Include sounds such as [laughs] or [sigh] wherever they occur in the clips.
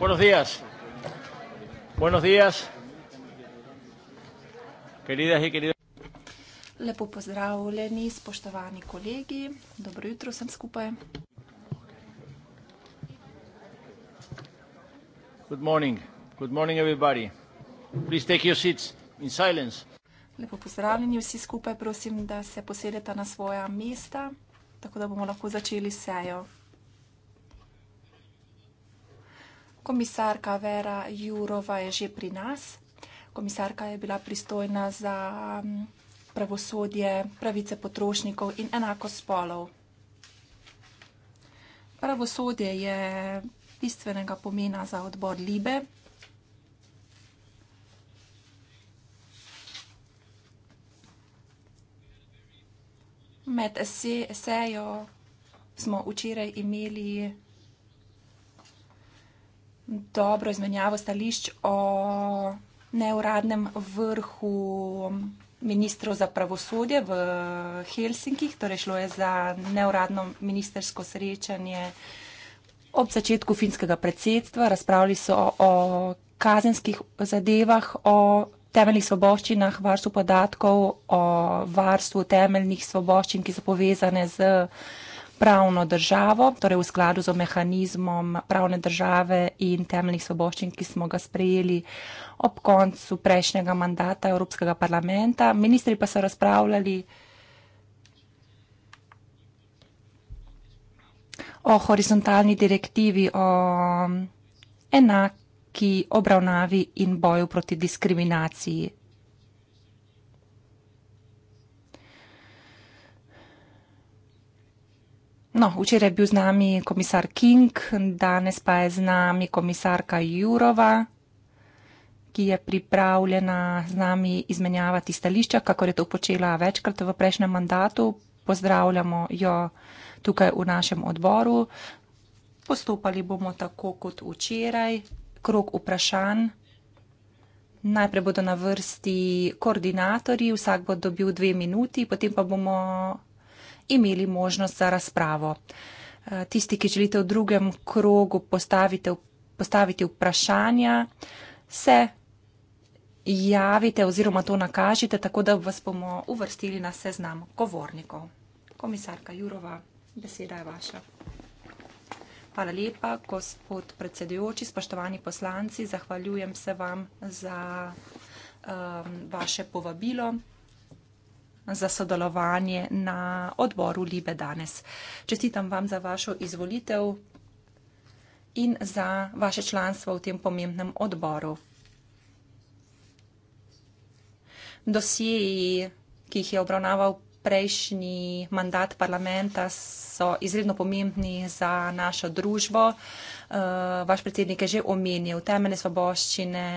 Buenos días. Buenos días. Queridas y queridos. Lepo pozdravljeni, spoštovani kolegi. Dobro jutro vsem skupaj. Good morning. Good morning everybody. Please take your seats in silence. Lepo pozdravljeni vsi skupaj, prosim, da se posedete na svoja mesta, tako da bomo lahko začeli sejo. Komisarka Vera Jurova je že pri nas. Komisarka je bila pristojna za mm, pravosodje, pravice potrošnikov in enako spolov. Pravosodje je bistvenega pomena za odbor Libe. Med esejo smo včeraj imeli dobro izmenjavo stališč o neuradnem vrhu ministrov za pravosodje v Helsinkih. Torej šlo je za neuradno ministersko srečanje ob začetku finskega predsedstva. Razpravljali so o kazenskih zadevah, o temeljnih svoboščinah, varstvu podatkov, o varstvu temeljnih svoboščin, ki so povezane z pravno državo, torej v skladu z mehanizmom pravne države in temeljnih svoboščin, ki smo ga sprejeli ob koncu prejšnjega mandata Evropskega parlamenta. Ministri pa so razpravljali o horizontalni direktivi, o enak ki obravnavi in boju proti diskriminaciji No, včeraj je bil z nami komisar King, danes pa je z nami komisarka Jurova, ki je pripravljena z nami izmenjavati stališča, kako je to počela večkrat v prejšnjem mandatu. Pozdravljamo jo tukaj v našem odboru. Postopali bomo tako kot včeraj, krok vprašanj. Najprej bodo na vrsti koordinatorji, vsak bo dobil dve minuti, potem pa bomo imeli možnost za razpravo. Eh, tisti, ki želite v drugem krogu postavite, postaviti vprašanja, se javite oziroma to nakažite, tako da vas bomo uvrstili na seznam govornikov. Komisarka Jurova, beseda je vaša. Hvala lepa, gospod predsedujoči, spoštovani poslanci, zahvaljujem se vam za um, vaše povabilo za sodelovanje na odboru Libe danes. Čestitam vam za vašo izvolitev in za vaše članstvo v tem pomembnem odboru. Dosjeji, ki jih je obravnaval prejšnji mandat parlamenta so izredno pomembni za našo družbo. Eh, vaš predsednik je že omenil temene svoboščine,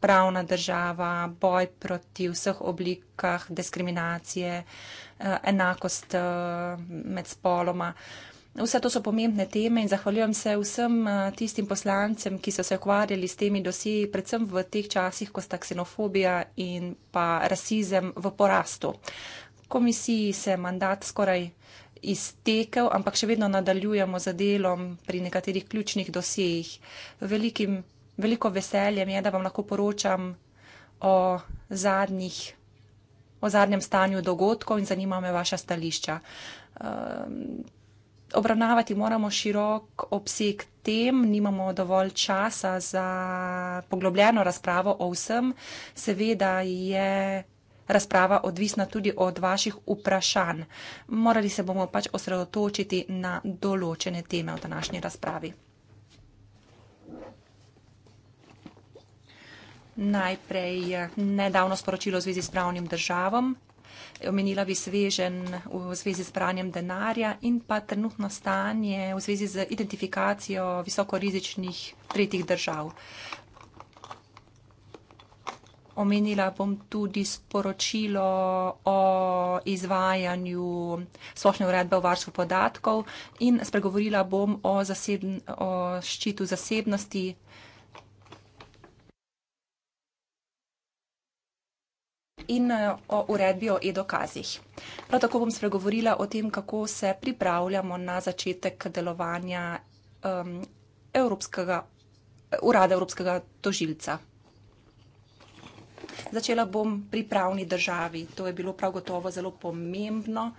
pravna država, boj proti vseh oblikah diskriminacije, eh, enakost eh, med spoloma. Vse to so pomembne teme in zahvaljujem se vsem tistim poslancem, ki so se ukvarjali s temi dosji, predvsem v teh časih, ko sta ksenofobija in pa rasizem v porastu komisiji se je mandat skoraj iztekel, ampak še vedno nadaljujemo z delom pri nekaterih ključnih dosejih. Velikim, veliko veseljem je, da vam lahko poročam o, zadnjih, o zadnjem stanju dogodkov in zanima me vaša stališča. Um, Obravnavati moramo širok obseg tem, nimamo dovolj časa za poglobljeno razpravo o vsem. Seveda je razprava odvisna tudi od vaših vprašanj. Morali se bomo pač osredotočiti na določene teme v današnji razpravi. Najprej eh, nedavno sporočilo v zvezi s pravnim državom. Omenila bi svežen v zvezi s pranjem denarja in pa trenutno stanje v zvezi z identifikacijo visokorizičnih tretjih držav. Omenila bom tudi sporočilo o izvajanju splošne uredbe o varstvu podatkov in spregovorila bom o, zaseben, o ščitu zasebnosti. In eh, o uredbi o e-dokazih. Prav tako bom spregovorila o tem, kako se pripravljamo na začetek delovanja um, Evropskega, Urada Evropskega tožilca začela bom pri pravni državi. To je bilo prav gotovo zelo pomembno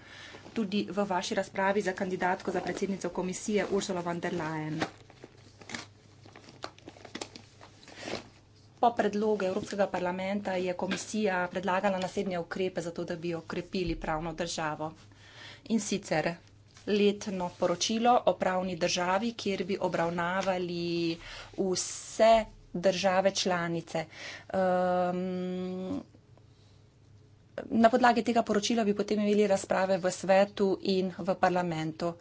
tudi v vaši razpravi za kandidatko za predsednico komisije Ursula von der Leyen. Po predlogu Evropskega parlamenta je komisija predlagala naslednje ukrepe za to, da bi okrepili pravno državo. In sicer letno poročilo o pravni državi, kjer bi obravnavali vse države članice. Um, na podlagi tega poročila bi potem imeli razprave v svetu in v parlamentu.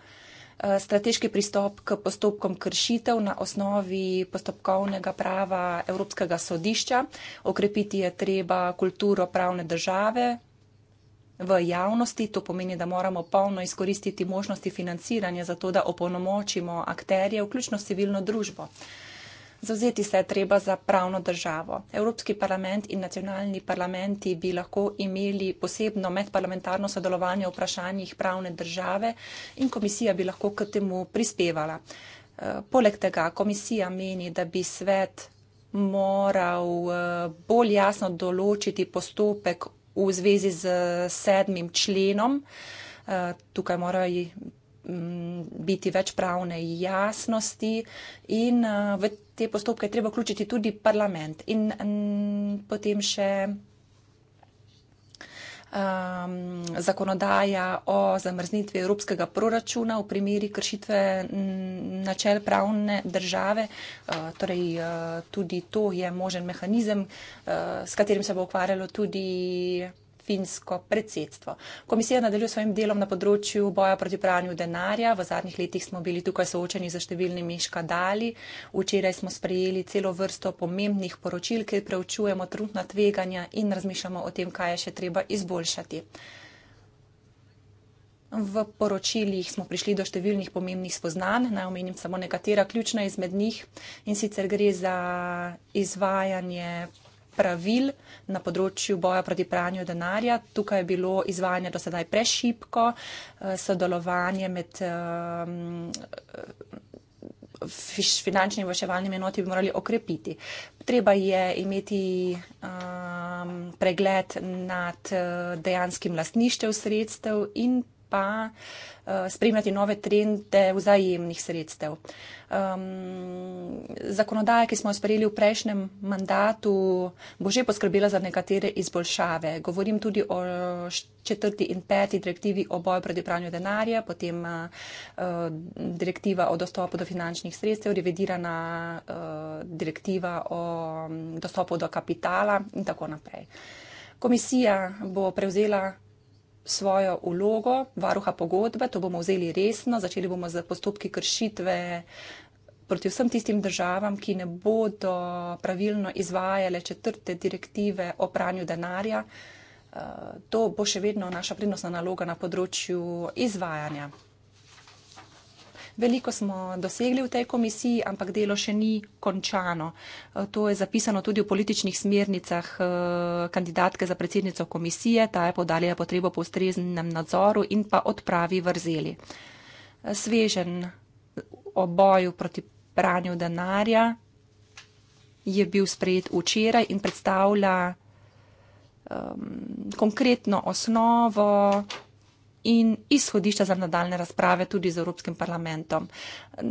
E, strateški pristop k postopkom kršitev na osnovi postopkovnega prava Evropskega sodišča. Okrepiti je treba kulturo pravne države v javnosti. To pomeni, da moramo polno izkoristiti možnosti financiranja za to, da opolnomočimo akterje, vključno civilno družbo. Uh, Zavzeti se je treba za pravno državo. Evropski parlament in nacionalni parlamenti bi lahko imeli posebno medparlamentarno sodelovanje v vprašanjih pravne države in komisija bi lahko k temu prispevala. Eh, poleg tega komisija meni, da bi svet moral eh, bolj jasno določiti postopek v zvezi z sedmim členom. Eh, tukaj morajo mm, biti več pravne jasnosti in v te postopke treba vključiti tudi parlament in m, potem še um, zakonodaja o zamrznitvi evropskega proračuna v primeri kršitve m, načel pravne države. Uh, torej, uh, tudi to je možen mehanizem, uh, s katerim se bo ukvarjalo tudi finsko predsedstvo. Komisija nadaljuje svojim delom na področju boja proti pranju denarja. V zadnjih letih smo bili tukaj soočeni za številnimi škadali. Včeraj smo sprejeli celo vrsto pomembnih poročil, kjer preučujemo trudna tveganja in razmišljamo o tem, kaj je še treba izboljšati. V poročilih smo prišli do številnih pomembnih spoznanj, naj omenim samo nekatera ključna izmed njih in sicer gre za izvajanje pravil na področju boja proti pranju denarja. Tukaj je bilo izvajanje do sedaj prešipko, eh, sodelovanje med. Ehm, Finančni vrševalni enoti bi morali okrepiti. Treba je imeti um, pregled nad eh, dejanskim lastništvom sredstev in pa eh, spremljati nove trende vzajemnih sredstev. Um, zakonodaja, ki smo jo sprejeli v prejšnjem mandatu, bo že poskrbela za nekatere izboljšave. Govorim tudi o četrti in peti direktivi o boju proti pranju denarja, potem uh, direktiva o dostopu do finančnih sredstev, revidirana uh, direktiva o mm, dostopu do kapitala in tako naprej. Komisija bo prevzela svojo ulogo varuha pogodbe, to bomo vzeli resno, začeli bomo z postopki kršitve proti vsem tistim državam, ki ne bodo pravilno izvajale četrte direktive o pranju denarja. Eh, to bo še vedno naša prednostna naloga na področju izvajanja Veliko smo dosegli v tej komisiji, ampak delo še ni končano. Eh, to je zapisano tudi v političnih smernicah eh, kandidatke za predsednico komisije. Ta je podalila potrebo po ustreznem nadzoru in pa odpravi vrzeli. Eh, svežen o boju proti pranju denarja je bil sprejet včeraj in predstavlja um, konkretno osnovo in izhodišča za nadaljne razprave tudi z Evropskim parlamentom.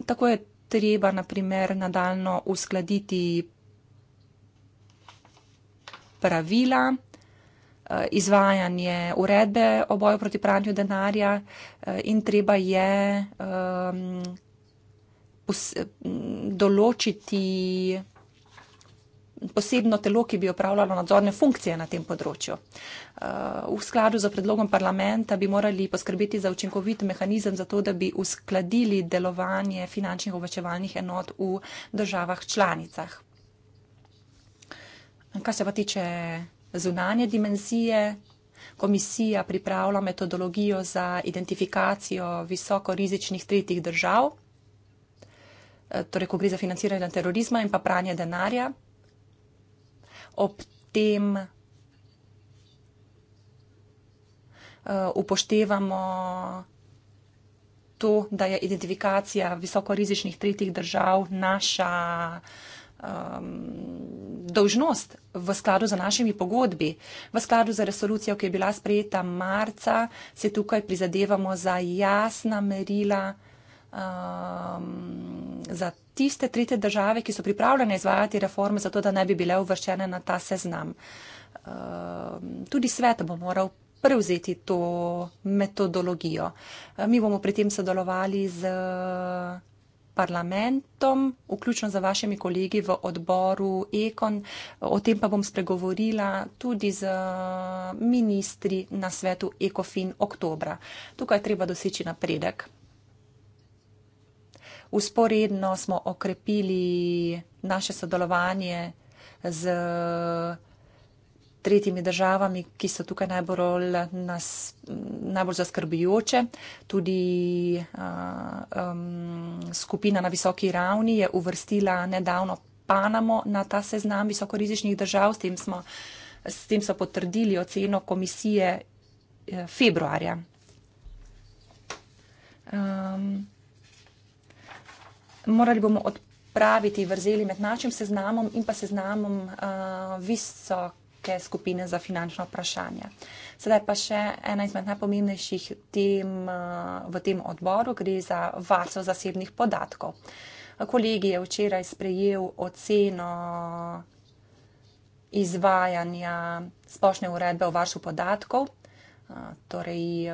Tako je treba, na primer, nadaljno uskladiti pravila, eh, izvajanje uredbe o boju proti pranju denarja eh, in treba je um, določiti posebno telo, ki bi opravljalo nadzorne funkcije na tem področju. Uh, v skladu z predlogom parlamenta bi morali poskrbeti za učinkovit mehanizem, zato da bi uskladili delovanje finančnih obvečevalnih enot v državah članicah. Kar se pa tiče zunanje dimenzije, komisija pripravlja metodologijo za identifikacijo visoko rizičnih tretjih držav, uh, torej ko gre za financiranje terorizma in pa pranje denarja ob tem eh, upoštevamo to, da je identifikacija visokorizičnih tretjih držav naša um, dolžnost v skladu z našimi pogodbi. V skladu z resolucijo, ki je bila sprejeta marca, se tukaj prizadevamo za jasna merila um, za tiste trite države, ki so pripravljene izvajati reforme, zato da ne bi bile uvrščene na ta seznam. Um, tudi svet bo moral prevzeti to metodologijo. Um, mi bomo pri tem sodelovali z uh, parlamentom, vključno za vašimi kolegi v odboru Ekon. O tem pa bom spregovorila tudi z uh, ministri na svetu Ekofin oktobra. Tukaj je treba doseči napredek. Usporedno smo okrepili naše sodelovanje z tretjimi državami, ki so tukaj najbolj, nas, najbolj zaskrbijoče. Tudi uh, um, skupina na visoki ravni je uvrstila nedavno Panamo na ta seznam visokorizičnih držav. S tem, smo, s tem so potrdili oceno komisije eh, februarja. Um, morali bomo odpraviti vrzeli med našim seznamom in pa seznamom uh, visoke skupine za finančno vprašanje. Sedaj pa še ena izmed najpomembnejših tem uh, v tem odboru, gre za varstvo zasebnih podatkov. Kolegi je včeraj sprejel oceno izvajanja splošne uredbe o varstvu podatkov. Torej,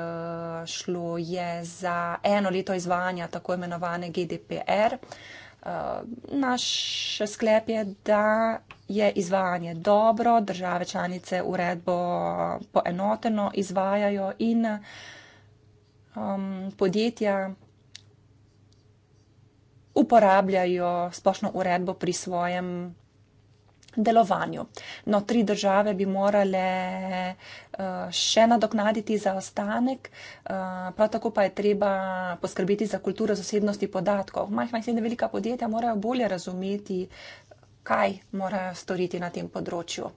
šlo je za eno leto izvajanja tako imenovane GDPR. Naš sklep je, da je izvajanje dobro, države članice uredbo poenoteno izvajajo in um, podjetja uporabljajo splošno uredbo pri svojem delovanju. No, tri države bi morale eh, še nadoknaditi za ostanek, eh, prav tako pa je treba poskrbeti za kulturo zasebnosti podatkov. Majhna in srednja velika podjetja morajo bolje razumeti, kaj morajo storiti na tem področju.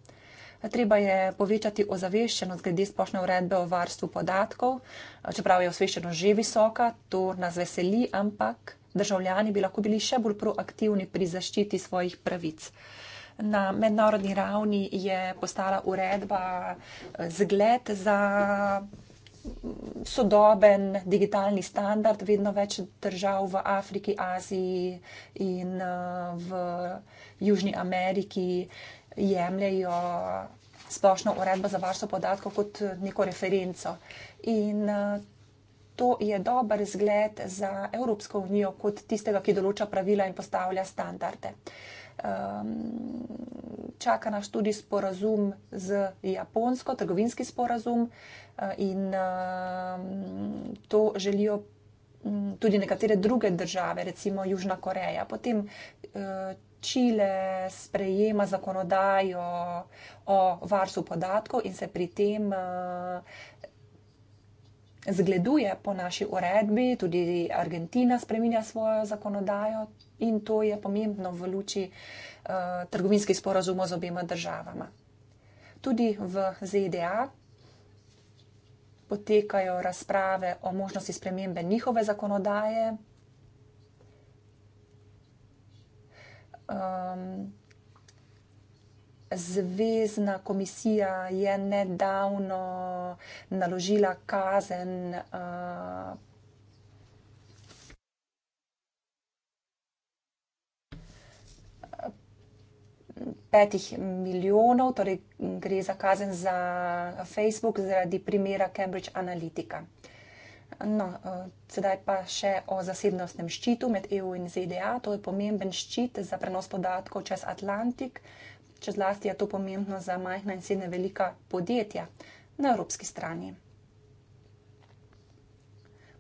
Treba je povečati ozaveščenost glede splošne uredbe o varstvu podatkov, eh, čeprav je osveščenost že visoka, to nas veseli, ampak državljani bi lahko bili še bolj proaktivni pri zaščiti svojih pravic. Uh, na mednarodni ravni je postala uredba eh, zgled za sodoben digitalni standard. Vedno več držav v Afriki, Aziji in eh, v Južni Ameriki jemljajo splošno uredbo za varstvo podatkov kot eh, neko referenco. In to je dober zgled za Evropsko unijo kot tistega, ki določa pravila in postavlja standarde. Uh, um, čaka nas tudi sporazum z Japonsko, trgovinski sporazum uh, in um, to želijo um, tudi nekatere druge države, recimo Južna Koreja. Potem uh, Čile sprejema zakonodajo o varstvu podatkov in se pri tem uh, zgleduje po naši uredbi, tudi Argentina spreminja svojo zakonodajo in to je pomembno v luči uh, trgovinskih sporozumov z obema državama. Tudi v ZDA potekajo razprave o možnosti spremembe njihove zakonodaje. Um, Zvezdna komisija je nedavno naložila kazen eh, petih milijonov, torej gre za kazen za Facebook zaradi primera Cambridge Analytica. No, eh, sedaj pa še o zasebnostnem ščitu med EU in ZDA. To je pomemben ščit za prenos podatkov čez Atlantik, če zlasti je to pomembno za majhna in srednje velika podjetja na evropski strani.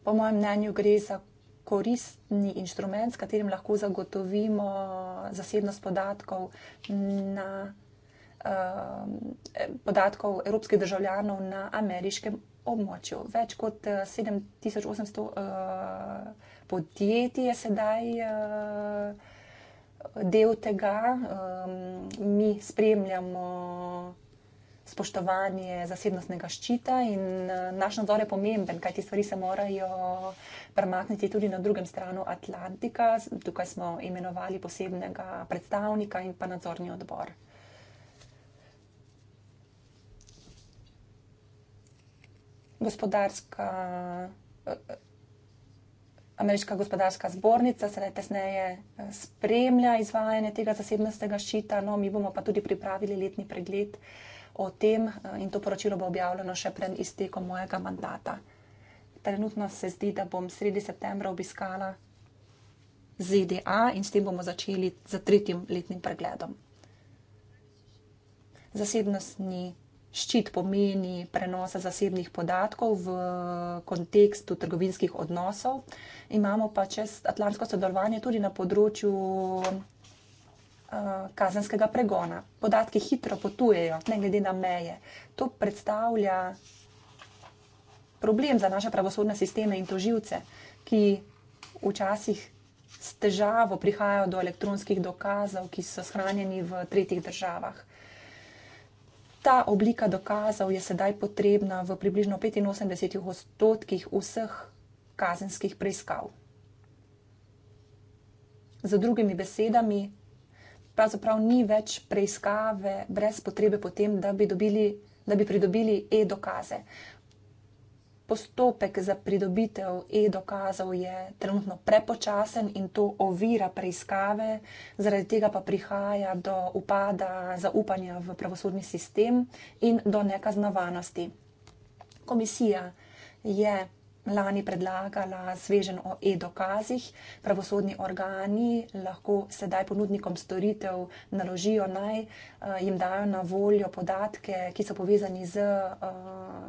Po mojem mnenju gre za koristni inštrument, s katerim lahko zagotovimo zasebnost podatkov na ehm, podatkov evropskih državljanov na ameriškem območju. Več kot 7800 uh, podjetij je sedaj uh, del tega, um, mi spremljamo spoštovanje zasebnostnega ščita in uh, naš nadzor je pomemben, kaj ti stvari se morajo premakniti tudi na drugem stranu Atlantika. Tukaj smo imenovali posebnega predstavnika in pa nadzorni odbor. Gospodarska. Ameriška gospodarska zbornica se le tesneje eh, spremlja izvajanje tega zasebnostega šita, no mi bomo pa tudi pripravili letni pregled o tem eh, in to poročilo bo objavljeno še pred iztekom mojega mandata. Trenutno se zdi, da bom sredi septembra obiskala ZDA in s tem bomo začeli z tretjim letnim pregledom. Zasebnost ni ščit pomeni prenosa zasebnih podatkov v kontekstu trgovinskih odnosov. Imamo pa čez Atlantsko sodelovanje tudi na področju eh, kazenskega pregona. Podatki hitro potujejo, ne glede na meje. To predstavlja problem za naše pravosodne sisteme in toživce, ki včasih s težavo prihajajo do elektronskih dokazov, ki so shranjeni v tretjih državah. Ta oblika dokazov je sedaj potrebna v približno 85 odstotkih vseh kazenskih preiskav. Z drugimi besedami, pravzaprav ni več preiskave brez potrebe potem, da bi, dobili, da bi pridobili e-dokaze postopek za pridobitev e-dokazov je trenutno prepočasen in to ovira preiskave, zaradi tega pa prihaja do upada zaupanja v pravosodni sistem in do nekaznovanosti. Komisija je lani predlagala svežen o e-dokazih. Pravosodni organi lahko sedaj ponudnikom storitev naložijo naj, eh, jim dajo na voljo podatke, ki so povezani z eh,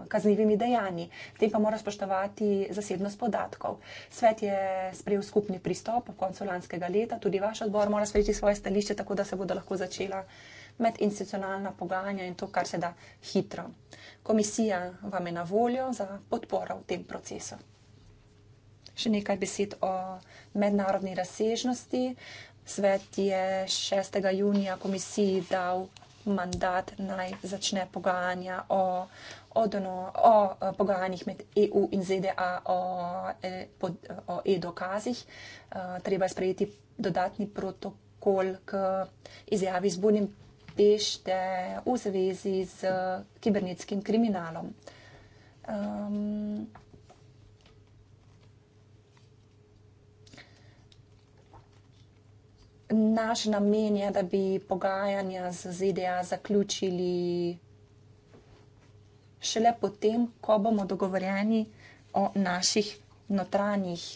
kaznivimi dejanji. Tem pa mora spoštovati zasebnost podatkov. Svet je sprejel skupni pristop v koncu lanskega leta, tudi vaš odbor mora sprejeti svoje stališče, tako da se bodo lahko začela medinstitucionalna pogajanja in to, kar se da hitro. Komisija vam je na voljo za podporo v tem procesu. Še nekaj besed o mednarodni razsežnosti. Svet je 6. junija komisiji dal mandat naj začne pogajanja o, o, dono, o pogajanjih med EU in ZDA o, e, o, o e-dokazih. Eh, treba je sprejeti dodatni protokol k izjavi z Budimpešti. Bešte v zvezi z eh, kibernetskim kriminalom. Um, naš namen je, da bi pogajanja z ZDA zaključili šele potem, ko bomo dogovorjeni o naših notranjih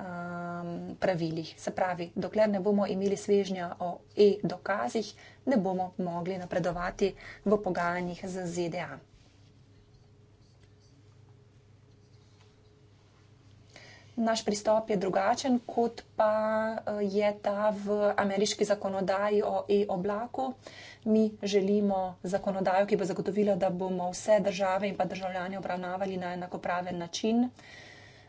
um, pravilih. Se pravi, dokler ne bomo imeli svežnja o e-dokazih, ne bomo mogli napredovati v pogajanjih z ZDA. Naš pristop je drugačen, kot pa uh, je ta v ameriški zakonodaji o e-oblaku. Mi želimo zakonodajo, ki bo zagotovila, da bomo vse države in pa državljane obravnavali na enakopraven način. Uh,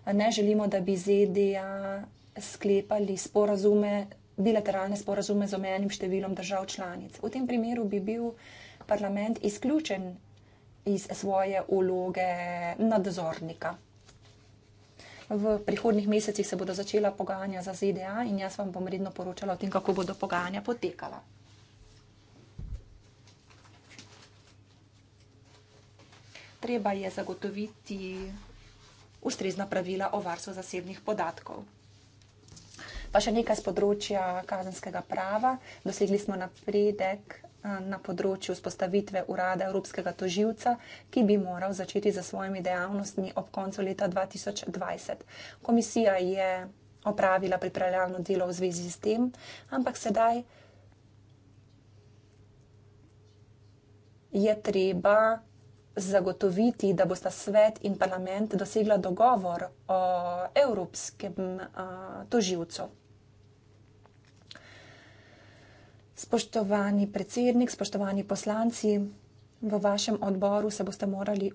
ne želimo, da bi ZDA sklepali sporazume, bilateralne sporazume z omenjenim številom držav članic. V tem primeru bi bil parlament izključen iz svoje uloge nadzornika. V prihodnih mesecih se bodo začela pogajanja za ZDA in jaz vam bom redno poročala o tem, kako bodo pogajanja potekala. Treba je zagotoviti ustrezna pravila o varstvu zasebnih podatkov. Pa še nekaj z področja kazenskega prava. Dosegli smo napredek eh, na področju vzpostavitve urada Evropskega toživca, ki bi moral začeti za svojimi dejavnostmi ob koncu leta 2020. Komisija je opravila pripravljalno delo v zvezi s tem, ampak sedaj je treba zagotoviti, da bosta svet in parlament dosegla dogovor o evropskem toživcu. Spoštovani predsednik, spoštovani poslanci, v vašem odboru se boste morali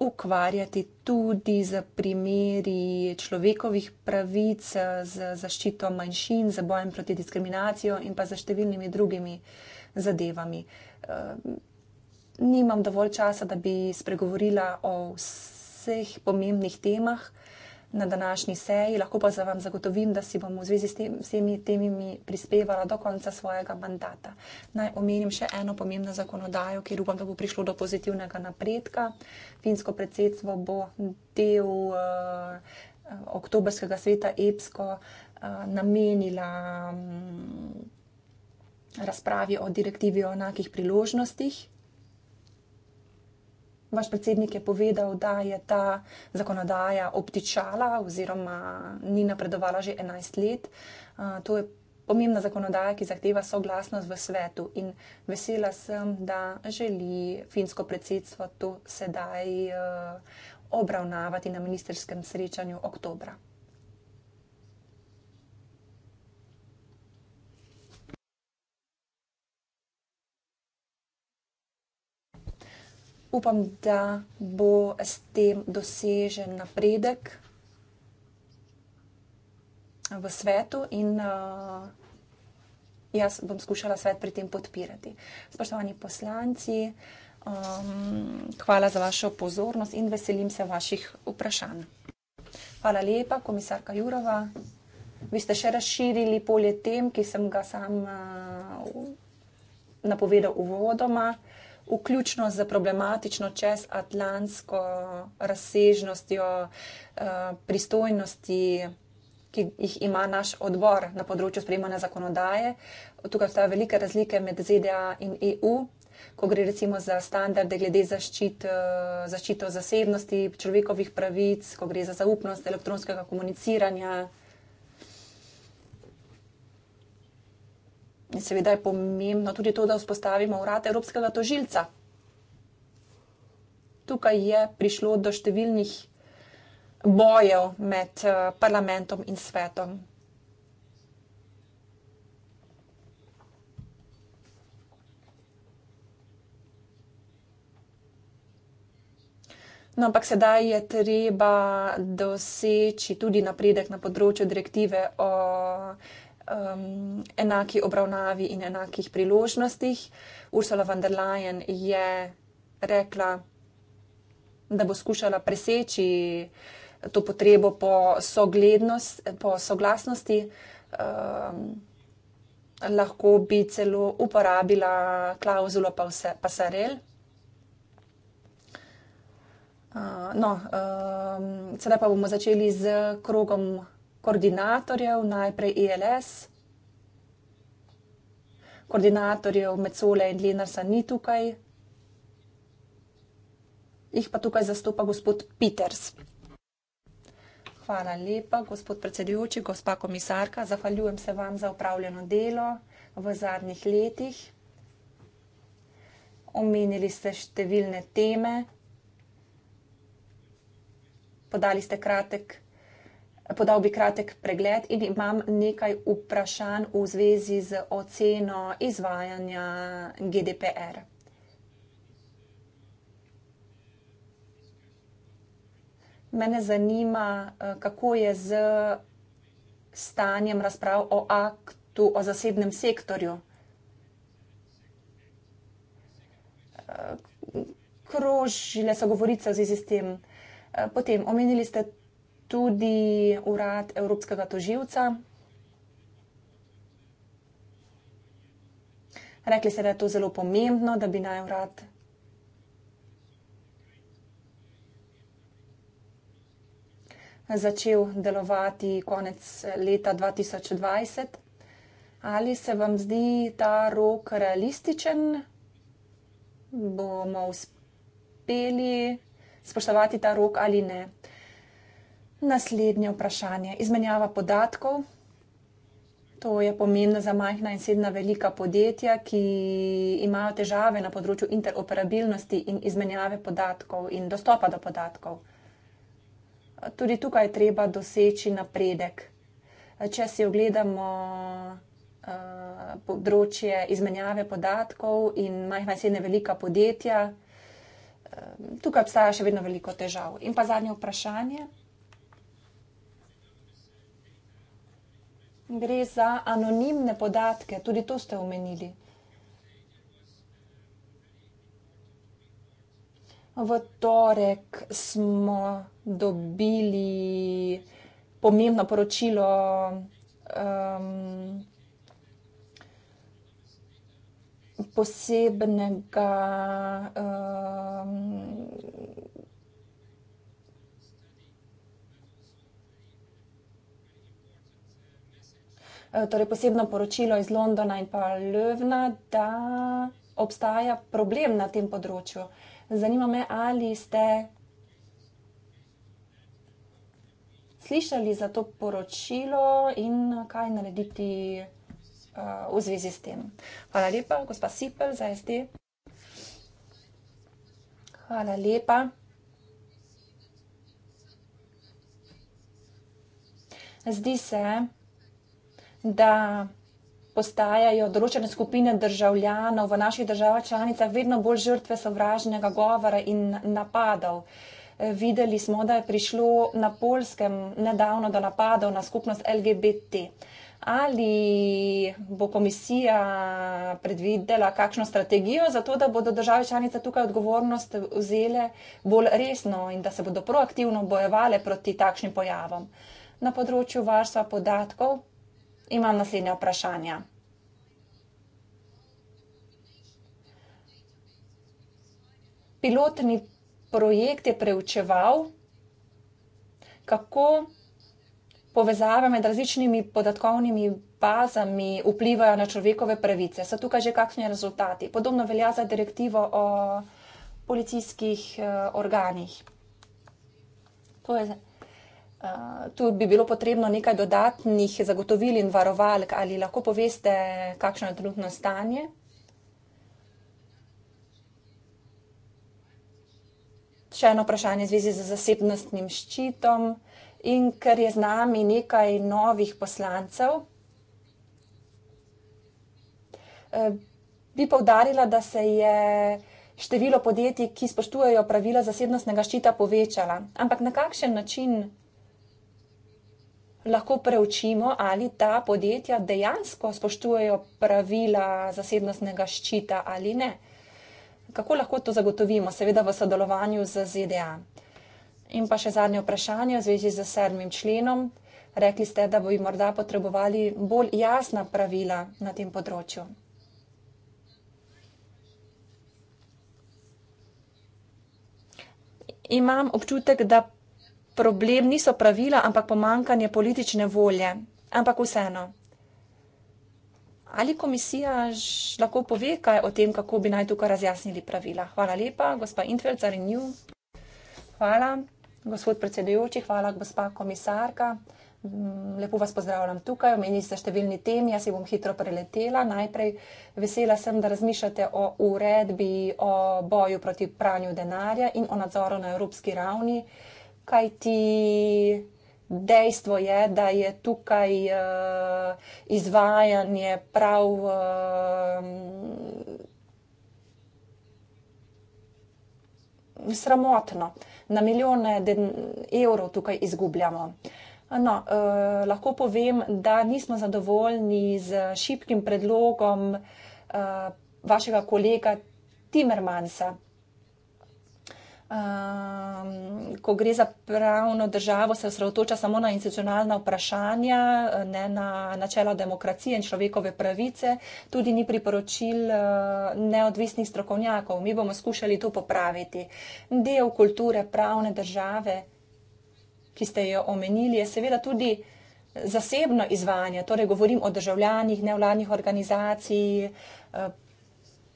ukvarjati tudi z primeri človekovih pravic, z zaščito manjšin, z bojem proti diskriminacijo in pa z številnimi drugimi zadevami. Ehm, nimam dovolj časa, da bi spregovorila o vseh pomembnih temah, na današnji seji, lahko pa za vam zagotovim, da si bom v zvezi s tem, vsemi temimi prispevala do konca svojega mandata. Naj omenim še eno pomembno zakonodajo, kjer upam, da bo prišlo do pozitivnega napredka. Finsko predsedstvo bo del uh, oktobrskega sveta EPSKO uh, namenila um, razpravi o direktivi o enakih priložnostih Vaš predsednik je povedal, da je ta zakonodaja obtičala oziroma ni napredovala že 11 let. To je pomembna zakonodaja, ki zahteva soglasnost v svetu in vesela sem, da želi finsko predsedstvo to sedaj obravnavati na ministerskem srečanju oktobra. upam, da bo s tem dosežen napredek v svetu in uh, jaz bom skušala svet pri tem podpirati. Spoštovani poslanci, um, hvala za vašo pozornost in veselim se vaših vprašanj. Hvala lepa, komisarka Jurova. Vi ste še razširili polje tem, ki sem ga sam uh, napovedal uvodoma vključno z problematično čezatlantsko razsežnostjo eh, pristojnosti, ki jih ima naš odbor na področju sprejemanja zakonodaje. Tukaj so velike razlike med ZDA in EU, ko gre recimo za standarde glede eh, zaščito zasebnosti, človekovih pravic, ko gre za zaupnost elektronskega komuniciranja. In seveda je pomembno tudi to, da vzpostavimo urad Evropskega tožilca. Tukaj je prišlo do številnih bojev med eh, parlamentom in svetom. No, ampak sedaj je treba doseči tudi napredek na področju direktive o um, enaki obravnavi in enakih priložnostih. Ursula von der Leyen je rekla, da bo skušala preseči to potrebo po, po soglasnosti. Um, lahko bi celo uporabila klauzulo pasarel. Uh, no, um, sedaj pa bomo začeli z krogom koordinatorjev, najprej ELS. Koordinatorjev Mecole in Lenarsa ni tukaj, jih pa tukaj zastopa gospod Peters. Hvala lepa, gospod predsedujoči, gospa komisarka. Zahvaljujem se vam za upravljeno delo v zadnjih letih. Omenili ste številne teme, podali ste kratek podal bi kratek pregled in imam nekaj vprašanj v zvezi z oceno izvajanja GDPR. Mene zanima, eh, kako je z stanjem razprav o aktu o zasebnem sektorju. Eh, krožile so govorice v zvezi s tem. Eh, potem omenili ste tudi urad Evropskega toživca. Rekli ste, da je to zelo pomembno, da bi naj urad. Začel delovati konec leta 2020. Ali se vam zdi ta rok realističen? Bomo uspeli spoštovati ta rok ali ne? Naslednje vprašanje. Izmenjava podatkov. To je pomembno za majhna in srednja velika podjetja, ki imajo težave na področju interoperabilnosti in izmenjave podatkov in dostopa do podatkov. Tudi tukaj je treba doseči napredek. Če si ogledamo uh, področje izmenjave podatkov in majhna in srednja velika podjetja, uh, tukaj obstaja še vedno veliko težav. In pa zadnje vprašanje. gre za anonimne podatke, tudi to ste omenili. V torek smo dobili pomembno poročilo um, posebnega um, Eh, torej posebno poročilo iz Londona in pa Ljubna, da obstaja problem na tem področju. Zanima me, ali ste slišali za to poročilo in kaj narediti uh, v zvezi s tem. Hvala lepa, gospa Sipel za SD. Hvala lepa. Zdi se, da postajajo določene skupine državljanov v naših državah članicah vedno bolj žrtve sovražnega govora in napadov. E, videli smo, da je prišlo na polskem nedavno do napadov na skupnost LGBT. Ali bo komisija predvidela kakšno strategijo za to, da bodo države članice tukaj odgovornost vzele bolj resno in da se bodo proaktivno bojevale proti takšnim pojavom? Na področju varstva podatkov imam naslednje vprašanje. Pilotni projekt je preučeval, kako povezave med različnimi podatkovnimi bazami vplivajo na človekove pravice. So tukaj že kakšni rezultati? Podobno velja za direktivo o policijskih eh, organih. To je zdaj. Eh, tu bi bilo potrebno nekaj dodatnih zagotovil in varovalk. Ali lahko poveste, kakšno je trenutno stanje? Še eno vprašanje v zvezi z zasebnostnim ščitom in ker je z nami nekaj novih poslancev. Eh, bi povdarila, da se je število podjetij, ki spoštujejo pravila zasebnostnega ščita, povečala. Ampak na kakšen način lahko preučimo, ali ta podjetja dejansko spoštujejo pravila zasebnostnega ščita ali ne. Kako lahko to zagotovimo, seveda v sodelovanju z ZDA? In pa še zadnje vprašanje v zvezi z sedmim členom. Rekli ste, da bi morda potrebovali bolj jasna pravila na tem področju. Imam občutek, da problem niso pravila, ampak pomankanje politične volje. Ampak vseeno. Ali komisija lahko pove kaj o tem, kako bi naj tukaj razjasnili pravila? Hvala lepa, gospa Intveld, za renew. Hvala, gospod predsedujoči, hvala, gospa komisarka. Mm, lepo vas pozdravljam tukaj, omenili ste številni temi, jaz jih bom hitro preletela. Najprej vesela sem, da razmišljate o uredbi, o boju proti pranju denarja in o nadzoru na evropski ravni. Uh, kaj ti dejstvo je, da je tukaj uh, izvajanje prav. Uh, Sramotno, na milijone evrov tukaj izgubljamo. No, eh, lahko povem, da nismo zadovoljni z šipkim predlogom eh, vašega kolega Timermansa, um, ko gre za pravno državo, se osredotoča samo na institucionalna vprašanja, ne na načela demokracije in človekove pravice. Tudi ni priporočil uh, neodvisnih strokovnjakov. Mi bomo skušali to popraviti. Del kulture pravne države, ki ste jo omenili, je seveda tudi. Zasebno izvajanje, torej govorim o državljanih, nevladnih organizacij, eh,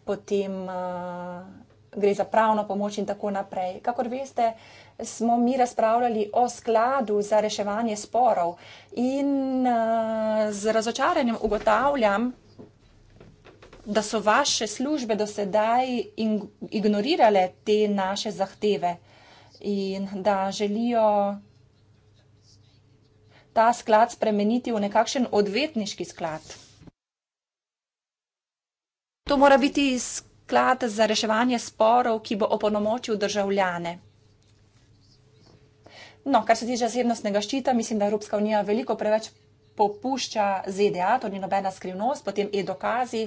potem eh, gre za pravno pomoč in tako naprej. Kakor veste, smo mi razpravljali o skladu za reševanje sporov in eh, z razočaranjem ugotavljam, da so vaše službe do sedaj ignorirale te naše zahteve in da želijo ta sklad spremeniti v nekakšen odvetniški sklad. To mora biti sklad sklad za reševanje sporov, ki bo opolnomočil državljane. No, kar se tiče zasebnostnega ščita, mislim, da Evropska unija veliko preveč popušča ZDA, to ni nobena skrivnost, potem e-dokazi.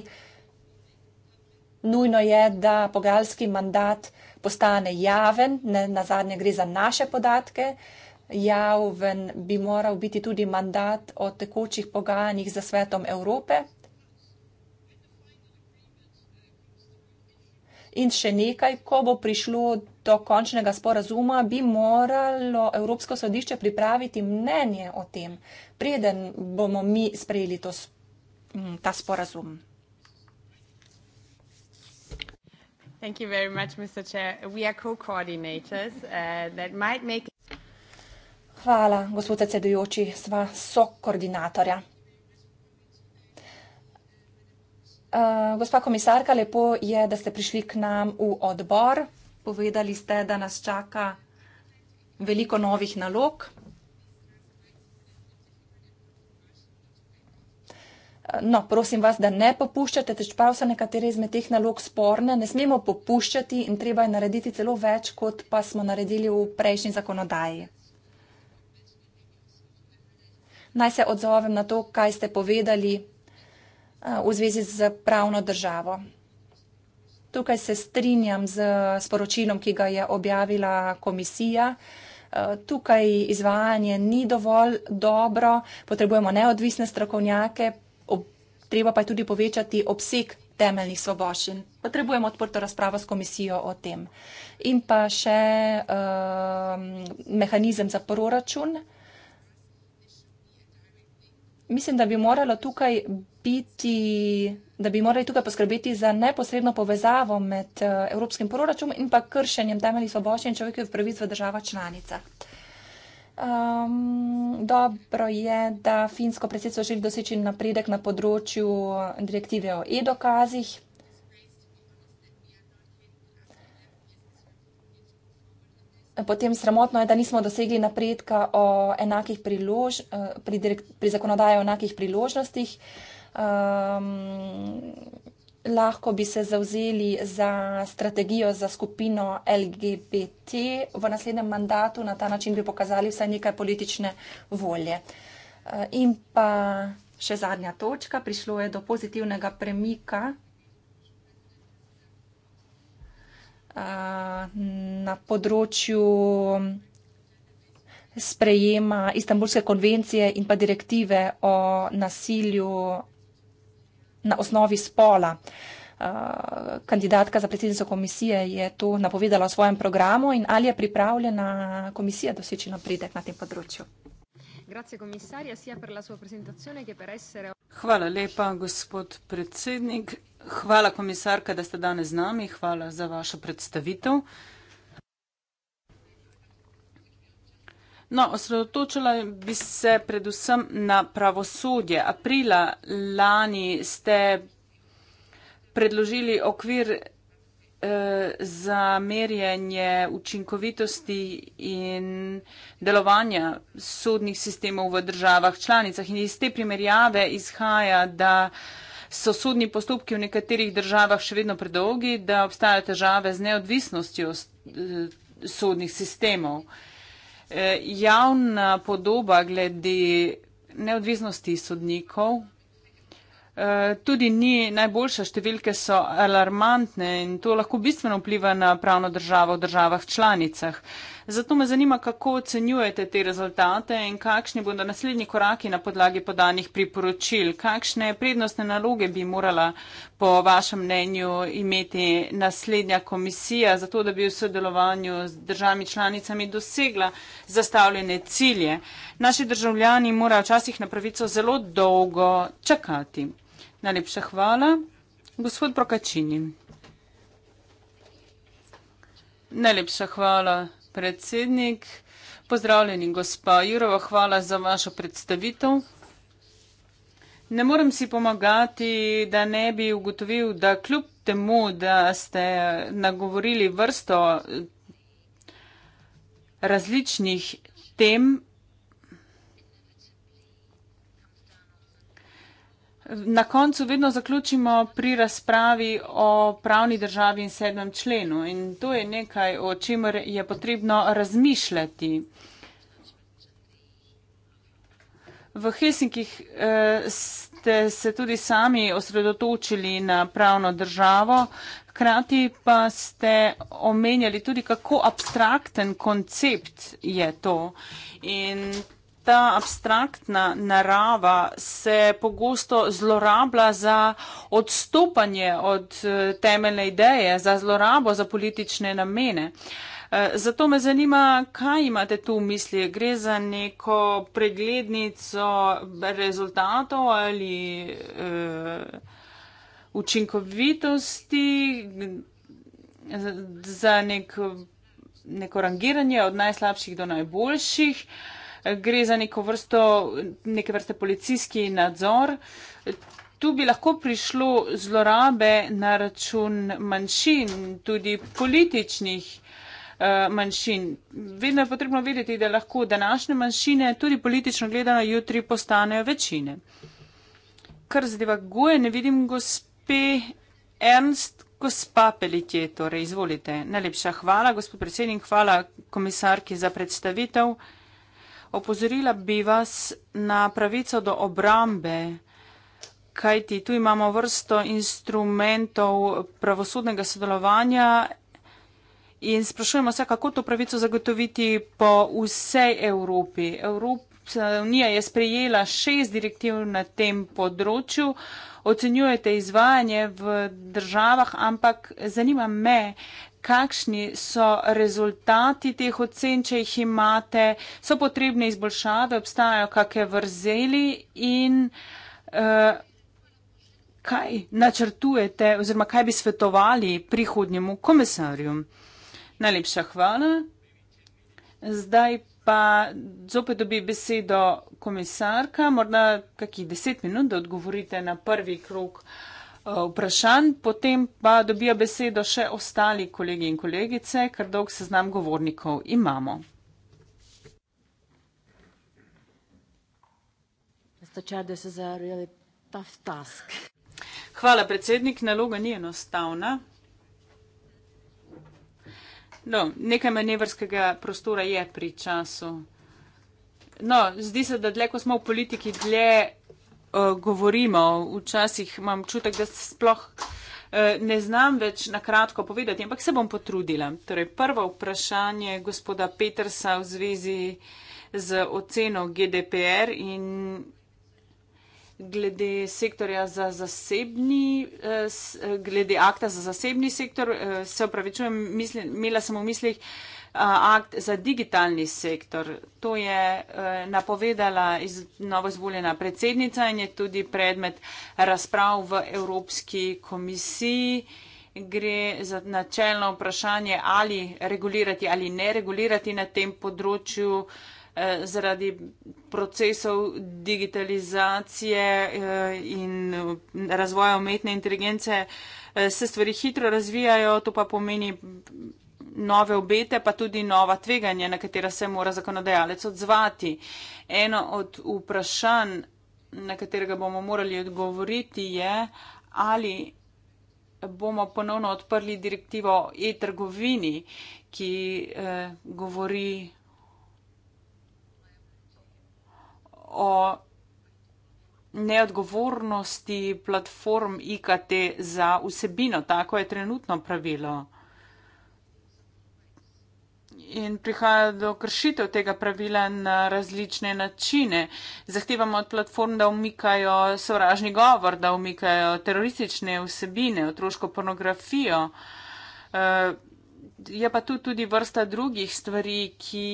Nujno je, da pogajalski mandat postane javen, ne, na zadnje gre za naše podatke. Javen bi moral biti tudi mandat o tekočih pogajanjih za svetom Evrope. In še nekaj, ko bo prišlo do končnega sporazuma, bi moralo Evropsko sodišče pripraviti mnenje o tem, preden bomo mi sprejeli to, mm, ta sporazum. Much, uh, Hvala, gospod predsedujoči, sva sokoordinatorja. Eh, gospa komisarka, lepo je, da ste prišli k nam v odbor. Povedali ste, da nas čaka veliko novih nalog. Eh, no, prosim vas, da ne popuščate, čeprav so nekatere izmed teh nalog sporne. Ne smemo popuščati in treba je narediti celo več, kot pa smo naredili v prejšnji zakonodaji. Naj se odzovem na to, kaj ste povedali Eh, v zvezi z pravno državo. Tukaj se strinjam z sporočilom, ki ga je objavila komisija. Eh, tukaj izvajanje ni dovolj dobro, potrebujemo neodvisne strokovnjake, treba pa je tudi povečati obseg temeljnih svoboščin. Potrebujemo odprto razpravo s komisijo o tem. In pa še uh, mehanizem za proračun. Uh, mislim, da bi morala tukaj biti, da bi morali tukaj poskrbeti za neposredno povezavo med eh, evropskim proračunom in pa kršenjem temeljnih svoboščin človekovih pravic v državah članicah. Um, dobro je, da finsko predsedstvo želi doseči napredek na področju eh, direktive o e-dokazih. potem sramotno je, da nismo dosegli napredka prilož, eh, pri, pri zakonodaji o enakih priložnostih. Um, lahko bi se zauzeli za strategijo za skupino LGBT v naslednjem mandatu, na ta način bi pokazali vsaj nekaj politične volje. Eh, in pa še zadnja točka, prišlo je do pozitivnega premika na področju sprejema Istanbulske konvencije in pa direktive o nasilju na osnovi spola. Kandidatka za predsednico komisije je to napovedala v svojem programu in ali je pripravljena komisija doseči napredek na tem področju. Hvala lepa, gospod predsednik, Hvala, komisarka, da ste danes z nami. Hvala za vašo predstavitev. No, osredotočila bi se predvsem na pravosodje. Aprila lani ste predložili okvir eh, za merjenje učinkovitosti in delovanja sodnih sistemov v državah članicah. In iz te primerjave izhaja, da so sodni postopki v nekaterih državah še vedno predolgi, da obstajajo težave z neodvisnostjo eh, sodnih sistemov. Eh, javna podoba glede neodvisnosti sodnikov eh, tudi ni najboljša, številke so alarmantne in to lahko bistveno vpliva na pravno državo v državah članicah. Zato me zanima, kako ocenjujete te rezultate in kakšni bodo naslednji koraki na podlagi podanih priporočil. Kakšne prednostne naloge bi morala po vašem mnenju imeti naslednja komisija, zato da bi v sodelovanju z državami članicami dosegla zastavljene cilje. Naši državljani morajo včasih na pravico zelo dolgo čakati. Najlepša hvala. Gospod Prokačini. Najlepša hvala predsednik. Pozdravljeni, gospa Jurova, hvala za vašo predstavitev. Ne morem si pomagati, da ne bi ugotovil, da kljub temu, da ste nagovorili vrsto različnih tem, Na koncu vedno zaključimo pri razpravi o pravni državi in sedmem členu in to je nekaj, o čemer je potrebno razmišljati. V Helsinkih eh, ste se tudi sami osredotočili na pravno državo, hkrati pa ste omenjali tudi, kako abstrakten koncept je to. In ta abstraktna narava se pogosto zlorablja za odstopanje od eh, temeljne ideje, za zlorabo, za politične namene. Eh, zato me zanima, kaj imate tu v misli? Gre za neko preglednico rezultatov ali uh, učinkovitosti, za nek, neko rangiranje od najslabših do najboljših? Uh, gre za neko vrsto, neke vrste policijski nadzor. Tu bi lahko prišlo zlorabe na račun manjšin, tudi političnih eh, manjšin. Vedno je potrebno vedeti, da lahko današnje manjšine tudi politično gledano jutri postanejo večine. Kar zadeva goje, ne vidim gospe Ernst, gospa Pelitje, torej izvolite. Najlepša hvala, gospod predsednik, hvala komisarki za predstavitev. Opozorila bi vas na pravico do obrambe, kajti tu imamo vrsto instrumentov pravosodnega sodelovanja in sprašujemo se, kako to pravico zagotoviti po vsej Evropi. Evropska unija je sprejela šest direktiv na tem področju, ocenjujete izvajanje v državah, ampak zanima me, kakšni so rezultati teh ocen, če jih imate, so potrebne izboljšave, obstajajo kakšne vrzeli in uh, kaj načrtujete oziroma kaj bi svetovali prihodnjemu komisarju. Najlepša hvala. Zdaj pa zopet dobi besedo komisarka, morda kakih deset minut, da odgovorite na prvi krok. Uh, Eh, vprašanj, potem pa dobijo besedo še ostali kolegi in kolegice, ker dolg seznam govornikov imamo. Hvala, predsednik. Naloga ni enostavna. No, nekaj manevrskega prostora je pri času. No, zdi se, da dlje, ko smo v politiki, dlje Eh, govorimo. Včasih imam čutek, da se sploh eh, ne znam več na kratko povedati, ampak se bom potrudila. Torej, prvo vprašanje gospoda Petersa v zvezi z oceno GDPR in glede sektorja za zasebni, eh, glede akta za zasebni sektor, se upravičujem, mislim, imela sem v mislih, akt za digitalni sektor. To je e, napovedala novozvoljena predsednica in je tudi predmet razprav v Evropski komisiji. Gre za načelno vprašanje, ali regulirati ali ne regulirati na tem področju e, zaradi procesov digitalizacije e, in razvoja umetne inteligence. Se stvari hitro razvijajo, to pa pomeni nove obete, pa tudi nova tveganja, na katera se mora zakonodajalec odzvati. Eno od vprašanj, na katerega bomo morali odgovoriti, je, ali bomo ponovno odprli direktivo e-trgovini, ki eh, govori o neodgovornosti platform IKT za vsebino. Tako je trenutno pravilo in prihaja do kršitev tega pravila na različne načine. Zahtevamo od platform, da umikajo sovražni govor, da umikajo teroristične vsebine, otroško pornografijo. Eh, je pa tu tudi vrsta drugih stvari, ki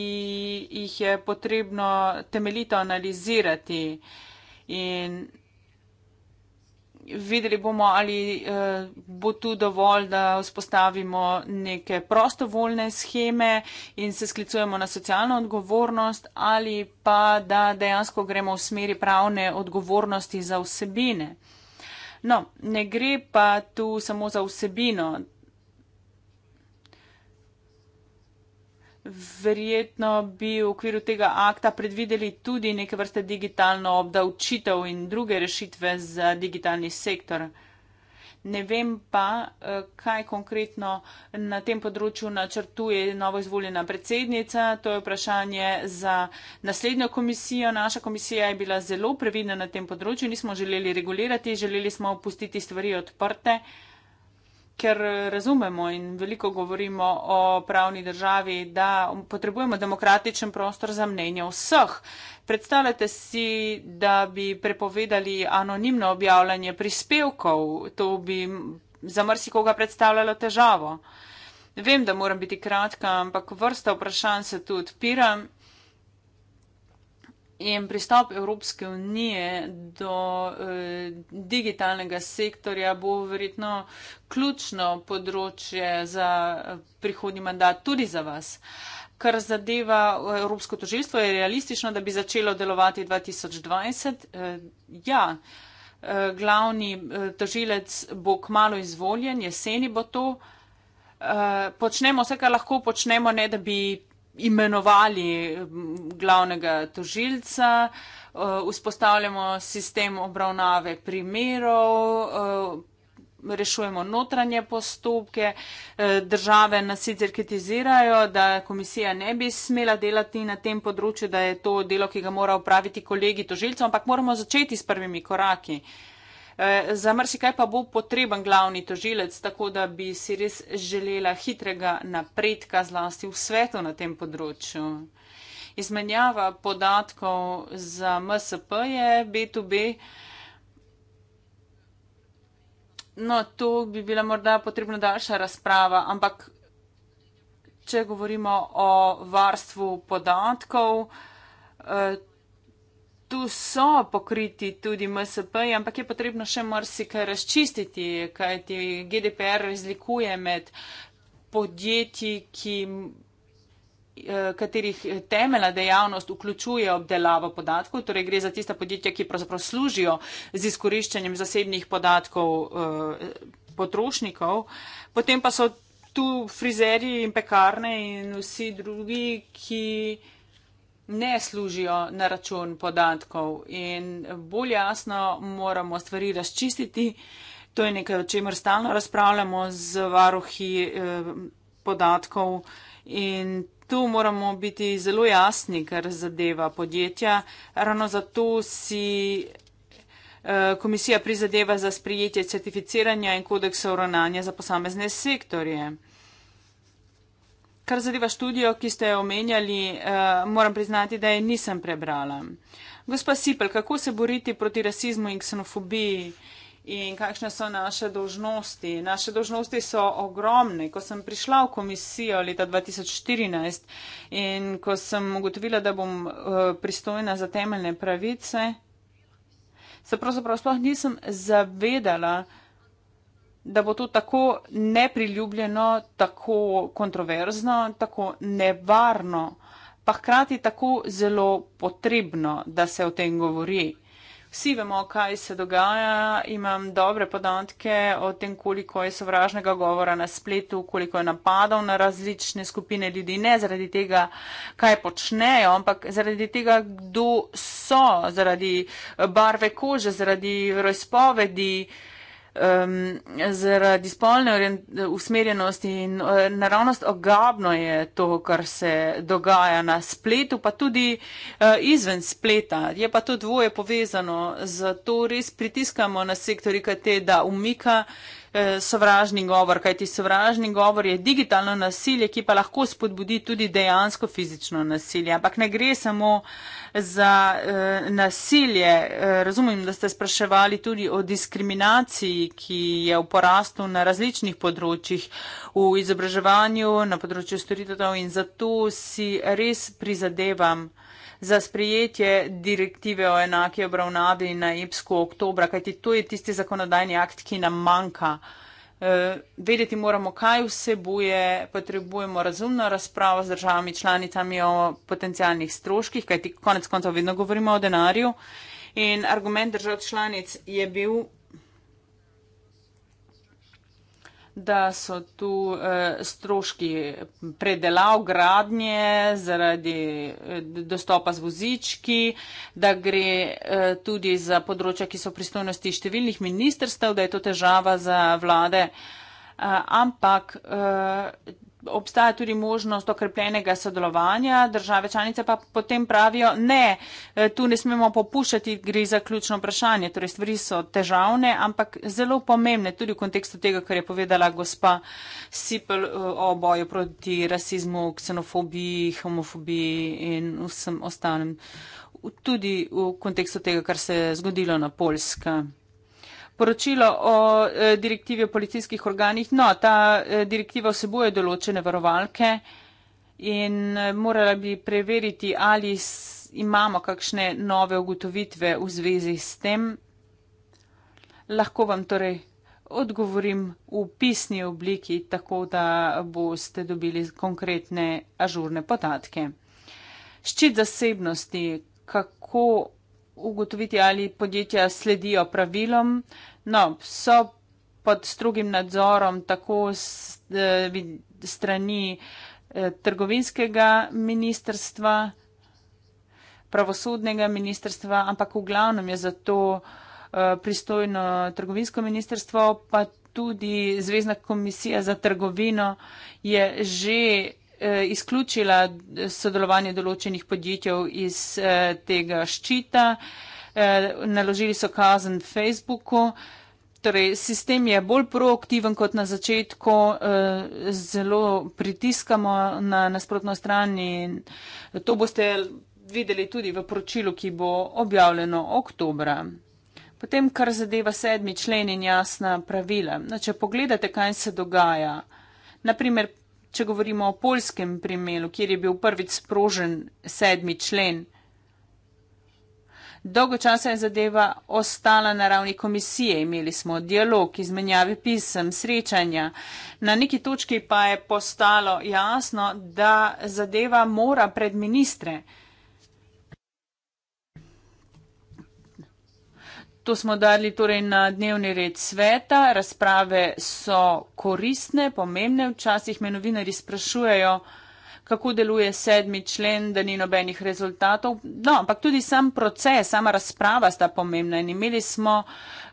jih je potrebno temeljito analizirati. In videli bomo, ali eh, bo tu dovolj, da vzpostavimo neke prostovoljne scheme in se sklicujemo na socialno odgovornost ali pa da dejansko gremo v smeri pravne odgovornosti za vsebine. No, ne gre pa tu samo za vsebino, verjetno bi v okviru tega akta predvideli tudi neke vrste digitalno obdavčitev in druge rešitve za digitalni sektor. Ne vem pa, eh, kaj konkretno na tem področju načrtuje novo izvoljena predsednica. To je vprašanje za naslednjo komisijo. Naša komisija je bila zelo previdna na tem področju. Nismo želeli regulirati, želeli smo opustiti stvari odprte ker razumemo in veliko govorimo o pravni državi, da potrebujemo demokratičen prostor za mnenje vseh. Predstavljate si, da bi prepovedali anonimno objavljanje prispevkov, to bi za marsikoga predstavljalo težavo. Vem, da moram biti kratka, ampak vrsta vprašanj se tu odpiram in pristop Evropske unije do eh, digitalnega sektorja bo verjetno ključno področje za eh, prihodnji mandat tudi za vas. Kar zadeva eh, Evropsko toživstvo, je realistično, da bi začelo delovati 2020. Eh, ja, eh, glavni eh, tožilec bo kmalo izvoljen, jeseni bo to. Eh, počnemo vse, kar lahko počnemo, ne da bi imenovali glavnega tožilca, eh, vzpostavljamo sistem obravnave primerov, eh, rešujemo notranje postopke. Eh, države nas sicer kritizirajo, da komisija ne bi smela delati na tem področju, da je to delo, ki ga mora upraviti kolegi tožilcev, ampak moramo začeti s prvimi koraki. Eh, za marsikaj pa bo potreben glavni tožilec, tako da bi si res želela hitrega napredka zlasti v svetu na tem področju. Izmenjava podatkov za MSP je B2B. No, to bi bila morda potrebna daljša razprava, ampak če govorimo o varstvu podatkov, eh, tu so pokriti tudi MSP, ampak je potrebno še marsikaj razčistiti, kaj ti GDPR razlikuje med podjetji, ki eh, katerih temeljna dejavnost vključuje obdelavo podatkov, torej gre za tista podjetja, ki pravzaprav služijo z izkoriščanjem zasebnih podatkov eh, potrošnikov. Potem pa so tu frizeri in pekarne in vsi drugi, ki ne služijo na račun podatkov in bolj jasno moramo stvari razčistiti. To je nekaj, o čemer stalno razpravljamo z varuhi eh, podatkov in tu moramo biti zelo jasni, kar zadeva podjetja. Ravno zato si eh, komisija prizadeva za sprijetje certificiranja in kodeksa uravnanja za posamezne sektorje kar zadeva študijo, ki ste jo omenjali, uh, moram priznati, da je nisem prebrala. Gospa Sipel, kako se boriti proti rasizmu in ksenofobiji in kakšne so naše dožnosti? Naše dožnosti so ogromne. Ko sem prišla v komisijo leta 2014 in ko sem ugotovila, da bom uh, pristojna za temeljne pravice, se pravzaprav sploh nisem zavedala, da bo to tako nepriljubljeno, tako kontroverzno, tako nevarno, pa hkrati tako zelo potrebno, da se o tem govori. Vsi vemo, kaj se dogaja, imam dobre podatke o tem, koliko je sovražnega govora na spletu, koliko je napadov na različne skupine ljudi, ne zaradi tega, kaj počnejo, ampak zaradi tega, kdo so, zaradi barve kože, zaradi rojspovedi, uh, um, zaradi spolne usmerjenosti in uh, naravnost ogabno je to, kar se dogaja na spletu, pa tudi uh, izven spleta. Je pa to dvoje povezano, zato res pritiskamo na sektor IKT, da umika uh, Eh, sovražni govor, kajti sovražni govor je digitalno nasilje, ki pa lahko spodbudi tudi dejansko fizično nasilje. Ampak ne gre samo za eh, nasilje. Eh, razumem, da ste spraševali tudi o diskriminaciji, ki je v porastu na različnih področjih, v izobraževanju, na področju storitev in zato si res prizadevam za sprejetje direktive o enaki obravnavi na EPSKO oktobra, kajti to je tisti zakonodajni akt, ki nam manjka. Uh, vedeti moramo, kaj vsebuje, potrebujemo razumno razpravo z državami članicami o potencijalnih stroških, kajti konec koncev vedno govorimo o denarju. In argument držav članic je bil da so tu eh, stroški predelav gradnje zaradi eh, dostopa z vozički, da gre eh, tudi za področja, ki so pristojnosti številnih ministrstev, da je to težava za vlade. Eh, ampak. Eh, obstaja tudi možnost okrepljenega sodelovanja, države članice pa potem pravijo, ne, eh, tu ne smemo popuščati, gre za ključno vprašanje, torej stvari so težavne, ampak zelo pomembne tudi v kontekstu tega, kar je povedala gospa Sipel eh, o boju proti rasizmu, ksenofobiji, homofobiji in vsem ostalim. Tudi v kontekstu tega, kar se je zgodilo na Poljskem poročilo o e, direktivi o policijskih organih. No, ta e, direktiva vsebuje določene varovalke in e, morala bi preveriti, ali imamo kakšne nove ugotovitve v zvezi s tem. Lahko vam torej odgovorim v pisni obliki, tako da boste dobili konkretne ažurne podatke. Ščit zasebnosti, kako ugotoviti, ali podjetja sledijo pravilom. No, so pod strogim nadzorom tako eh, strani eh, trgovinskega ministrstva, pravosodnega ministrstva, ampak v glavnem je zato eh, pristojno trgovinsko ministrstvo, pa tudi Zvezdna komisija za trgovino je že Eh, izključila sodelovanje določenih podjetjev iz eh, tega ščita. Eh, naložili so kazen Facebooku. Torej, sistem je bolj proaktiven kot na začetku, zelo pritiskamo na nasprotno stran in to boste videli tudi v poročilu, ki bo objavljeno oktobra. Potem, kar zadeva sedmi člen in jasna pravila. No, če pogledate, kaj se dogaja, naprimer če govorimo o polskem primeru, kjer je bil prvič sprožen sedmi člen. Dolgo časa je zadeva ostala na ravni komisije, imeli smo dialog, izmenjave pisem, srečanja. Na neki točki pa je postalo jasno, da zadeva mora pred ministre. To smo dali torej na dnevni red sveta. Razprave so koristne, pomembne. Včasih me novinari sprašujejo, kako deluje sedmi člen, da ni nobenih rezultatov. No, ampak tudi sam proces, sama razprava sta pomembna in imeli smo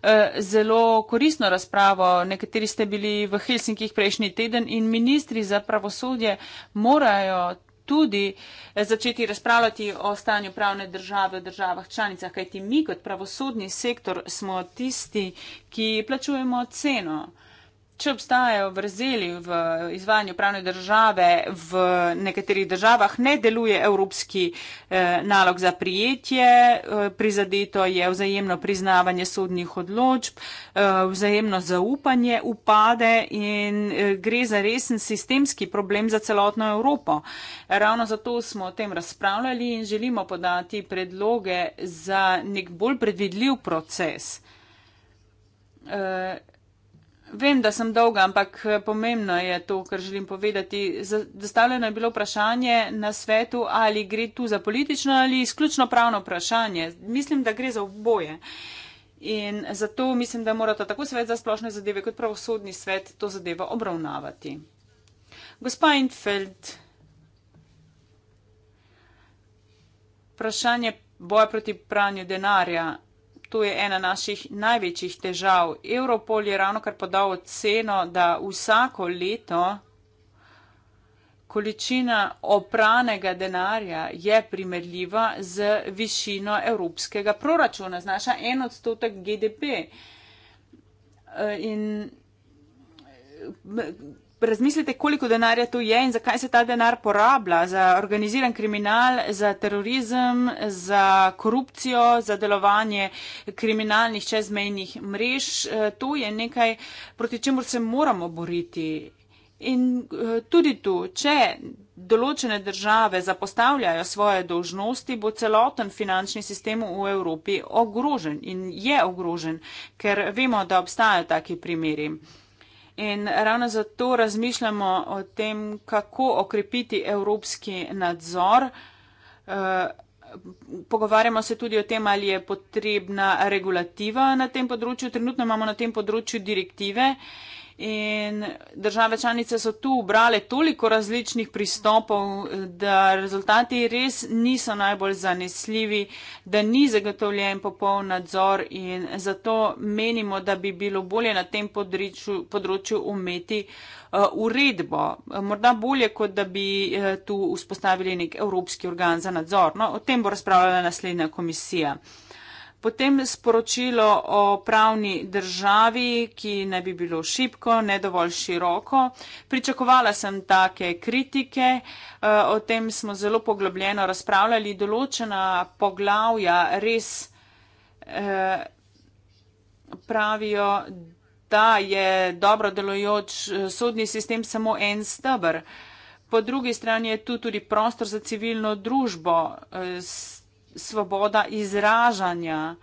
eh, zelo koristno razpravo. Nekateri ste bili v Helsinkih prejšnji teden in ministri za pravosodje morajo tudi eh, začeti razpravljati o stanju pravne države v državah članicah, kajti mi kot pravosodni sektor smo tisti, ki plačujemo ceno če obstajajo vrzeli v izvajanju pravne države, v nekaterih državah ne deluje evropski eh, nalog za prijetje, eh, prizadeto je vzajemno priznavanje sodnih odločb, eh, vzajemno zaupanje upade in eh, gre za resen sistemski problem za celotno Evropo. Ravno zato smo o tem razpravljali in želimo podati predloge za nek bolj predvidljiv proces. Eh, Vem, da sem dolga, ampak eh, pomembno je to, kar želim povedati. Zastavljeno je bilo vprašanje na svetu, ali gre tu za politično ali izključno pravno vprašanje. Mislim, da gre za oboje. In zato mislim, da morata tako svet za splošne zadeve kot pravosodni svet to zadevo obravnavati. Gospa Infeld, vprašanje boja proti pranju denarja to je ena naših največjih težav. Europol je ravno kar podal oceno, da vsako leto količina opranega denarja je primerljiva z višino evropskega proračuna, znaša en odstotek GDP. E, in razmislite, koliko denarja tu je in zakaj se ta denar porablja za organiziran kriminal, za terorizem, za korupcijo, za delovanje kriminalnih čezmejnih mrež. E, to je nekaj, proti čemur se moramo boriti. In e, tudi tu, če določene države zapostavljajo svoje dožnosti, bo celoten finančni sistem v Evropi ogrožen in je ogrožen, ker vemo, da obstajajo taki primeri. In ravno zato razmišljamo o tem, kako okrepiti evropski nadzor. Eh, pogovarjamo se tudi o tem, ali je potrebna regulativa na tem področju. Trenutno imamo na tem področju direktive In države članice so tu ubrale toliko različnih pristopov, da rezultati res niso najbolj zanesljivi, da ni zagotovljen popoln nadzor in zato menimo, da bi bilo bolje na tem področju, področju umeti eh, uredbo. Morda bolje, kot da bi eh, tu vzpostavili nek evropski organ za nadzor. No, o tem bo razpravljala naslednja komisija. Potem sporočilo o pravni državi, ki ne bi bilo šipko, ne dovolj široko. Pričakovala sem take kritike, eh, o tem smo zelo poglobljeno razpravljali. Določena poglavja res eh, pravijo, da je dobro delojoč eh, sodni sistem samo en stebr. Po drugi strani je tu tudi prostor za civilno družbo svoboda izražanja,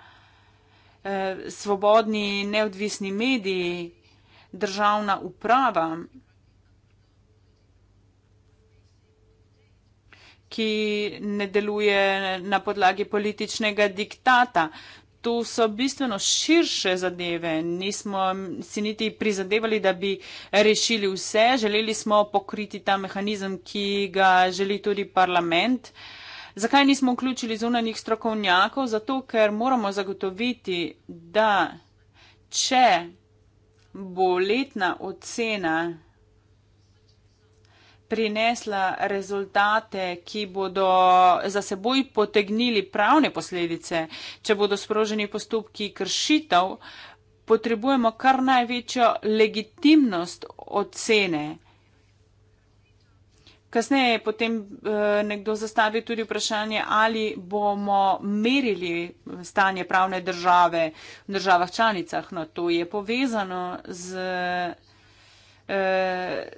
eh, svobodni neodvisni mediji, državna uprava, ki ne deluje na podlagi političnega diktata. To so bistveno širše zadeve. Nismo si niti prizadevali, da bi rešili vse. Želeli smo pokriti ta mehanizem, ki ga želi tudi parlament. Zakaj nismo vključili zunanjih strokovnjakov? Zato, ker moramo zagotoviti, da če bo letna ocena prinesla rezultate, ki bodo za seboj potegnili pravne posledice, če bodo sproženi postopki kršitev, potrebujemo kar največjo legitimnost ocene. Kasneje je potem eh, nekdo zastavil tudi vprašanje, ali bomo merili stanje pravne države v državah članicah. No, to je povezano z eh,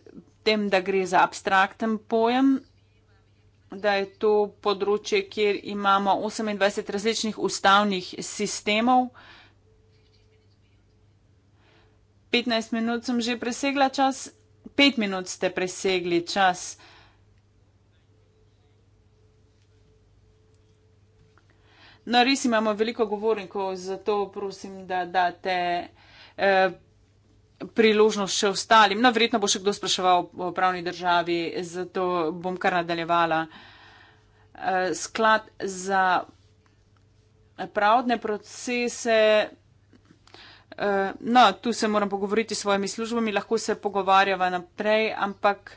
tem, da gre za abstrakten pojem, da je to področje, kjer imamo 28 različnih ustavnih sistemov. 15 minut sem že presegla čas, 5 minut ste presegli čas, No, res imamo veliko govornikov, zato prosim, da date eh, priložnost še ostalim. No, verjetno bo še kdo spraševal o pravni državi, zato bom kar nadaljevala. Eh, sklad za pravdne procese. Eh, no, tu se moram pogovoriti s svojimi službami, lahko se pogovarjava naprej, ampak.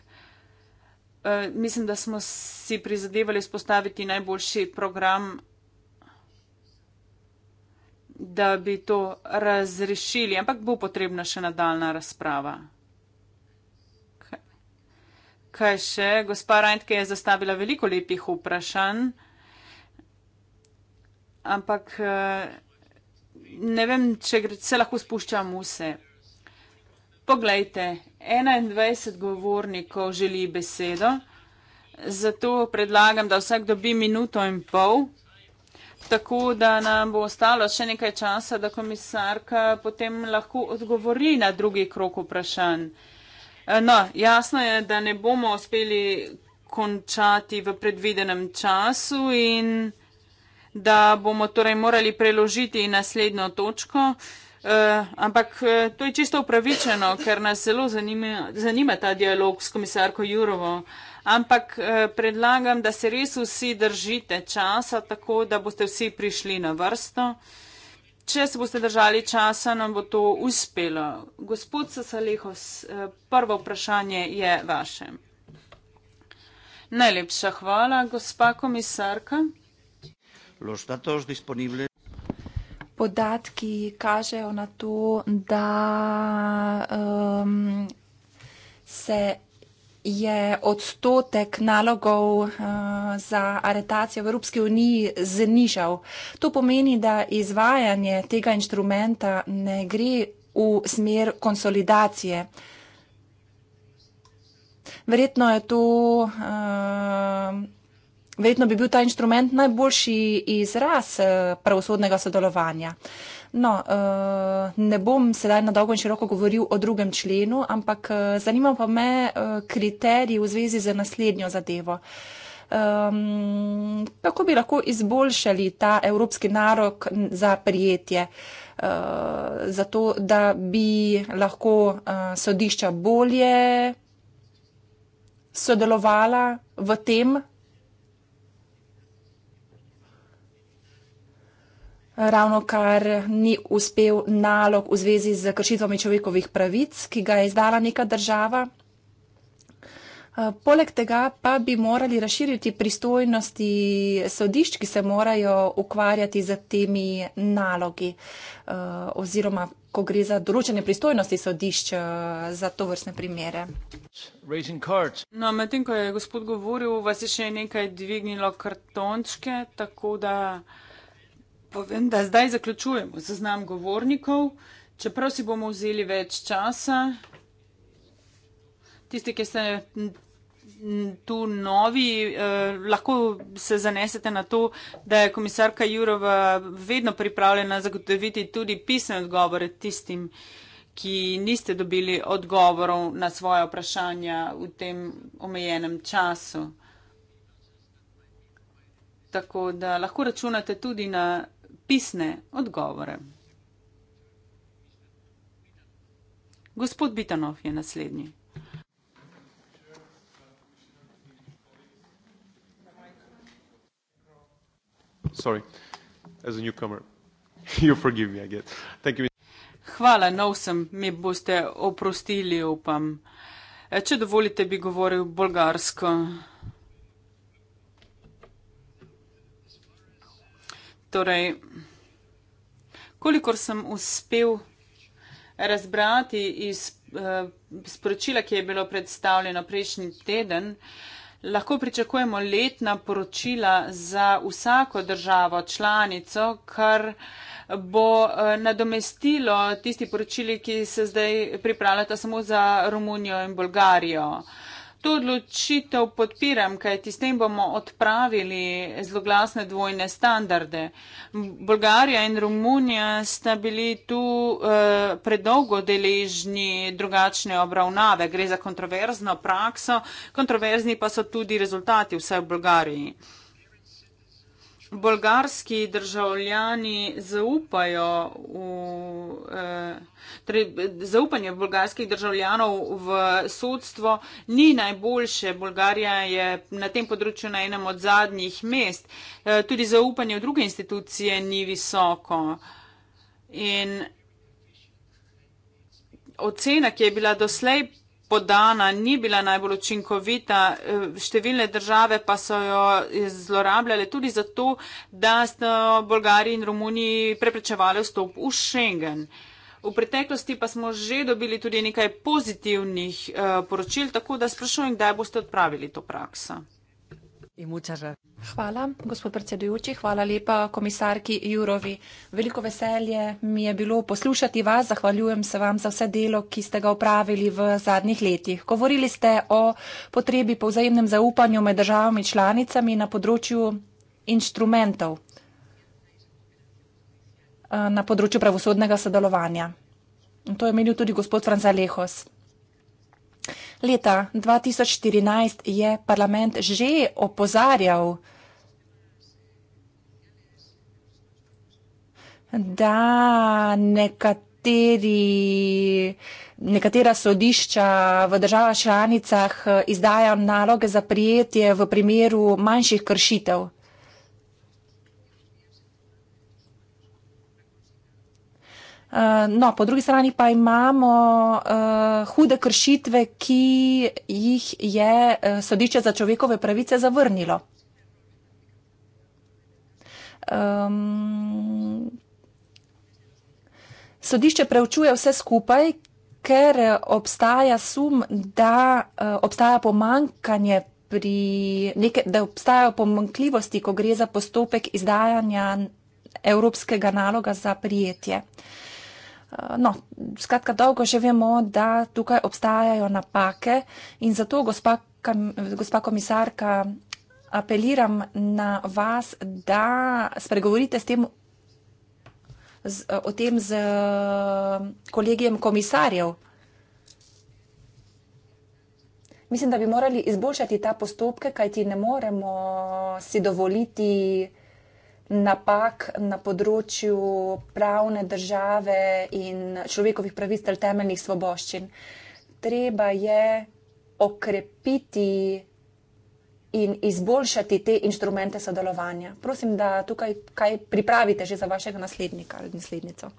Uh, mislim, da smo si prizadevali spostaviti najboljši program da bi to razrešili, ampak bo potrebna še nadaljna razprava. Kaj še? Gospa Rajntke je zastavila veliko lepih vprašanj, ampak eh, ne vem, če se lahko spuščam vse. Poglejte, 21 govornikov želi besedo, zato predlagam, da vsak dobi minuto in pol. Tako da nam bo ostalo še nekaj časa, da komisarka potem lahko odgovori na drugi krok vprašanj. Eh, no, jasno je, da ne bomo uspeli končati v predvidenem času in da bomo torej morali preložiti naslednjo točko. Uh, ampak eh, to je čisto upravičeno, ker nas zelo zanima, zanima ta dialog s komisarko Jurovo. Uh, ampak eh, predlagam, da se res vsi držite časa, tako da boste vsi prišli na vrsto. Če se boste držali časa, nam bo to uspelo. Gospod Sasalehos, eh, prvo vprašanje je vaše. Najlepša hvala, gospa komisarka. Podatki kažejo na to, da um, se je odstotek nalogov eh, za aretacijo v Evropski uniji znižal. To pomeni, da izvajanje tega inštrumenta ne gre v smer konsolidacije. Verjetno, to, eh, verjetno bi bil ta inštrument najboljši izraz eh, pravosodnega sodelovanja. No, eh, ne bom sedaj na dolgo in široko govoril o drugem členu, ampak eh, zanima pa me eh, kriterij v zvezi z naslednjo zadevo. Um, kako bi lahko izboljšali ta evropski narok za prijetje, uh, zato da bi lahko uh, sodišča bolje sodelovala v tem, ravno kar ni uspel nalog v zvezi z kršitvami človekovih pravic, ki ga je izdala neka država. Eh, poleg tega pa bi morali razširiti pristojnosti sodišč, ki se morajo ukvarjati z temi nalogi eh, oziroma ko gre za določene pristojnosti sodišč eh, za to vrstne primere. No, medtem ko je gospod govoril, vas je še nekaj dvignilo kartončke, tako da povem, da zdaj zaključujemo seznam govornikov. Čeprav si bomo vzeli več časa, tisti, ki ste tu novi, eh, lahko se zanesete na to, da je komisarka Jurova vedno pripravljena zagotoviti tudi pisne odgovore tistim, ki niste dobili odgovorov na svoje vprašanja v tem omejenem času. Tako da lahko računate tudi na pisne odgovore. Gospod Bitanov je naslednji. Sorry, as a newcomer, [laughs] you forgive me, I get. Thank you. Hvala, nov sem, mi boste oprostili, upam. E, če dovolite, bi govoril bolgarsko. Torej, kolikor sem uspel razbrati iz eh, sporočila, ki je bilo predstavljeno prejšnji teden, lahko pričakujemo letna poročila za vsako državo članico, kar bo eh, nadomestilo tisti poročili, ki se zdaj pripravljata samo za Romunijo in Bolgarijo. Eh, To odločitev podpiram, kajti s tem bomo odpravili zloglasne dvojne standarde. Bolgarija in Romunija sta bili tu eh, predolgo deležni drugačne obravnave. Gre za kontroverzno prakso, kontroverzni pa so tudi rezultati vse v Bolgariji bolgarski državljani zaupajo v, eh, torej, zaupanje bolgarskih državljanov v sodstvo ni najboljše. Bolgarija je na tem področju na enem od zadnjih mest. Eh, tudi zaupanje v druge institucije ni visoko. In ocena, ki je bila doslej podana, ni bila najbolj učinkovita, eh, številne države pa so jo zlorabljale tudi zato, da so Bolgariji in Romuniji preprečevali vstop v Schengen. V preteklosti pa smo že dobili tudi nekaj pozitivnih eh, poročil, tako da sprašujem, kdaj boste odpravili to prakso. Hvala, gospod predsedujoči, hvala lepa komisarki Jurovi. Veliko veselje mi je bilo poslušati vas, zahvaljujem se vam za vse delo, ki ste ga upravili v zadnjih letih. Govorili ste o potrebi po vzajemnem zaupanju med državami članicami na področju inštrumentov, eh, na področju pravosodnega sodelovanja. In to je menil tudi gospod Franza Lehos. Leta 2014 je parlament že opozarjal, da nekateri, nekatera sodišča v državah članicah eh, izdajo naloge za prijetje v primeru manjših kršitev. Eh, no, po drugi strani pa imamo uh, hude kršitve, ki jih je uh, sodišče za človekove pravice zavrnilo. Um, sodišče preučuje vse skupaj, ker obstaja sum, da uh, obstaja pomankanje. Pri neke, da obstajajo pomankljivosti, ko gre za postopek izdajanja evropskega naloga za prijetje. Uh, Eh, no, skratka, dolgo že vemo, da tukaj obstajajo napake in zato, gospa, kam, gospa komisarka, apeliram na vas, da spregovorite s tem, z, eh, o tem z eh, kolegijem komisarjev. Mislim, da bi morali izboljšati ta postopke, kajti ne moremo si dovoliti napak na področju pravne države in človekovih pravic ter temeljnih svoboščin. Treba je okrepiti in izboljšati te inštrumente sodelovanja. Prosim, da tukaj kaj pripravite že za vašega naslednika ali naslednico.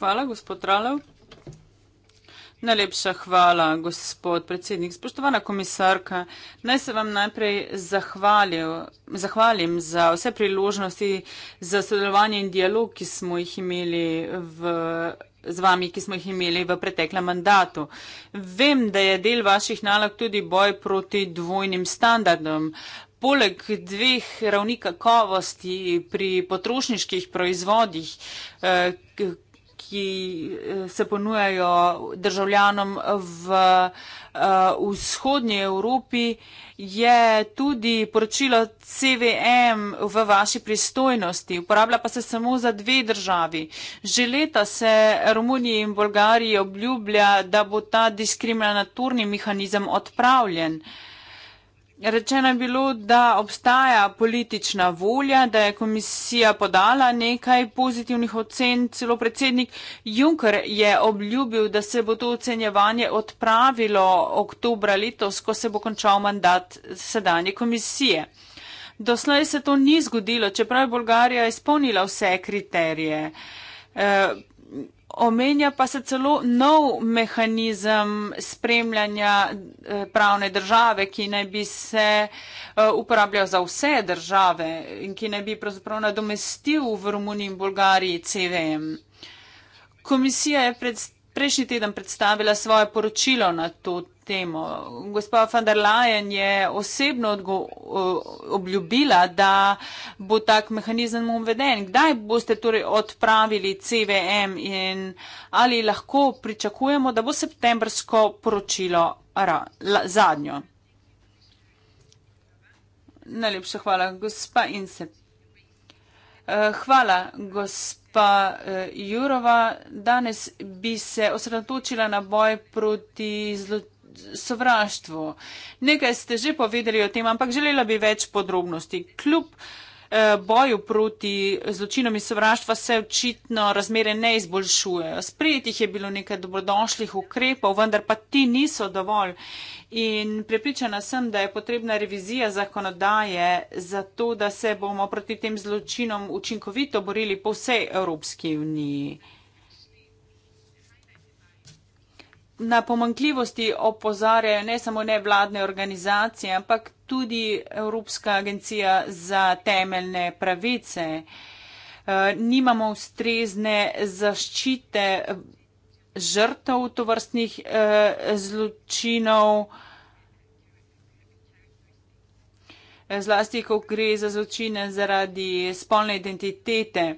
Hvala, gospod Ralev. Najlepša hvala, gospod predsednik. Spoštovana komisarka, naj se vam najprej zahvalim za vse priložnosti za sodelovanje in dialog, ki smo jih imeli v, z vami, ki smo jih imeli v preteklem mandatu. Vem, da je del vaših nalog tudi boj proti dvojnim standardom. Poleg dveh ravni kakovosti pri potrošniških proizvodih, eh, ki eh, se ponujajo državljanom v eh, vzhodnji Evropi. Je tudi poročilo CVM v vaši pristojnosti, uporablja pa se samo za dve državi. Že leta se Romuniji in Bolgariji obljublja, da bo ta diskriminatorni mehanizem odpravljen. Rečeno je bilo, da obstaja politična volja, da je komisija podala nekaj pozitivnih ocen. Celo predsednik Juncker je obljubil, da se bo to ocenjevanje odpravilo oktobra letos, ko se bo končal mandat sedanje komisije. Doslej se to ni zgodilo, čeprav je Bolgarija izpolnila vse kriterije. Eh, omenja pa se celo nov mehanizem spremljanja eh, pravne države, ki naj bi se eh, uporabljal za vse države in ki naj bi pravzaprav nadomestil v Romuniji in Bolgariji CVM. Komisija je pred, prejšnji teden predstavila svoje poročilo na to temo. Gospa von der Leyen je osebno odgo, obljubila, da bo tak mehanizem uveden. Kdaj boste torej odpravili CVM in ali lahko pričakujemo, da bo septembrsko poročilo ra, la, zadnjo? Najlepša hvala, gospa Inse. Eh, hvala, gospa eh, Jurova. Danes bi se osredotočila na boj proti zločinu sovraštvo. Nekaj ste že povedali o tem, ampak želela bi več podrobnosti. Kljub eh, boju proti zločinom in sovraštva se očitno razmere ne izboljšujejo. Sprejetih je bilo nekaj dobrodošlih ukrepov, vendar pa ti niso dovolj. In prepričana sem, da je potrebna revizija zakonodaje za to, da se bomo proti tem zločinom učinkovito borili po vsej Evropski uniji. na pomankljivosti opozarjajo ne samo nevladne organizacije, ampak tudi Evropska agencija za temeljne pravice. Eh, nimamo ustrezne zaščite eh, žrtev tovrstnih eh, zločinov. Zlasti, ko gre za zločine zaradi spolne identitete.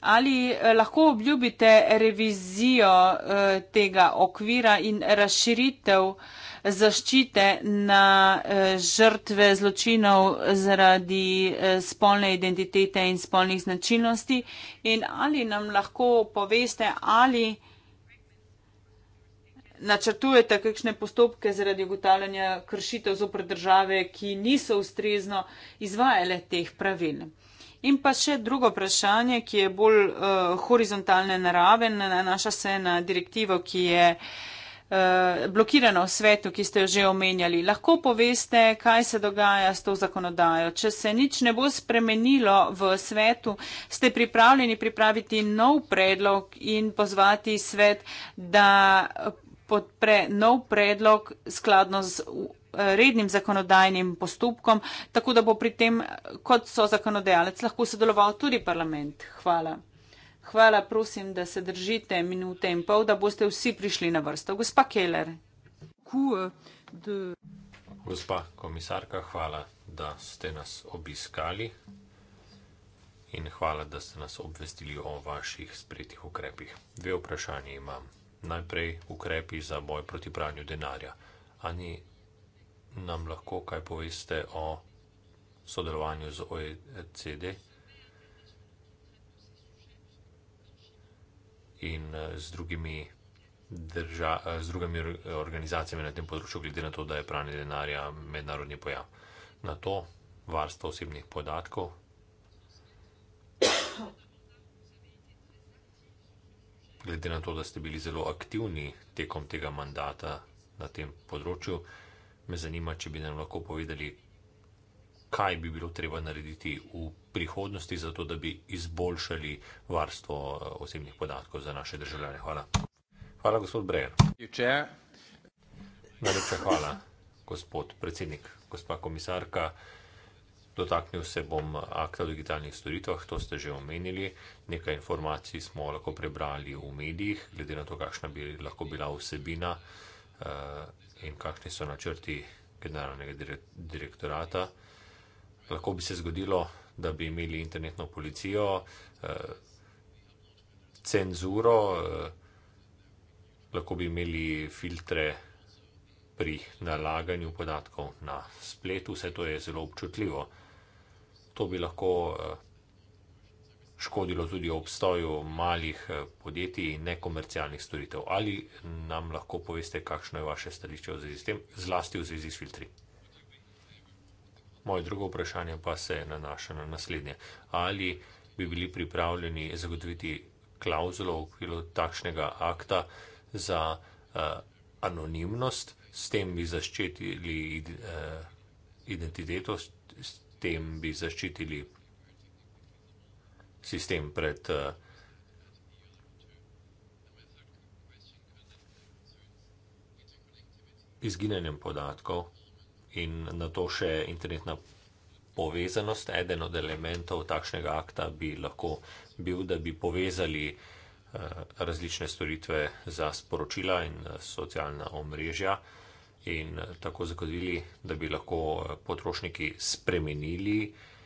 Ali eh, lahko obljubite revizijo eh, tega okvira in razširitev zaščite na eh, žrtve zločinov zaradi spolne identitete in spolnih značilnosti? In ali nam lahko poveste, ali načrtujete kakšne postopke zaradi ugotavljanja kršitev zopr države, ki niso ustrezno izvajale teh pravil? In pa še drugo vprašanje, ki je bolj uh, horizontalne narave, nanaša se na direktivo, ki je uh, blokirana v svetu, ki ste jo že omenjali. Lahko poveste, kaj se dogaja s to zakonodajo. Če se nič ne bo spremenilo v svetu, ste pripravljeni pripraviti nov predlog in pozvati svet, da podpre nov predlog skladno z rednim zakonodajnim postopkom, tako da bo pri tem, kot so zakonodajalec, lahko sodeloval tudi parlament. Hvala. Hvala, prosim, da se držite minute in pol, da boste vsi prišli na vrsto. Gospa Keller. Gospa komisarka, hvala, da ste nas obiskali in hvala, da ste nas obvestili o vaših sprejetih ukrepih. Dve vprašanje imam. Najprej ukrepi za boj proti pranju denarja. Ani nam lahko kaj poveste o sodelovanju z OECD in eh, z drugimi, drža, eh, z drugimi organizacijami na tem področju, glede na to, da je pranje denarja mednarodni pojav. Na to varstvo osebnih podatkov. [coughs] Glede na to, da ste bili zelo aktivni tekom tega mandata na tem področju, me zanima, če bi nam lahko povedali, kaj bi bilo treba narediti v prihodnosti, zato da bi izboljšali varstvo eh, osebnih podatkov za naše državljane. Hvala. Hvala, gospod Brejer. Najlepša hvala, gospod predsednik, gospa komisarka. Dotaknil se bom akta o digitalnih storitvah, to ste že omenili. Nekaj informacij smo lahko prebrali v medijih, glede na to, kakšna bi lahko bila vsebina. Eh, in kakšni so načrti generalnega direktorata. Lahko bi se zgodilo, da bi imeli internetno policijo, eh, cenzuro, eh, lahko bi imeli filtre pri nalaganju podatkov na spletu, vse to je zelo občutljivo. To bi lahko eh, škodilo tudi obstoju malih eh, podjetij in nekomercialnih storitev. Ali nam lahko poveste, kakšno je vaše stališče v zvezi s tem, zlasti v zvezi s filtri? Moje drugo vprašanje pa se nanaša na naslednje. Ali bi bili pripravljeni zagotoviti klauzulo v okviru takšnega akta za uh, anonimnost, s tem bi zaščitili uh, identiteto, s tem bi zaščitili sistem pred eh, izginjenjem podatkov in na to še internetna povezanost. Eden od elementov takšnega akta bi lahko bil, da bi povezali eh, različne storitve za sporočila in eh, socialna omrežja in tako zagotovili, da bi lahko potrošniki spremenili informacije.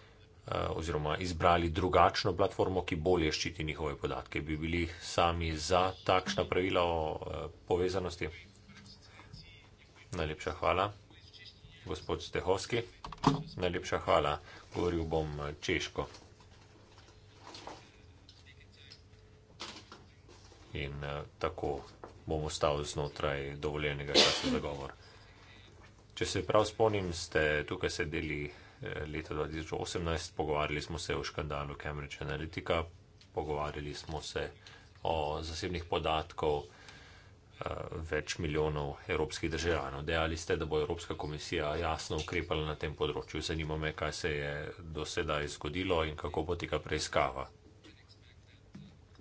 Eh, oziroma izbrali drugačno platformo, ki bolje ščiti njihove podatke. Bi bili sami za takšna pravila o eh, povezanosti? Najlepša hvala. Gospod Stehovski, najlepša hvala. Govoril bom eh, češko. In tako bom ostal znotraj dovoljenega časa za govor. Če se prav spomnim, ste tukaj sedeli uh, leta 2018, pogovarjali smo se o škandalu Cambridge Analytica, pogovarjali smo se o zasebnih podatkov eh, več milijonov evropskih državljanov. Dejali ste, da bo Evropska komisija jasno ukrepala na tem področju. Zanima me, kaj se je do sedaj zgodilo in kako poteka preiskava.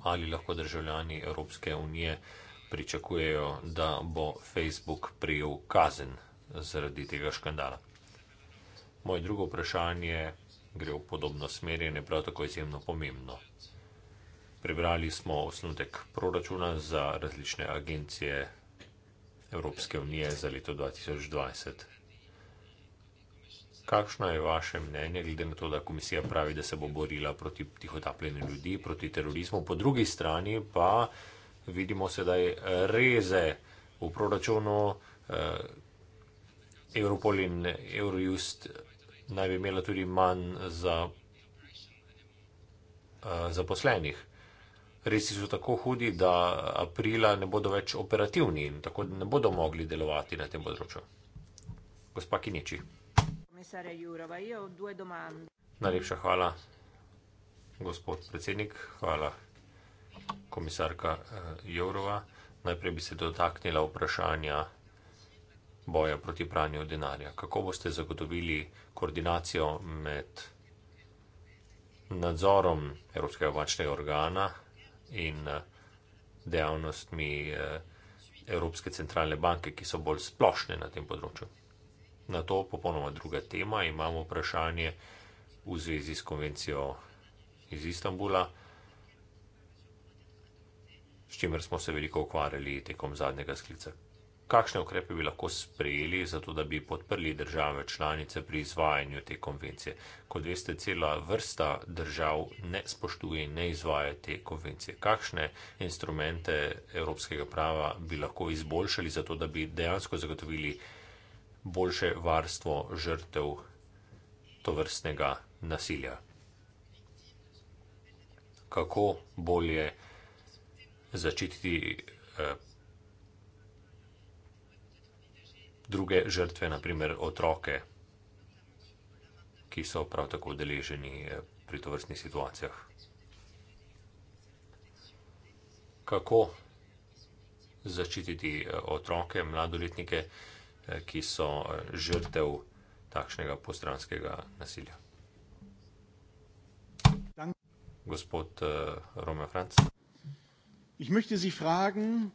Ali lahko državljani Evropske unije pričakujejo, da bo Facebook prijel kazen zaradi tega škandala? Moje drugo vprašanje gre v podobno smer in je prav tako izjemno pomembno. Prebrali smo osnutek proračuna za različne agencije Evropske unije za leto 2020. Kakšno je vaše mnenje, glede na to, da komisija pravi, da se bo borila proti tihotapljenju ljudi, proti terorizmu, po drugi strani pa vidimo sedaj reze v proračunu eh, Europol in Eurojust naj bi imela tudi manj za eh, zaposlenih. Resi so tako hudi, da aprila ne bodo več operativni in tako ne bodo mogli delovati na tem področju. Gospa Kineči. Najlepša hvala, gospod predsednik. Hvala, komisarka eh, Jourova. Najprej bi se dotaknila vprašanja boja proti pranju denarja. Kako boste zagotovili koordinacijo med nadzorom Evropskega bančnega organa in eh, dejavnostmi eh, Evropske centralne banke, ki so bolj splošne na tem področju? Na to popolnoma druga tema. Imamo vprašanje v zvezi s konvencijo iz Istanbula. S čimer smo se veliko ukvarjali tekom zadnjega sklica kakšne ukrepe bi lahko sprejeli, zato da bi podprli države članice pri izvajanju te konvencije. Kot veste, cela vrsta držav ne spoštuje in ne izvaja te konvencije. Kakšne instrumente evropskega prava bi lahko izboljšali, zato da bi dejansko zagotovili boljše varstvo žrtev to vrstnega nasilja? Kako bolje začititi eh, druge žrtve, naprimer otroke, ki so prav tako deleženi eh, pri tovrstnih situacijah. Kako začititi eh, otroke, mladoletnike, eh, ki so žrtev takšnega postranskega nasilja? Gospod Roman Franc. Ich möchte Sie fragen,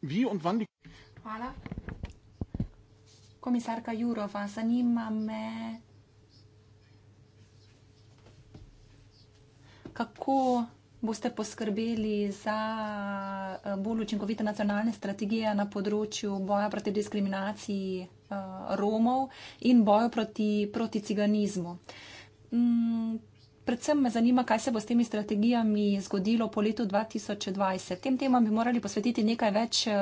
wie und wann die... Hvala. Komisarka Jurova, zanima me, kako boste poskrbeli za eh, bolj učinkovite nacionalne strategije na področju boja proti diskriminaciji eh, Romov in boju proti, proti ciganizmu. Mm, Predvsem me zanima, kaj se bo s temi strategijami zgodilo po letu 2020. Tem temam bi morali posvetiti nekaj več eh,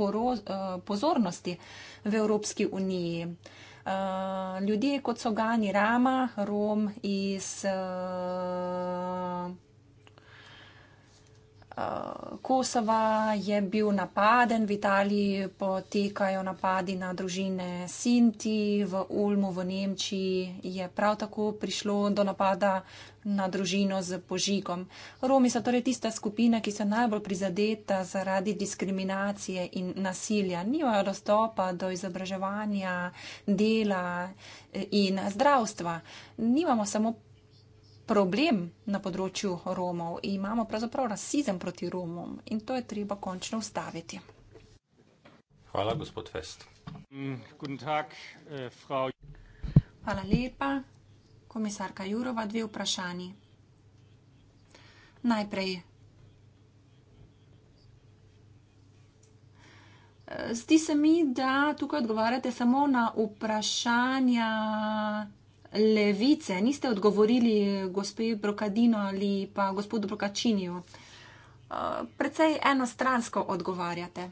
poro, eh, pozornosti v Evropski uniji. Eh, ljudje kot so Gani Rama, Rom iz Eh, Kosova je bil napaden, v Italiji potekajo napadi na družine Sinti, v Ulmu v Nemčiji je prav tako prišlo do napada na družino z požigom. Romi so torej tista skupina, ki so najbolj prizadeta zaradi diskriminacije in nasilja. Nimajo dostopa do izobraževanja, dela eh, in zdravstva. Nimamo samo problem na področju Romov, imamo pravzaprav rasizem proti Romom in to je treba končno ustaviti. Hvala, gospod Fest. Mm, eh, Hvala lepa, komisarka Jurova, dve vprašanji. Najprej. Eh, zdi se mi, da tukaj odgovarjate samo na vprašanja levice, niste odgovorili gospej Brokadino ali pa gospodu Brokačiniju? Uh, Predvsej enostransko odgovarjate.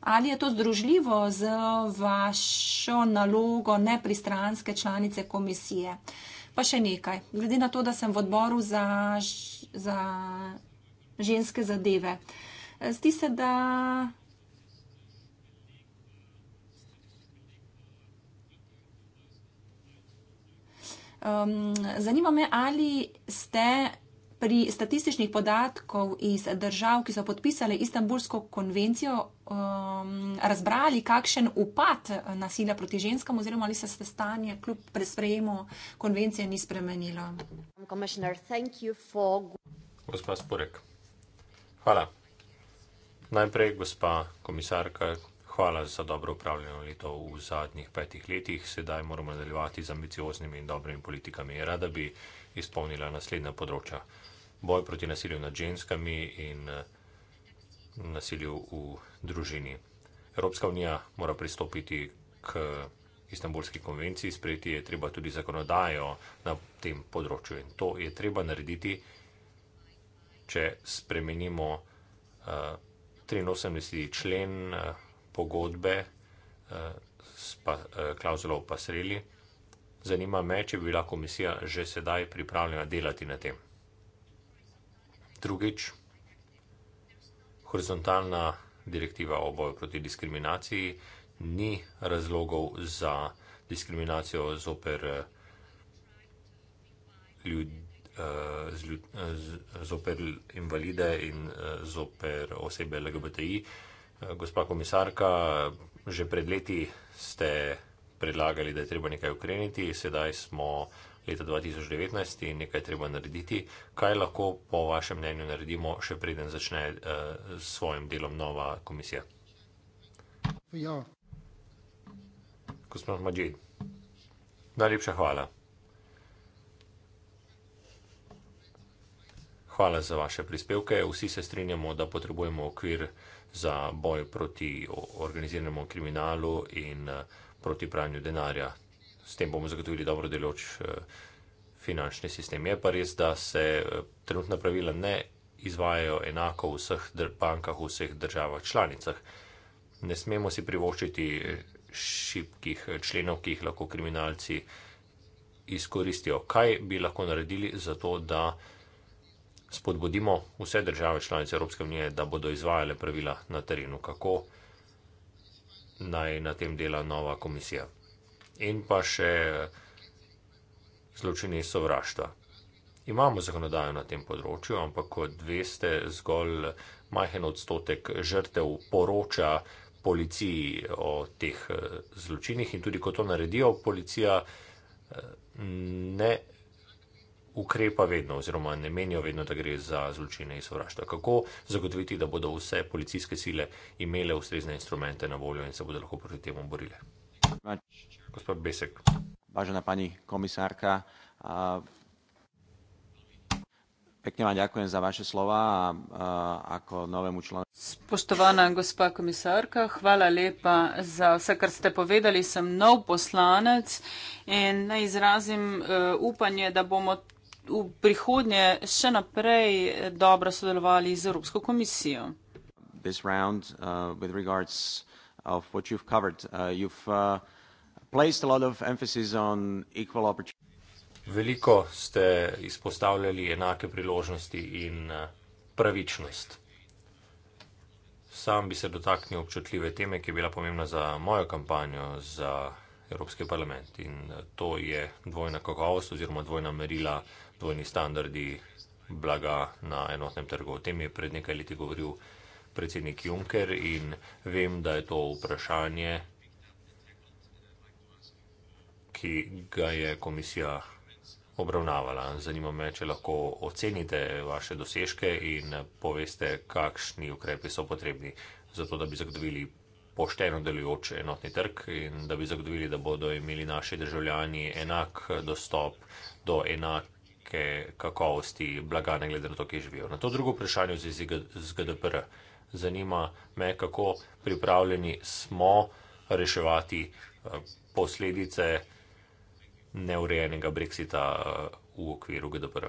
Ali je to združljivo z vašo nalogo nepristranske članice komisije? Pa še nekaj. Glede na to, da sem v odboru za, za ženske zadeve. Zdi se, da Um, zanima me, ali ste pri statističnih podatkov iz držav, ki so podpisali Istanbulsko konvencijo, um, razbrali kakšen upad nasilja proti ženskam oziroma ali se ste stanje kljub presprejemu konvencije ni spremenilo. Gospa Sporek, hvala. Najprej gospa komisarka, Hvala za dobro upravljeno leto v zadnjih petih letih. Sedaj moramo nadaljevati z ambicioznimi in dobrimi politikami. Rada bi izpolnila naslednja področja. Boj proti nasilju nad ženskami in eh, nasilju v družini. Evropska unija mora pristopiti k Istanbulski konvenciji, sprejeti je treba tudi zakonodajo na tem področju in to je treba narediti, če spremenimo uh, eh, 83 člen. Uh, pogodbe eh, s eh, klauzulo v pasreli. Zanima me, če bi bila komisija že sedaj pripravljena delati na tem. Drugič, horizontalna direktiva o boju proti diskriminaciji ni razlogov za diskriminacijo zoper eh, ljudi. Zoper invalide in zoper osebe LGBTI, Gospa komisarka, že pred leti ste predlagali, da je treba nekaj ukreniti, sedaj smo leta 2019 in nekaj je treba narediti. Kaj lahko po vašem mnenju naredimo, še preden začne eh, s uh, svojim delom nova komisija? Ja. Gospod Mađid, najlepša hvala. Hvala za vaše prispevke. Vsi se strinjamo, da potrebujemo okvir za boj proti organiziranemu kriminalu in eh, proti pranju denarja. S tem bomo zagotovili dobro deloč eh, finančni sistem. Je pa res, da se eh, trenutna pravila ne izvajajo enako v vseh bankah, v vseh državah članicah. Ne smemo si privoščiti šibkih členov, ki jih lahko kriminalci izkoristijo. Kaj bi lahko naredili za to, da spodbudimo vse države članice Evropske unije, da bodo izvajale pravila na terenu, kako naj na tem dela nova komisija. In pa še zločini sovraštva. Imamo zakonodajo na tem področju, ampak kot veste, zgolj majhen odstotek žrtev poroča policiji o teh eh, zločinih in tudi, ko to naredijo, policija eh, ne ukrepa vedno, oziroma ne menijo vedno, da gre za zločine in sovraštvo. Kako zagotoviti, da bodo vse policijske sile imele ustrezne instrumente na voljo in se bodo lahko proti temu borile? Gospod Besek. Vážená pani komisárka, a, pekne vám ďakujem za vaše slova a, a, ako novému členu. Spoštovana gospa komisarka, hvala lepa za vse, kar ste povedali. Sem nov poslanec in naj izrazim uh, upanje, da bomo v prihodnje še naprej dobro sodelovali z Evropsko komisijo. Round, uh, covered, uh, uh, Veliko ste izpostavljali enake priložnosti in uh, pravičnost. Sam bi se dotaknil občutljive teme, ki je bila pomembna za mojo kampanjo za Evropski parlament in uh, to je dvojna kakovost oziroma dvojna merila dvojni standardi blaga na enotnem trgu. O tem je pred nekaj leti govoril predsednik Juncker in vem, da je to vprašanje, ki ga je komisija obravnavala. Zanima me, če lahko ocenite vaše dosežke in poveste, kakšni ukrepi so potrebni, zato da bi zagotovili pošteno delujoč enotni trg in da bi zagotovili, da bodo imeli naši državljani enak dostop do enak neke kakovosti blaga, ne glede na to, kje živijo. Na to drugo vprašanje v zvezi z GDPR zanima me, kako pripravljeni smo reševati eh, posledice neurejenega Brexita eh, v okviru GDPR.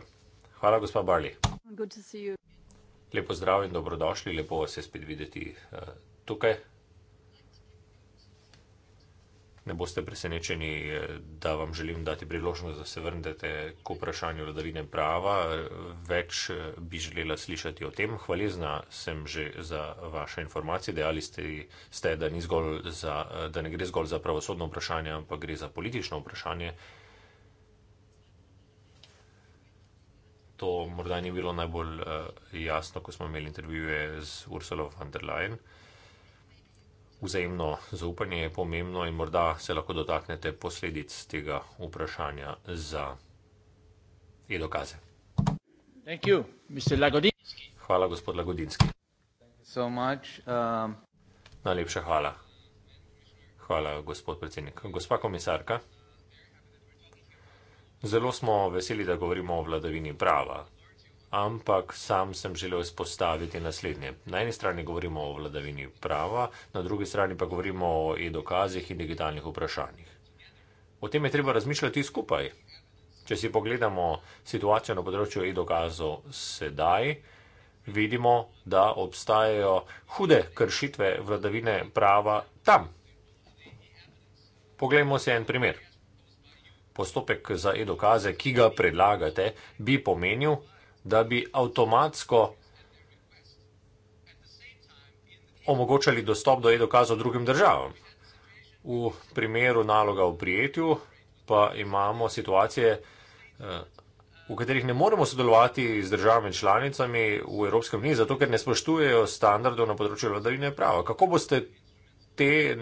Hvala, gospa Barli. Lepo zdrav in dobrodošli, lepo vas je spet videti eh, tukaj ne boste presenečeni, eh, da vam želim dati priložnost, da se vrnete k vprašanju vladavine prava. Več eh, bi želela slišati o tem. Hvalezna sem že za vaše informacije. Dejali ste, ste da, za, eh, da ne gre zgolj za pravosodno vprašanje, ampak gre za politično vprašanje. To morda ni bilo najbolj jasno, ko smo imeli intervjuje z Ursula von der Leyen. Vzajemno zaupanje je pomembno in morda se lahko dotaknete posledic tega vprašanja za e-dokaze. Hvala, gospod Lagodinski. So much, um... Najlepša hvala. Hvala, gospod predsednik. Gospa komisarka, zelo smo veseli, da govorimo o vladavini prava, ampak sam sem želel izpostaviti naslednje. Na eni strani govorimo o vladavini prava, na drugi strani pa govorimo o e-dokazih in digitalnih vprašanjih. O tem je treba razmišljati skupaj. Če si pogledamo situacijo na področju e-dokazov sedaj, vidimo, da obstajajo hude kršitve vladavine prava tam. Poglejmo si en primer. Postopek za e-dokaze, ki ga predlagate, bi pomenil, da bi avtomatsko omogočali dostop do e-dokazov drugim državam. V primeru naloga v prijetju pa imamo situacije, eh, v katerih ne moremo sodelovati z državami članicami v Evropskem uniji, zato ker ne spoštujejo standardov na področju vladavine prava. Kako boste te eh,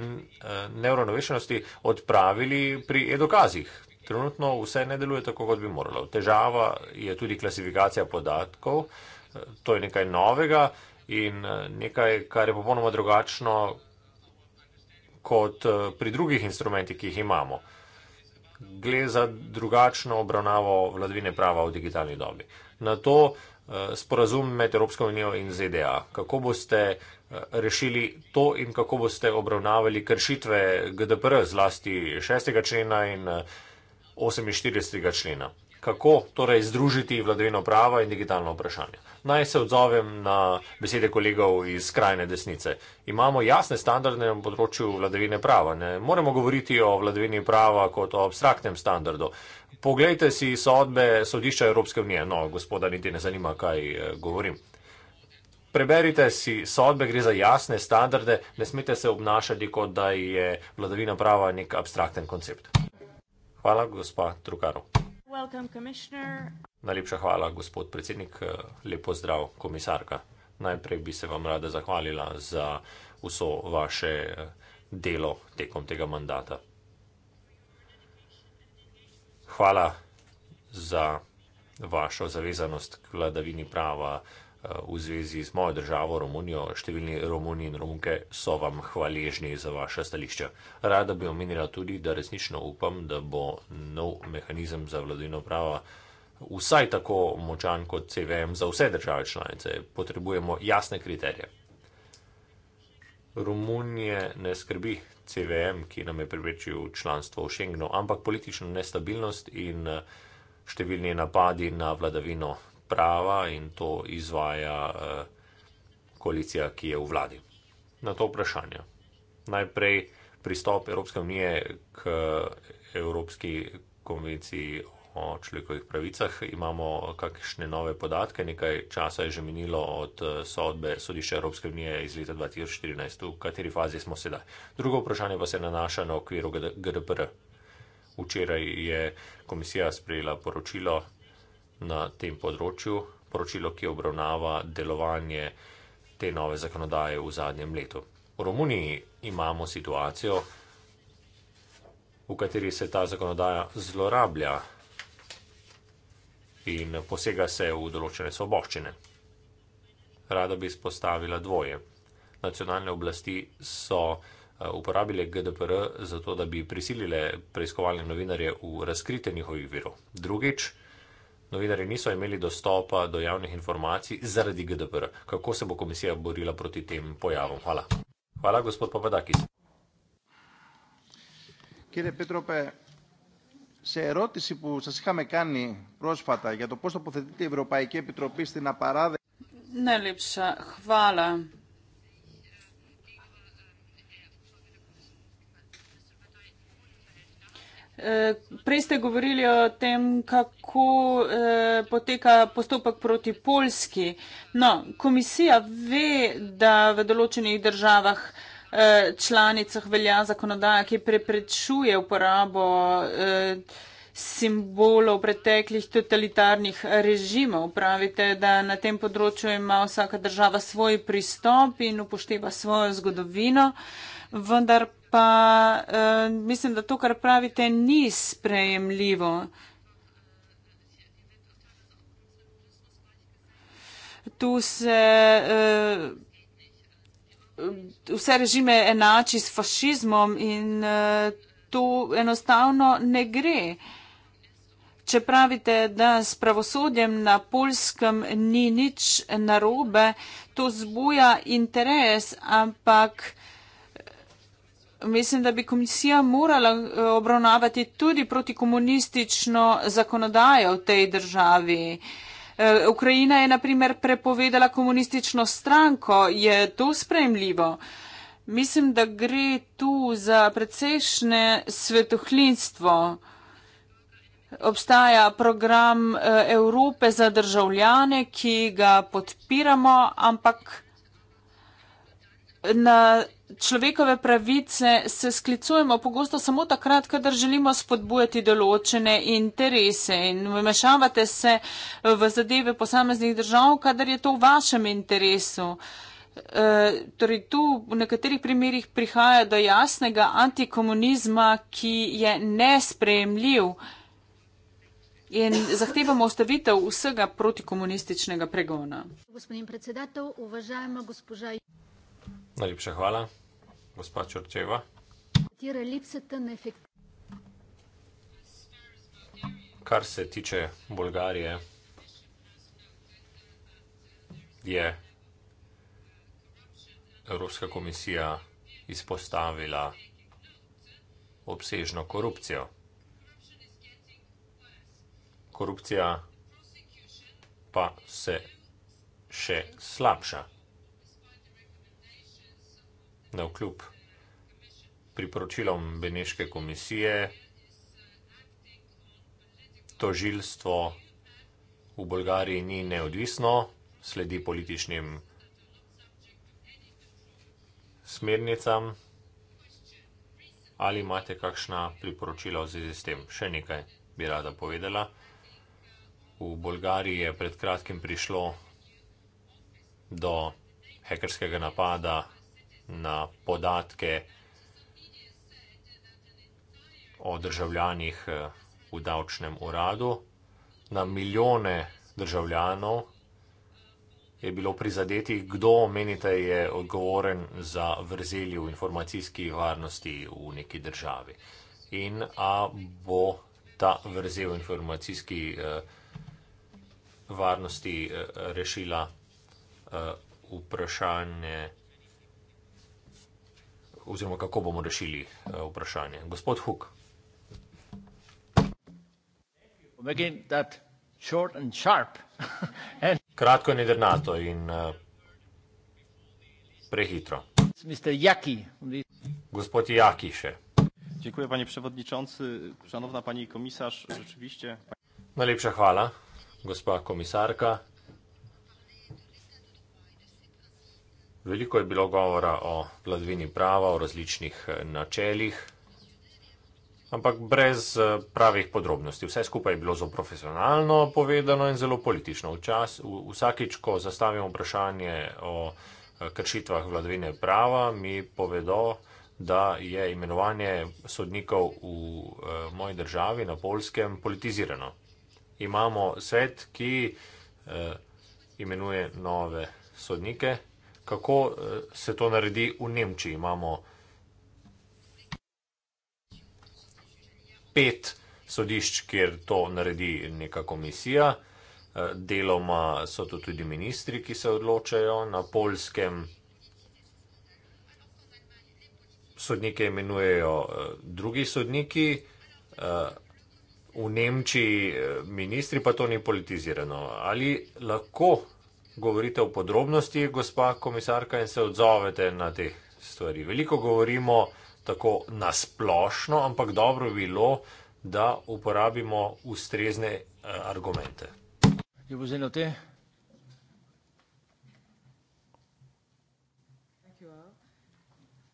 neuronovešenosti odpravili pri e-dokazih? Trenutno vse ne deluje tako, kot bi moralo. Težava je tudi klasifikacija podatkov, to je nekaj novega in nekaj, kar je popolnoma drugačno kot pri drugih instrumentih, ki jih imamo. Gre za drugačno obravnavo vladavine prava v digitalni dobi. Na to eh, sporazum med Evropsko unijo in ZDA. Kako boste eh, rešili to in kako boste obravnavali kršitve GDPR, zlasti 6. člena in 6. Eh, člena? 48. člena. Kako torej združiti vladavino prava in digitalno vprašanje? Naj se odzovem na besede kolegov iz skrajne desnice. Imamo jasne standarde na področju vladavine prava. Ne moremo govoriti o vladavini prava kot o abstraktnem standardu. Poglejte si sodbe sodišča Evropske unije. No, gospoda, niti ne zanima, kaj eh, govorim. Preberite si sodbe, gre za jasne standarde, ne smete se obnašati kot da je vladavina prava nek abstrakten koncept. Hvala, gospa Trukaro. Najlepša hvala, gospod predsednik. Lepo zdrav, komisarka. Najprej bi se vam rada zahvalila za vso vaše eh, delo tekom tega mandata. Hvala za vašo zavezanost k vladavini prava v zvezi z mojo državo Romunijo. Številni Romuni in Romunke so vam hvaležni za vaše stališče. Rada bi omenila tudi, da resnično upam, da bo nov mehanizem za vladino prava vsaj tako močan kot CVM za vse države članice. Potrebujemo jasne kriterije. Romunije ne skrbi CVM, ki nam je preprečil članstvo v Schengenu, ampak politična nestabilnost in eh, številni napadi na vladavino prava in to izvaja eh, koalicija, ki je v vladi. Na to vprašanje. Najprej pristop Evropske unije k Evropski konvenciji o človekovih pravicah. Imamo kakšne nove podatke, nekaj časa je že minilo od eh, sodbe sodišča Evropske unije iz leta 2014, v kateri fazi smo sedaj. Drugo vprašanje pa se nanaša na okviru GDPR. Včeraj je komisija sprejela poročilo na tem področju, poročilo, ki obravnava delovanje te nove zakonodaje v zadnjem letu. V Romuniji imamo situacijo, v kateri se ta zakonodaja zlorablja in posega se v določene svoboščine. Rada bi izpostavila dvoje. Nacionalne oblasti so eh, uporabile GDPR zato, da bi prisilile preiskovalne novinarje v razkritje njihovih virov. Drugič, novinari niso imeli dostopa do javnih informacij zaradi GDPR. Kako se bo komisija borila proti tem pojavom? Hvala. Hvala, gospod Papadakis. Kjere Petrope, Σε ερώτηση που σας είχαμε κάνει πρόσφατα για το πώς τοποθετείται η Ευρωπαϊκή Επιτροπή στην απαράδεκτη. Ναι, λείψα. Χβάλα. Eh, prej ste govorili o tem, kako eh, poteka postopek proti Polski. No, komisija ve, da v določenih državah eh, članicah velja zakonodaja, ki preprečuje uporabo simbolov preteklih totalitarnih režimov. Pravite, da na tem področju ima vsaka država svoj pristop in upošteva svojo zgodovino, vendar pa uh, mislim, da to, kar pravite, ni sprejemljivo. Tu se uh, vse režime enači s fašizmom in uh, eh, tu enostavno ne gre. Če pravite, da s pravosodjem na polskem ni nič narobe, to zbuja interes, ampak uh, mislim, da bi komisija morala eh, obravnavati tudi protikomunistično zakonodajo v tej državi. Eh, Ukrajina je naprimer prepovedala komunistično stranko, je to sprejemljivo? Mislim, da gre tu za precejšnje svetohlinstvo. Obstaja program eh, Evrope za državljane, ki ga podpiramo, ampak na človekove pravice se sklicujemo pogosto samo takrat, kadar želimo spodbujati določene interese in vmešavate se v zadeve posameznih držav, kadar je to v vašem interesu. E, torej tu v nekaterih primerjih prihaja do jasnega antikomunizma, ki je nesprejemljiv in zahtevamo ostavitev vsega protikomunističnega pregona. Najlepša hvala. Gospa Črčeva. Kar se tiče Bolgarije, je Evropska komisija izpostavila obsežno korupcijo. Korupcija pa se še slabša na vkljub priporočilom Beneške komisije, tožilstvo v Bolgariji ni neodvisno, sledi političnim smernicam. Ali imate kakšna priporočila v zvezi s tem? Še nekaj bi rada povedala. V Bolgariji je pred kratkim prišlo do hekerskega napada na podatke o državljanih eh, v davčnem uradu. Na milijone državljanov je bilo prizadetih, kdo menite je odgovoren za vrzeli v informacijski varnosti v neki državi. In a bo ta vrzel informacijski eh, varnosti eh, rešila vprašanje državljanov, oziroma kako bomo rešili eh, vprašanje. Gospod Huk. [laughs] Kratko in jedrnato in eh, prehitro. Gospod Jaki še. Dziękuję panie przewodniczący, szanowna pani komisarz, rzeczywiście. Najlepsza chwała, gospa komisarka, Veliko je bilo govora o vladavini prava, o različnih eh, načelih, ampak brez eh, pravih podrobnosti. Vse skupaj je bilo zelo profesionalno povedano in zelo politično. Včas, vsakič, ko zastavimo vprašanje o eh, kršitvah vladavine prava, mi povedo, da je imenovanje sodnikov v moji državi na polskem politizirano. Imamo svet, ki imenuje nove sodnike kako eh, se to naredi v Nemčiji. Imamo pet sodišč, kjer to naredi neka komisija. Eh, deloma so to tudi ministri, ki se odločajo. Na polskem sodnike imenujejo eh, drugi sodniki, v Nemčiji ministri, pa to ni politizirano. Ali lahko govorite v podrobnosti, gospa komisarka, in se odzovete na te stvari. Veliko govorimo tako nasplošno, ampak dobro bi bilo, da uporabimo ustrezne eh, argumente. Je bo zelo te?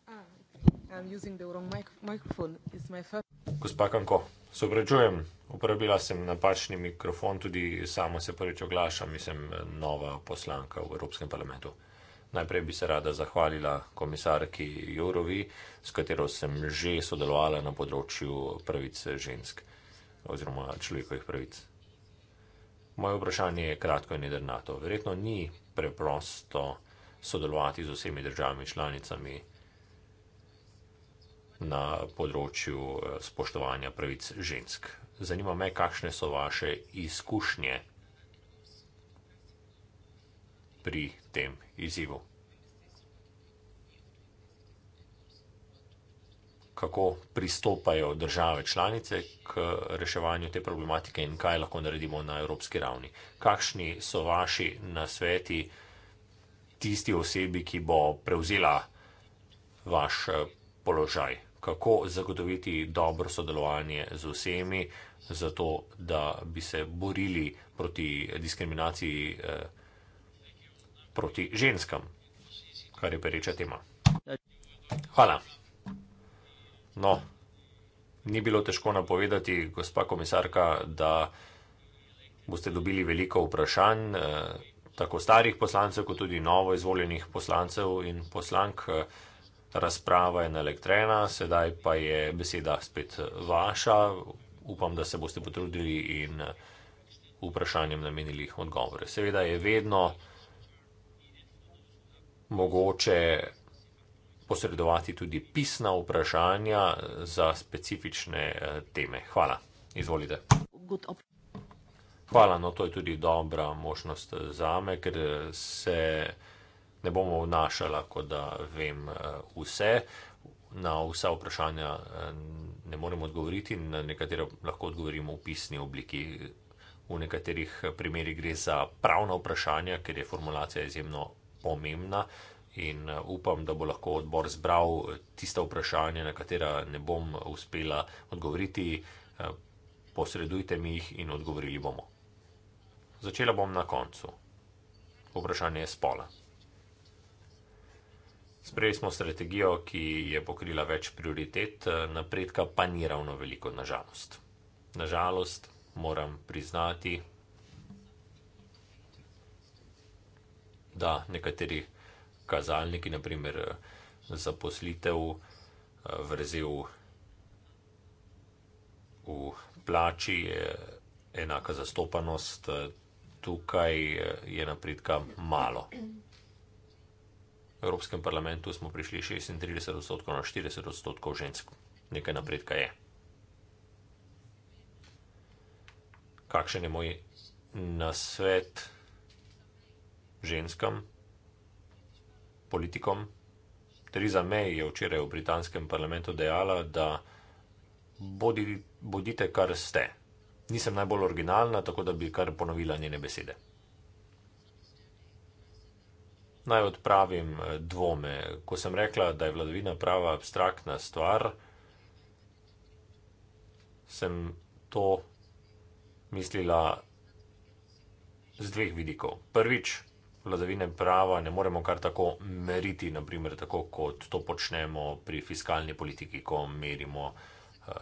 Ah, gospa Kanko. Se upravičujem, uporabila sem napačni mikrofon, tudi sama se prvič oglašam in sem eh, nova poslanka v Evropskem parlamentu. Najprej bi se rada zahvalila komisarki Jurovi, s katero sem že sodelovala na področju pravic žensk oziroma človekovih pravic. Moje vprašanje je kratko in jedrnato. Verjetno ni preprosto sodelovati z vsemi državami članicami na področju eh, spoštovanja pravic žensk. Zanima me, kakšne so vaše izkušnje pri tem izzivu. Kako pristopajo države članice k reševanju te problematike in kaj lahko naredimo na evropski ravni? Kakšni so vaši nasveti tisti osebi, ki bo prevzela vaš eh, položaj? kako zagotoviti dobro sodelovanje z vsemi, zato da bi se borili proti diskriminaciji eh, proti ženskam, kar je pereča tema. Hvala. No, ni bilo težko napovedati, gospa komisarka, da boste dobili veliko vprašanj eh, tako starih poslancev, kot tudi novo izvoljenih poslancev in poslank. Eh, razprava je naelektrena, sedaj pa je beseda spet eh, vaša. Upam, da se boste potrudili in eh, vprašanjem namenili odgovore. Seveda je vedno mogoče posredovati tudi pisna vprašanja eh, za specifične teme. Hvala. Izvolite. Hvala, no to je tudi dobra možnost zame, ker se ne bom vnašala, kot da vem eh, vse. Na vsa vprašanja eh, ne morem odgovoriti, na nekatera lahko odgovorimo v pisni obliki. V nekaterih primerjih gre za pravna vprašanja, ker je formulacija izjemno pomembna in eh, upam, da bo lahko odbor zbral tista vprašanja, na katera ne bom uspela odgovoriti. Posredujte mi jih in odgovorili bomo. Začela bom na koncu. Vprašanje je spola. Sprejeli smo strategijo, ki je pokrila več prioritet, eh, napredka pa ni ravno veliko, nažalost. Nažalost, moram priznati, da nekateri kazalniki, naprimer eh, zaposlitev, eh, vrzel v plači, enaka zastopanost, tukaj je napredka malo. Evropskem parlamentu smo prišli 36 odstotkov na 40 odstotkov žensk. Nekaj napredka je. Kakšen je moj nasvet ženskam, politikom? Theresa May je včeraj v britanskem parlamentu dejala, da bodi, bodite kar ste. Nisem najbolj originalna, tako da bi kar ponovila njene besede naj odpravim eh, dvome. Ko sem rekla, da je vladavina prava abstraktna stvar, sem to mislila z dveh vidikov. Prvič, vladavine prava ne moremo kar tako meriti, naprimer tako kot to počnemo pri fiskalni politiki, ko merimo eh,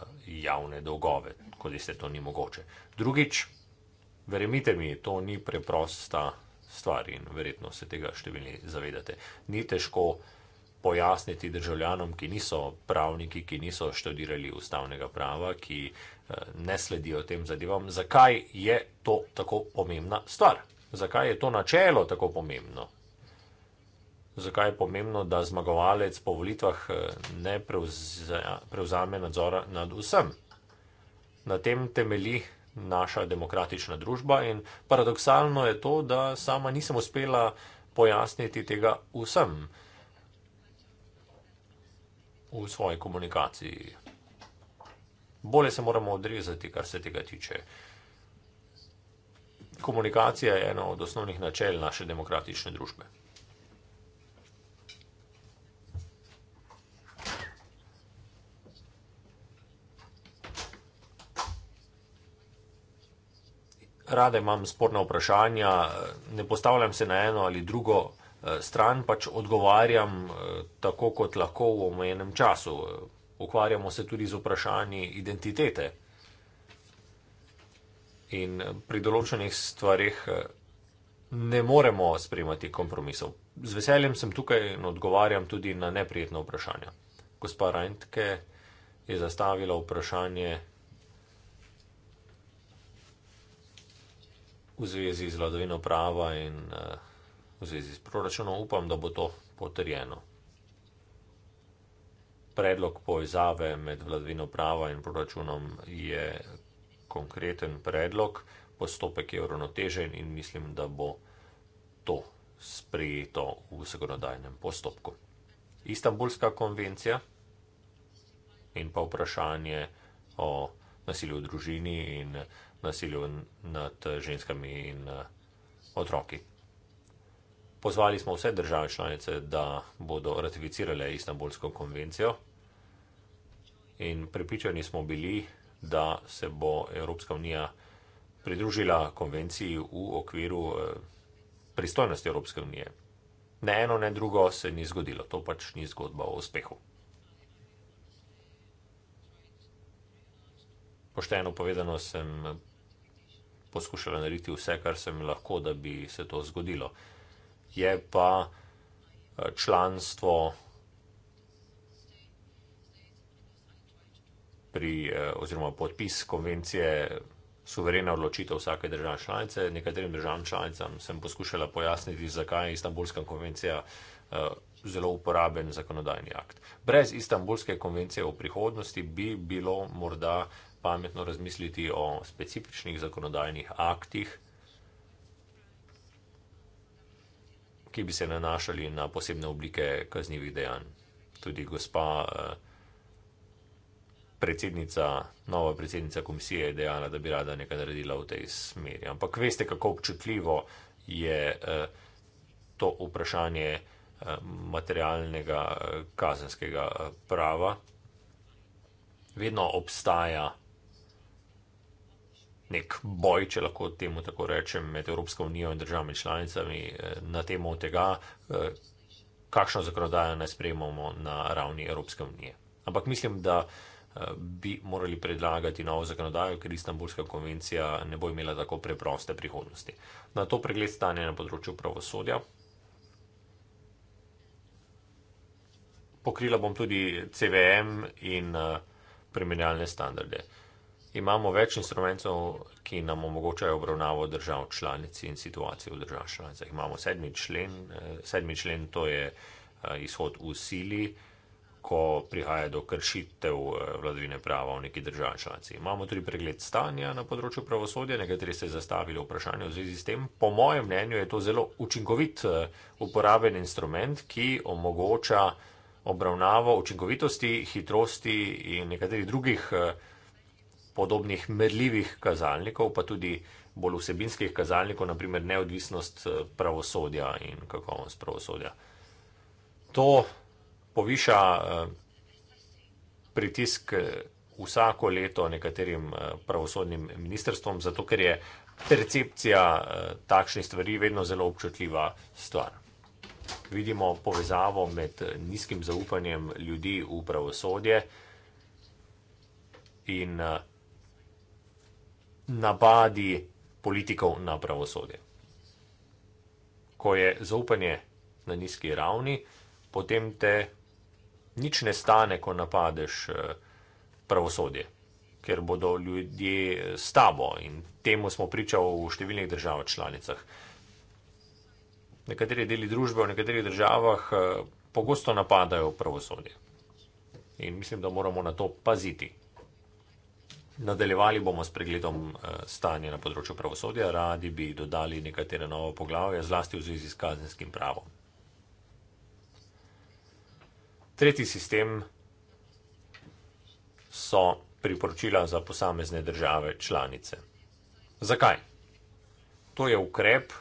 javne dolgove, kot je se to ni mogoče. Drugič, verjemite mi, to ni preprosta stvar stvar in verjetno se tega številni zavedate. Ni težko pojasniti državljanom, ki niso pravniki, ki niso študirali ustavnega prava, ki eh, ne sledijo tem zadevam, zakaj je to tako pomembna stvar, zakaj je to načelo tako pomembno. Zakaj je pomembno, da zmagovalec po volitvah eh, ne prevzame nadzora nad vsem? Na tem temelji naša demokratična družba in paradoksalno je to, da sama nisem uspela pojasniti tega vsem v svoji komunikaciji. Bolje se moramo odrezati, kar se tega tiče. Komunikacija je eno od osnovnih načel naše demokratične družbe. rade imam sporna vprašanja, ne postavljam se na eno ali drugo eh, stran, pač odgovarjam eh, tako, kot lahko v omejenem času. Ukvarjamo se tudi z vprašanji identitete. In eh, pri določenih stvarih ne moremo sprejemati kompromisov. Z veseljem sem tukaj in odgovarjam tudi na neprijetno vprašanje. Gospa Rajntke je zastavila vprašanje. v zvezi z vladovino prava in eh, v zvezi s proračunom. Upam, da bo to potrjeno. Predlog povezave med vladovino prava in proračunom je konkreten predlog, postopek je uravnotežen in mislim, da bo to sprejeto v zakonodajnem postopku. Istanbulska konvencija in pa vprašanje o nasilju v družini in nasilju nad ženskami in eh, otroki. Pozvali smo vse države članice, da bodo ratificirale Istanbulsko konvencijo in pripričani smo bili, da se bo Evropska unija pridružila konvenciji v okviru eh, pristojnosti Evropske unije. Ne eno, ne drugo se ni zgodilo, to pač ni zgodba o uspehu. Pošteno povedano, sem poskušala narediti vse, kar sem lahko, da bi se to zgodilo. Je pa eh, članstvo pri, eh, oziroma podpis konvencije suverena odločitev vsake države članice. Nekaterim državam članicam sem poskušala pojasniti, zakaj je Istanbulska konvencija eh, zelo uporaben zakonodajni akt. Brez Istanbulske konvencije v prihodnosti bi bilo morda uh, pametno razmisliti o specifičnih zakonodajnih aktih, ki bi se nanašali na posebne oblike kaznjivih dejanj. Tudi gospa eh, predsednica, nova predsednica komisije je dejala, da bi rada nekaj naredila v tej smeri. Ampak veste, kako občutljivo je eh, to vprašanje eh, materialnega kazenskega prava. Vedno obstaja nek boj, če lahko temu tako rečem, med Evropsko unijo in državami članicami eh, na temo tega, eh, kakšno zakonodajo naj sprejmemo na ravni Evropske unije. Ampak mislim, da eh, bi morali predlagati novo zakonodajo, ker Istanbulska konvencija ne bo imela tako preproste prihodnosti. Na to pregled stanja na področju pravosodja. Pokrila bom tudi CVM in uh, primerjalne standarde. Uh, Imamo več instrumentov, ki nam omogočajo obravnavo držav članic in situacijo v držav članicah. Imamo sedmi člen, eh, sedmi člen to je eh, izhod v sili, ko prihaja do kršitev eh, vladavine prava v neki držav članici. Imamo tudi pregled stanja na področju pravosodja, nekateri ste zastavili vprašanje v zvezi s tem. Po mojem mnenju je to zelo učinkovit uporaben instrument, ki omogoča obravnavo učinkovitosti, hitrosti in nekaterih drugih podobnih merljivih kazalnikov, pa tudi bolj vsebinskih kazalnikov, naprimer neodvisnost eh, pravosodja in kakovost pravosodja. To poviša eh, pritisk eh, vsako leto nekaterim pravosodnim ministrstvom, zato ker je percepcija takšnih stvari vedno zelo občutljiva stvar. Vidimo povezavo med nizkim zaupanjem ljudi v pravosodje in pravosodje napadi politikov na pravosodje. Ko je zaupanje na nizki ravni, potem te nič ne stane, ko napadeš eh, pravosodje, ker bodo ljudje eh, s tabo in temu smo pričali v številnih državah članicah. Nekateri deli družbe v nekaterih državah eh, pogosto napadajo pravosodje. In mislim, da moramo na to paziti. Nadaljevali bomo s pregledom eh, stanja na področju pravosodja, radi bi dodali nekatere nove poglavje, zlasti v zvezi s kazenskim pravom. Tretji sistem so priporočila za posamezne države članice. Zakaj? To je ukrep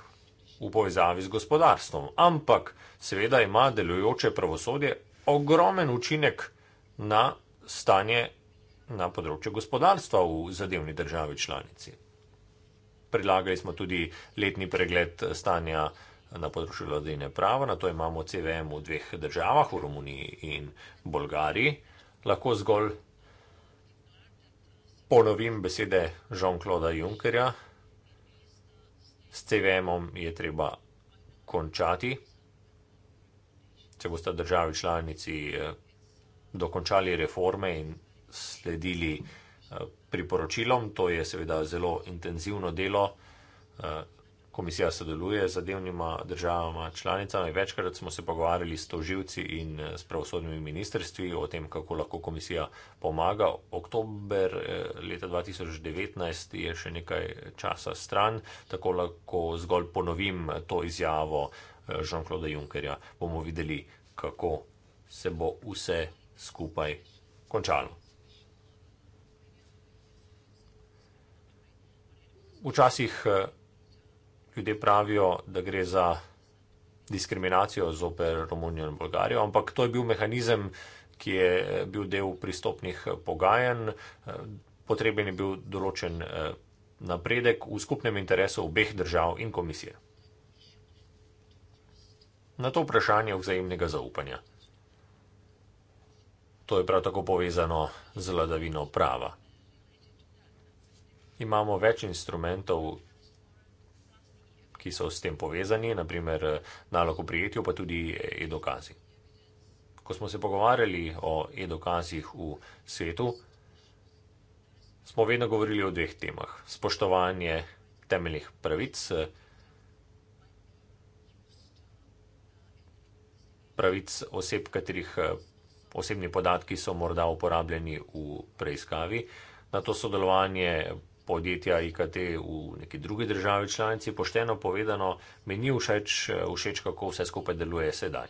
v povezavi z gospodarstvom, ampak seveda ima delujoče pravosodje ogromen učinek na stanje na področju gospodarstva v zadevni državi članici. Prilagali smo tudi letni pregled stanja na področju vladine prava, na to imamo CVM v dveh državah, v Romuniji in Bolgariji. Lahko zgolj ponovim besede Jean-Claude Junckerja. S CVM-om je treba končati. Če boste državi članici eh, dokončali reforme in sledili eh, priporočilom. To je seveda zelo intenzivno delo. Eh, komisija sodeluje z zadevnima državama članicami. Večkrat smo se pogovarjali s toživci in eh, s pravosodnimi ministrstvi o tem, kako lahko komisija pomaga. Oktober leta 2019 je še nekaj časa stran, tako lahko zgolj ponovim to izjavo Jean-Claude Junckerja. Bomo videli, kako se bo vse skupaj končalo. Včasih eh, ljudje pravijo, da gre za diskriminacijo zoper Romunijo in Bolgarijo, ampak to je bil mehanizem, ki je eh, bil del pristopnih eh, pogajanj. Potreben je bil določen napredek v skupnem interesu obeh držav in komisije. Na to vprašanje vzajemnega zaupanja. To je prav tako povezano z vladavino prava imamo več instrumentov, ki so s tem povezani, naprimer eh, nalog v prijetju, pa tudi eh, e-dokazi. Ko smo se pogovarjali o e-dokazih v svetu, smo vedno govorili o dveh temah. Spoštovanje temeljih pravic, eh, pravic oseb, katerih osebni podatki so morda uporabljeni v preiskavi, na to sodelovanje podjetja IKT v neki drugi državi članici. Pošteno povedano, mi ni všeč, eh, všeč kako vse skupaj deluje sedaj.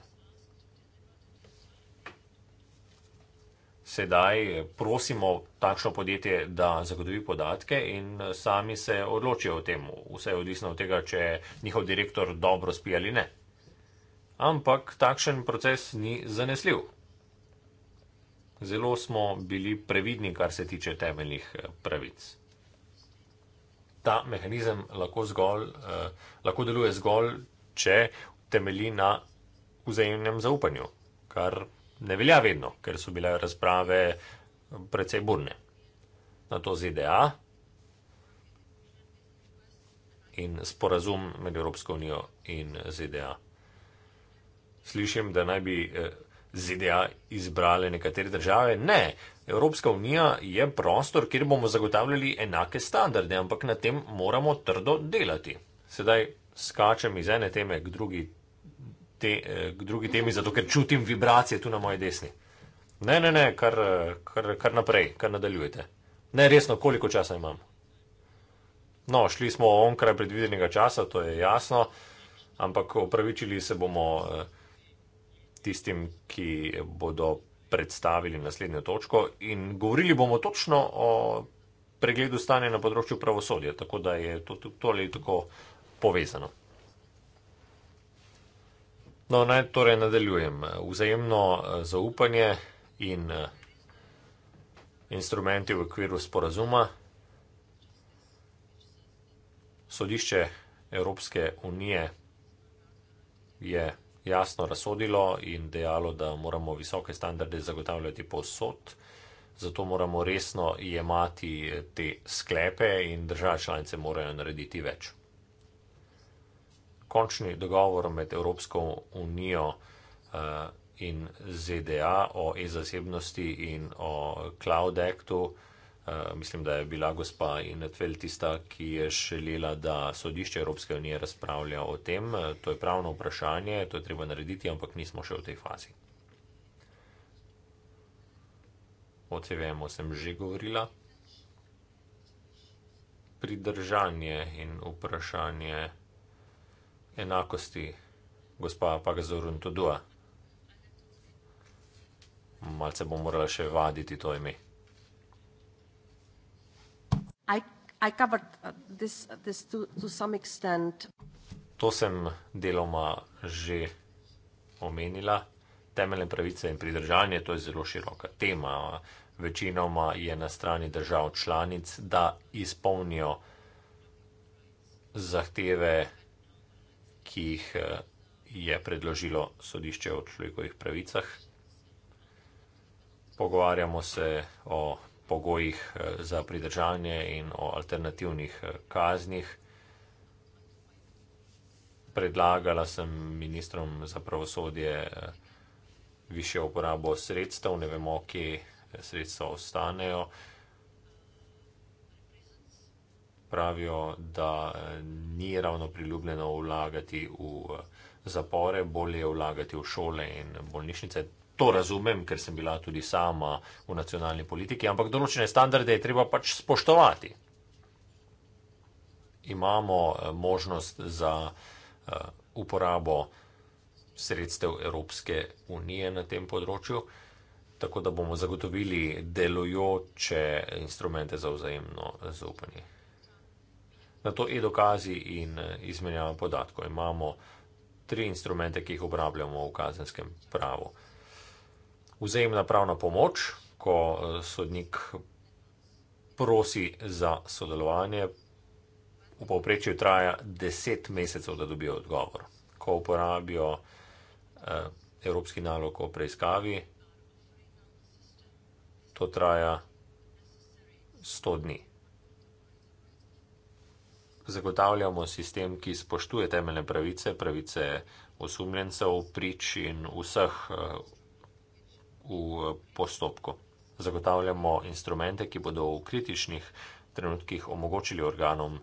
Sedaj eh, prosimo takšno podjetje, da zagotovi podatke in eh, sami se odločijo o tem. Vse je odvisno od tega, če njihov direktor dobro spi ali ne. Ampak takšen proces ni zanesljiv. Zelo smo bili previdni, kar se tiče temeljnih pravic ta mehanizem lahko, zgolj, eh, lahko deluje zgolj, če temelji na vzajemnem zaupanju, kar ne velja vedno, ker so bile razprave precej burne. Na to ZDA in sporazum med Evropsko unijo in ZDA. Slišim, da naj bi. Eh, ZDA izbrale nekatere države. Ne, Evropska unija je prostor, kjer bomo zagotavljali enake standarde, ampak na tem moramo trdo delati. Sedaj skačem iz ene teme k drugi, te, eh, k drugi temi, zato ker čutim vibracije tu na moji desni. Ne, ne, ne, kar, kar, kar naprej, kar nadaljujete. Ne, resno, koliko časa imam? No, šli smo onkraj predvidenega časa, to je jasno, ampak opravičili se bomo. Eh, tistim, ki bodo predstavili naslednjo točko. In govorili bomo točno o pregledu stanja na področju pravosodja, tako da je to, to, to ali tako povezano. No, naj torej nadaljujem. Vzajemno eh, zaupanje in eh, instrumenti v okviru sporazuma. Sodišče Evropske unije je jasno razsodilo in dejalo, da moramo visoke standarde zagotavljati posod, zato moramo resno jemati te sklepe in države članice morajo narediti več. Končni dogovor med Evropsko unijo eh, in ZDA o e-zasebnosti in o Cloud Actu Eh, mislim, da je bila gospa Inetvel tista, ki je želela, da sodišče Evropske unije razpravlja o tem. Eh, to je pravno vprašanje, to je treba narediti, ampak nismo še v tej fazi. O CVM-u sem že govorila. Pridržanje in vprašanje enakosti gospa Pagazorun Todua. Malce bom morala še vaditi to ime. I, I covered uh, this, uh, this to, to some extent. To sem deloma že omenila. Temeljne pravice in pridržanje, to je zelo široka tema. Večinoma je na strani držav članic, da izpolnijo zahteve, ki jih eh, je predložilo sodišče o človekovih pravicah. Pogovarjamo se o pogojih eh, za pridržanje in o alternativnih eh, kaznih. Predlagala sem ministrom za pravosodje eh, više uporabo sredstev, ne vemo, kje sredstva ostanejo. Pravijo, da ni ravno priljubljeno vlagati v zapore, bolje je vlagati v šole in bolnišnice, to razumem, ker sem bila tudi sama v nacionalni politiki, ampak določene standarde je treba pač spoštovati. Imamo eh, možnost za eh, uporabo sredstev Evropske unije na tem področju, tako da bomo zagotovili delojoče instrumente za vzajemno zaupanje. Na to je dokazi in eh, izmenjava podatkov. Imamo tri instrumente, ki jih uporabljamo v kazenskem pravu vzajemna pravna pomoč, ko eh, sodnik prosi za sodelovanje, v povprečju traja 10 mesecev, da dobijo odgovor. Ko uporabijo eh, evropski nalog o preiskavi, to traja 100 dni. Zagotavljamo sistem, ki spoštuje temeljne pravice, pravice osumljencev, prič in vseh eh, v eh, postopku. Zagotavljamo instrumente, ki bodo v kritičnih trenutkih omogočili organom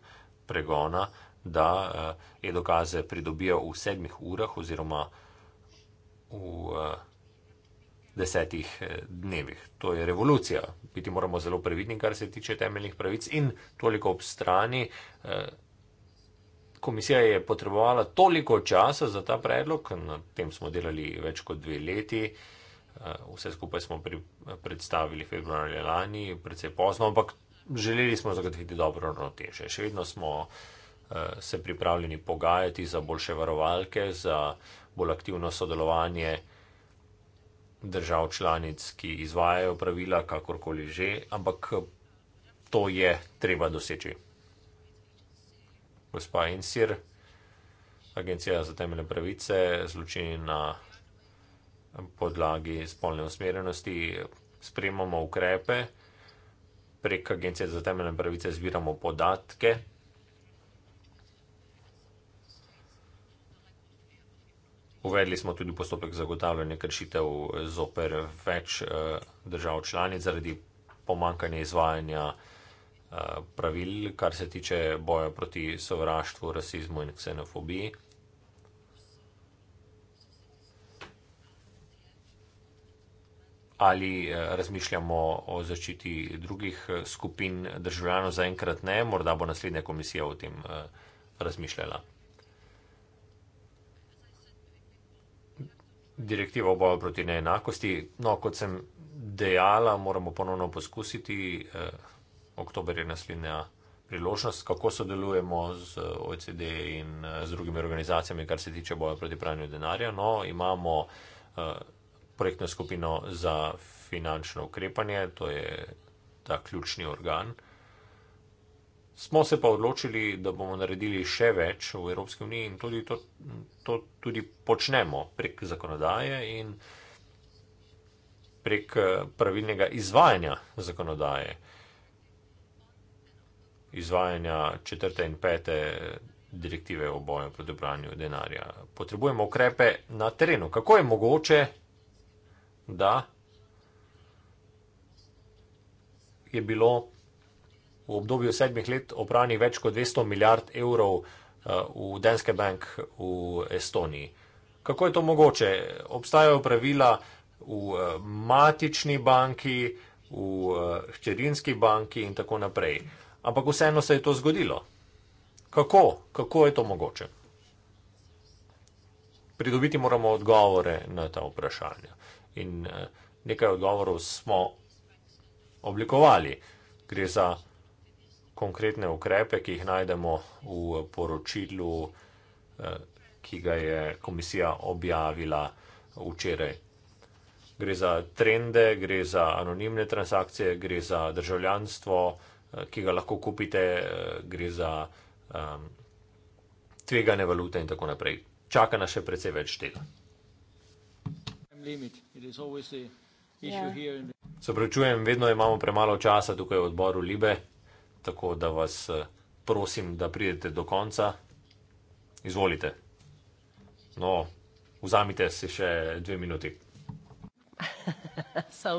pregona, da eh, e-dokaze pridobijo v sedmih urah oziroma v eh, desetih dnevih. To je revolucija. Biti moramo zelo previdni, kar se tiče temeljnih pravic in toliko ob strani. Komisija je potrebovala toliko časa za ta predlog, na tem smo delali več kot dve leti. Eh, vse skupaj smo pri, predstavili februarja lani, predvsej pozno, ampak želeli smo zagotoviti dobro ravnoteže. Še vedno smo uh, se pripravljeni pogajati za boljše varovalke, za bolj aktivno sodelovanje držav članic, ki izvajajo pravila, kakorkoli že, ampak eh, to je treba doseči. Gospa Insir, Agencija za temeljne pravice, zločini na podlagi spolne usmerjenosti, spremamo ukrepe, prek Agencije za temeljne pravice zbiramo podatke. Uvedli smo tudi postopek zagotavljanja kršitev zoper več eh, držav članic zaradi pomankanja izvajanja eh, pravil, kar se tiče boja proti sovraštvu, rasizmu in ksenofobiji. ali eh, razmišljamo o zaščiti drugih eh, skupin državljanov, zaenkrat ne, morda bo naslednja komisija o tem eh, razmišljala. Direktiva o boju proti neenakosti. No, kot sem dejala, moramo ponovno poskusiti. Oktober je naslednja priložnost, kako sodelujemo z OECD in z drugimi organizacijami, kar se tiče boja proti pranju denarja. No, imamo projektno skupino za finančno ukrepanje, to je ta ključni organ. Smo se pa odločili, da bomo naredili še več v Evropski uniji in tudi to, to tudi počnemo prek zakonodaje in prek eh, pravilnega izvajanja zakonodaje. Izvajanja četrte in pete direktive o boju proti branju denarja. Potrebujemo ukrepe na terenu. Kako je mogoče da je bilo v obdobju sedmih let opranih več kot 200 milijard evrov eh, v Danske Bank v Estoniji. Kako je to mogoče? Obstajajo pravila v eh, matični banki, v eh, hčerinski banki in tako naprej. Ampak vseeno se je to zgodilo. Kako? Kako je to mogoče? Pridobiti moramo odgovore na ta vprašanja in eh, nekaj odgovorov smo oblikovali. Gre za konkretne ukrepe, ki jih najdemo v eh, poročilu, eh, ki ga je komisija objavila včeraj. Gre za trende, gre za anonimne transakcije, gre za državljanstvo, ki ga lahko kupite, gre za tvegane valute in tako naprej. Čaka nas še precej več tega. Ja. Se pravičujem, vedno imamo premalo časa tukaj v odboru Libe, tako da vas eh, prosim, da pridete do konca. Izvolite. No, vzamite si še dve minuti. [laughs] so...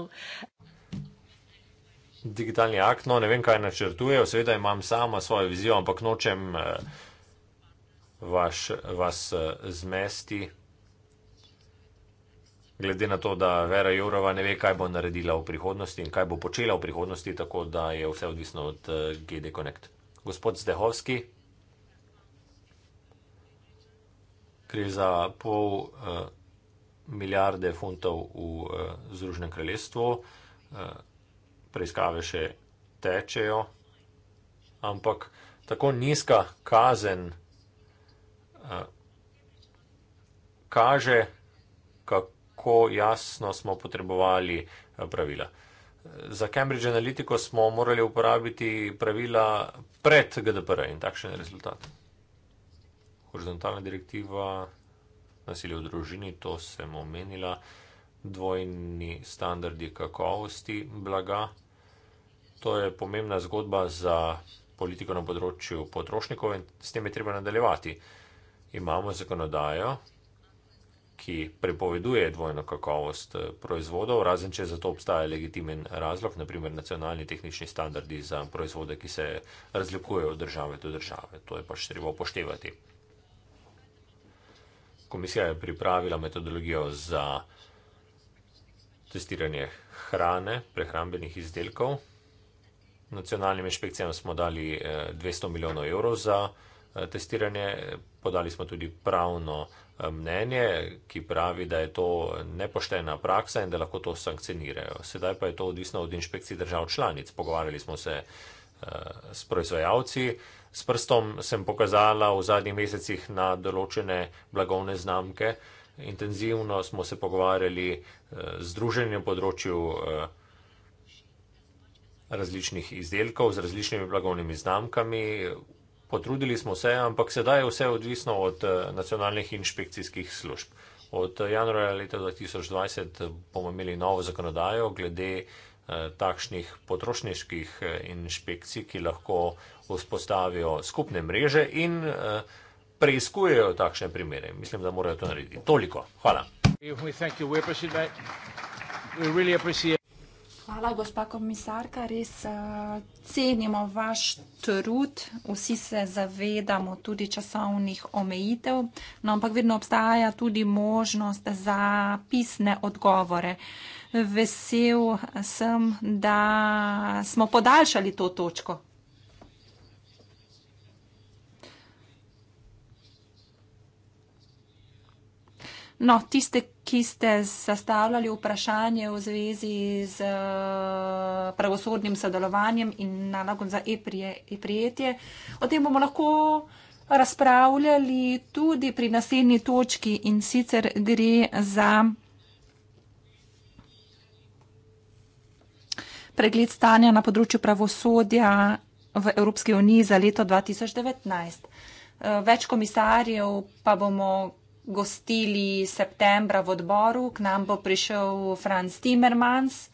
Digitalni akt, no ne vem, kaj načrtujejo, seveda imam sama svojo vizijo, ampak nočem eh, vaš, vas eh, zmesti glede na to, da Vera Jurova ne ve, kaj bo naredila v prihodnosti in kaj bo počela v prihodnosti, tako da je vse odvisno od eh, GD Connect. Gospod Zdehovski, gre za pol uh, milijarde funtov v uh, Združenem kraljestvu, uh, preiskave še tečejo, ampak tako nizka kazen uh, kaže, kako kako jasno smo potrebovali eh, pravila. Za Cambridge Analytico smo morali uporabiti pravila pred GDPR in takšen je rezultat. Horizontalna direktiva, nasilje v družini, to sem omenila, dvojni standardi kakovosti blaga. To je pomembna zgodba za politiko na področju potrošnikov in s tem je treba nadaljevati. Imamo zakonodajo, ki prepoveduje dvojno kakovost eh, proizvodov, razen če za to obstaja legitimen razlog, naprimer nacionalni tehnični standardi za proizvode, ki se razlikujejo od države do države. To je pač treba upoštevati. Komisija je pripravila metodologijo za testiranje hrane, prehrambenih izdelkov. Nacionalnim inšpekcijam smo dali 200 eh, milijonov evrov za eh, testiranje, podali smo tudi pravno mnenje, ki pravi, da je to nepoštena praksa in da lahko to sankcionirajo. Sedaj pa je to odvisno od inšpekcij držav članic. Pogovarjali smo se eh, s proizvajalci, s prstom sem pokazala v zadnjih mesecih na določene blagovne znamke. Intenzivno smo se pogovarjali eh, z druženjem področju eh, različnih izdelkov, z različnimi blagovnimi znamkami, potrudili smo se, ampak sedaj je vse odvisno od eh, nacionalnih inšpekcijskih služb. Od eh, januarja leta 2020 eh, bomo imeli novo zakonodajo glede takšnih potrošniških inšpekcij, ki lahko vzpostavijo skupne mreže in preizkujejo takšne primere. Mislim, da morajo to narediti. Toliko. Hvala. We thank you. We appreciate that. We really appreciate Hvala, gospa komisarka. Res uh, cenimo vaš trud. Vsi se zavedamo tudi časovnih omejitev, no, ampak vedno obstaja tudi možnost za pisne odgovore. Vesel sem, da smo podaljšali to točko. No, tiste, ki ste zastavljali vprašanje v zvezi z eh, pravosodnim sodelovanjem in nalogom za e-prijetje, o tem bomo lahko razpravljali tudi pri naslednji točki in sicer gre za pregled stanja na področju pravosodja v Evropski uniji za leto 2019. Eh, več komisarjev pa bomo gostili septembra v odboru, k nam bo prišel Franz Timmermans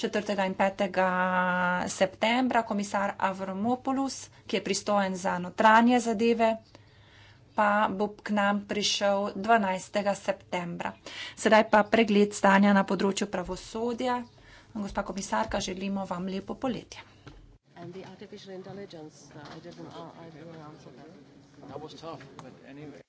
4. in 5. septembra, komisar Avromopoulos, ki je pristojen za notranje zadeve, pa bo k nam prišel 12. septembra. Sedaj pa pregled stanja na področju pravosodja. Gospa komisarka, želimo vam lepo poletje. Uh, uh, that was tough, but anyway.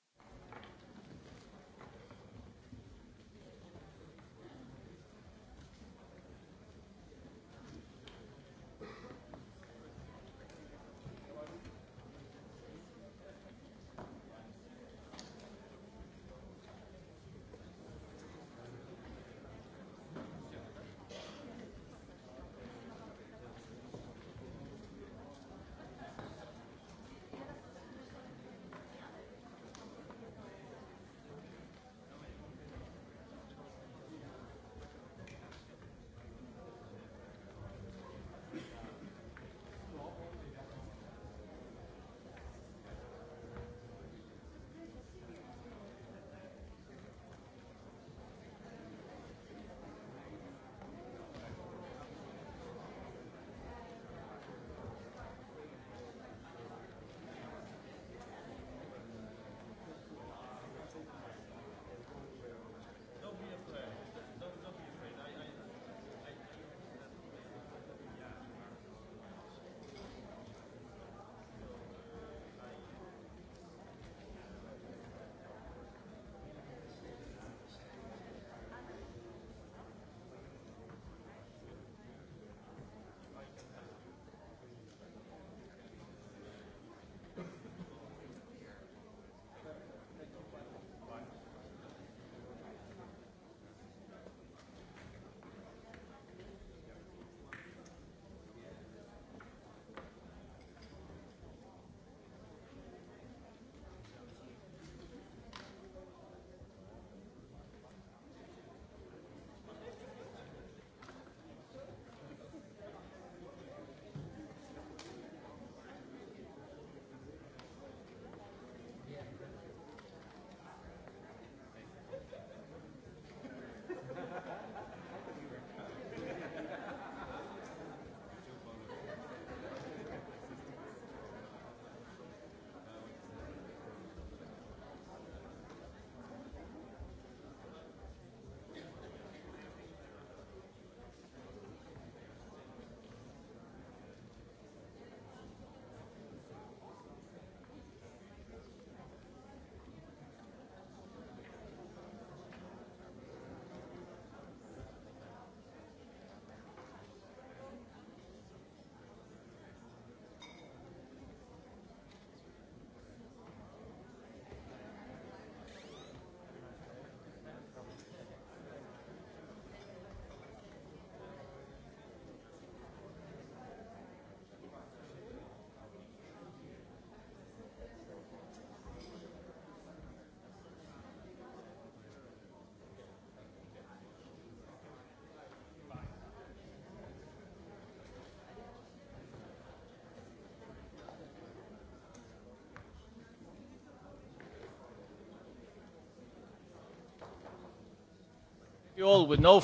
No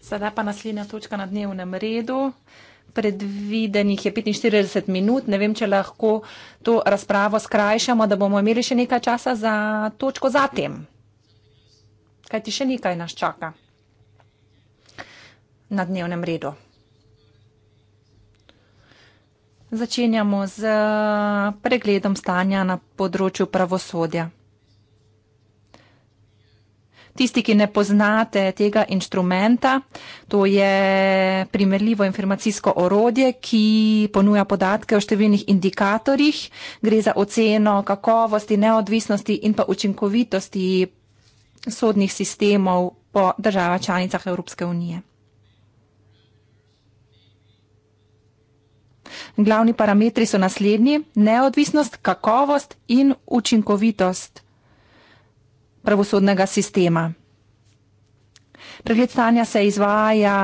Sedaj pa naslednja točka na dnevnem redu. Predvidenih je 45 minut. Ne vem, če lahko to razpravo skrajšamo, da bomo imeli še nekaj časa za točko zatem. Kaj ti še nekaj nas čaka na dnevnem redu? Začenjamo z pregledom stanja na področju pravosodja. Tisti, ki ne poznate tega inštrumenta, to je primerljivo informacijsko orodje, ki ponuja podatke o številnih indikatorjih. Gre za oceno kakovosti, neodvisnosti in pa učinkovitosti sodnih sistemov po država članicah Evropske unije. Glavni parametri so naslednji: neodvisnost, kakovost in učinkovitost pravosodnega sistema. Pregled stanja se izvaja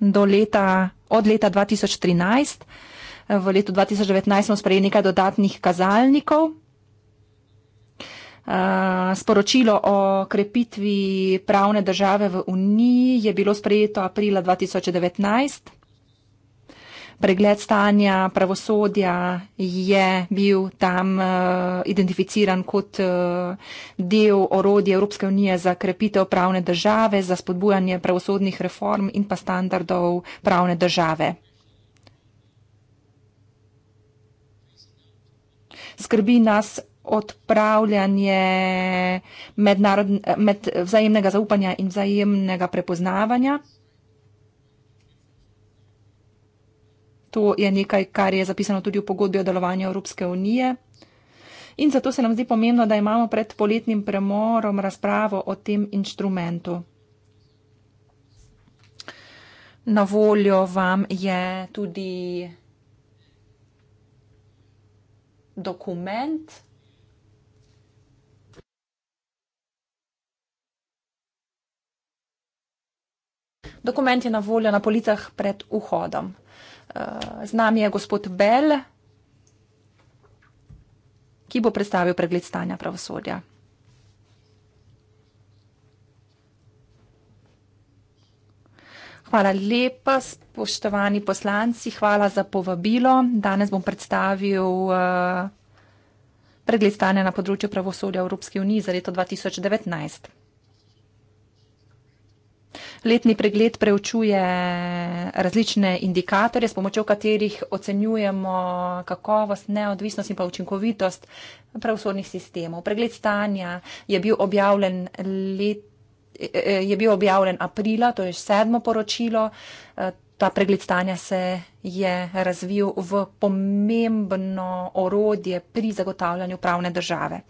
do leta, od leta 2013. V letu 2019 smo sprejeli nekaj dodatnih kazalnikov. Eh, sporočilo o krepitvi pravne države v Uniji je bilo sprejeto aprila 2019 pregled stanja pravosodja je bil tam uh, identificiran kot uh, del orodja Evropske unije za krepitev pravne države, za spodbujanje pravosodnih reform in pa standardov pravne države. Skrbi nas odpravljanje med, eh, vzajemnega zaupanja in vzajemnega prepoznavanja. To je nekaj, kar je zapisano tudi v pogodbi o delovanju Evropske unije. In zato se nam zdi pomembno, da imamo pred poletnim premorom razpravo o tem inštrumentu. Na voljo vam je tudi dokument. Dokument je na voljo na policah pred vhodom. Eh, z nami je gospod Bell, ki bo predstavil pregled stanja pravosodja. Hvala lepa, spoštovani poslanci, hvala za povabilo. Danes bom predstavil eh, pregled stanja na področju pravosodja Evropske unije za leto 2019. Letni pregled preučuje različne indikatorje, s pomočjo katerih ocenjujemo kakovost, neodvisnost in pa učinkovitost pravosodnih sistemov. Pregled stanja je bil objavljen let eh, je bil objavljen aprila, to je sedmo poročilo. Eh, ta pregled stanja se je razvil v pomembno orodje pri zagotavljanju pravne države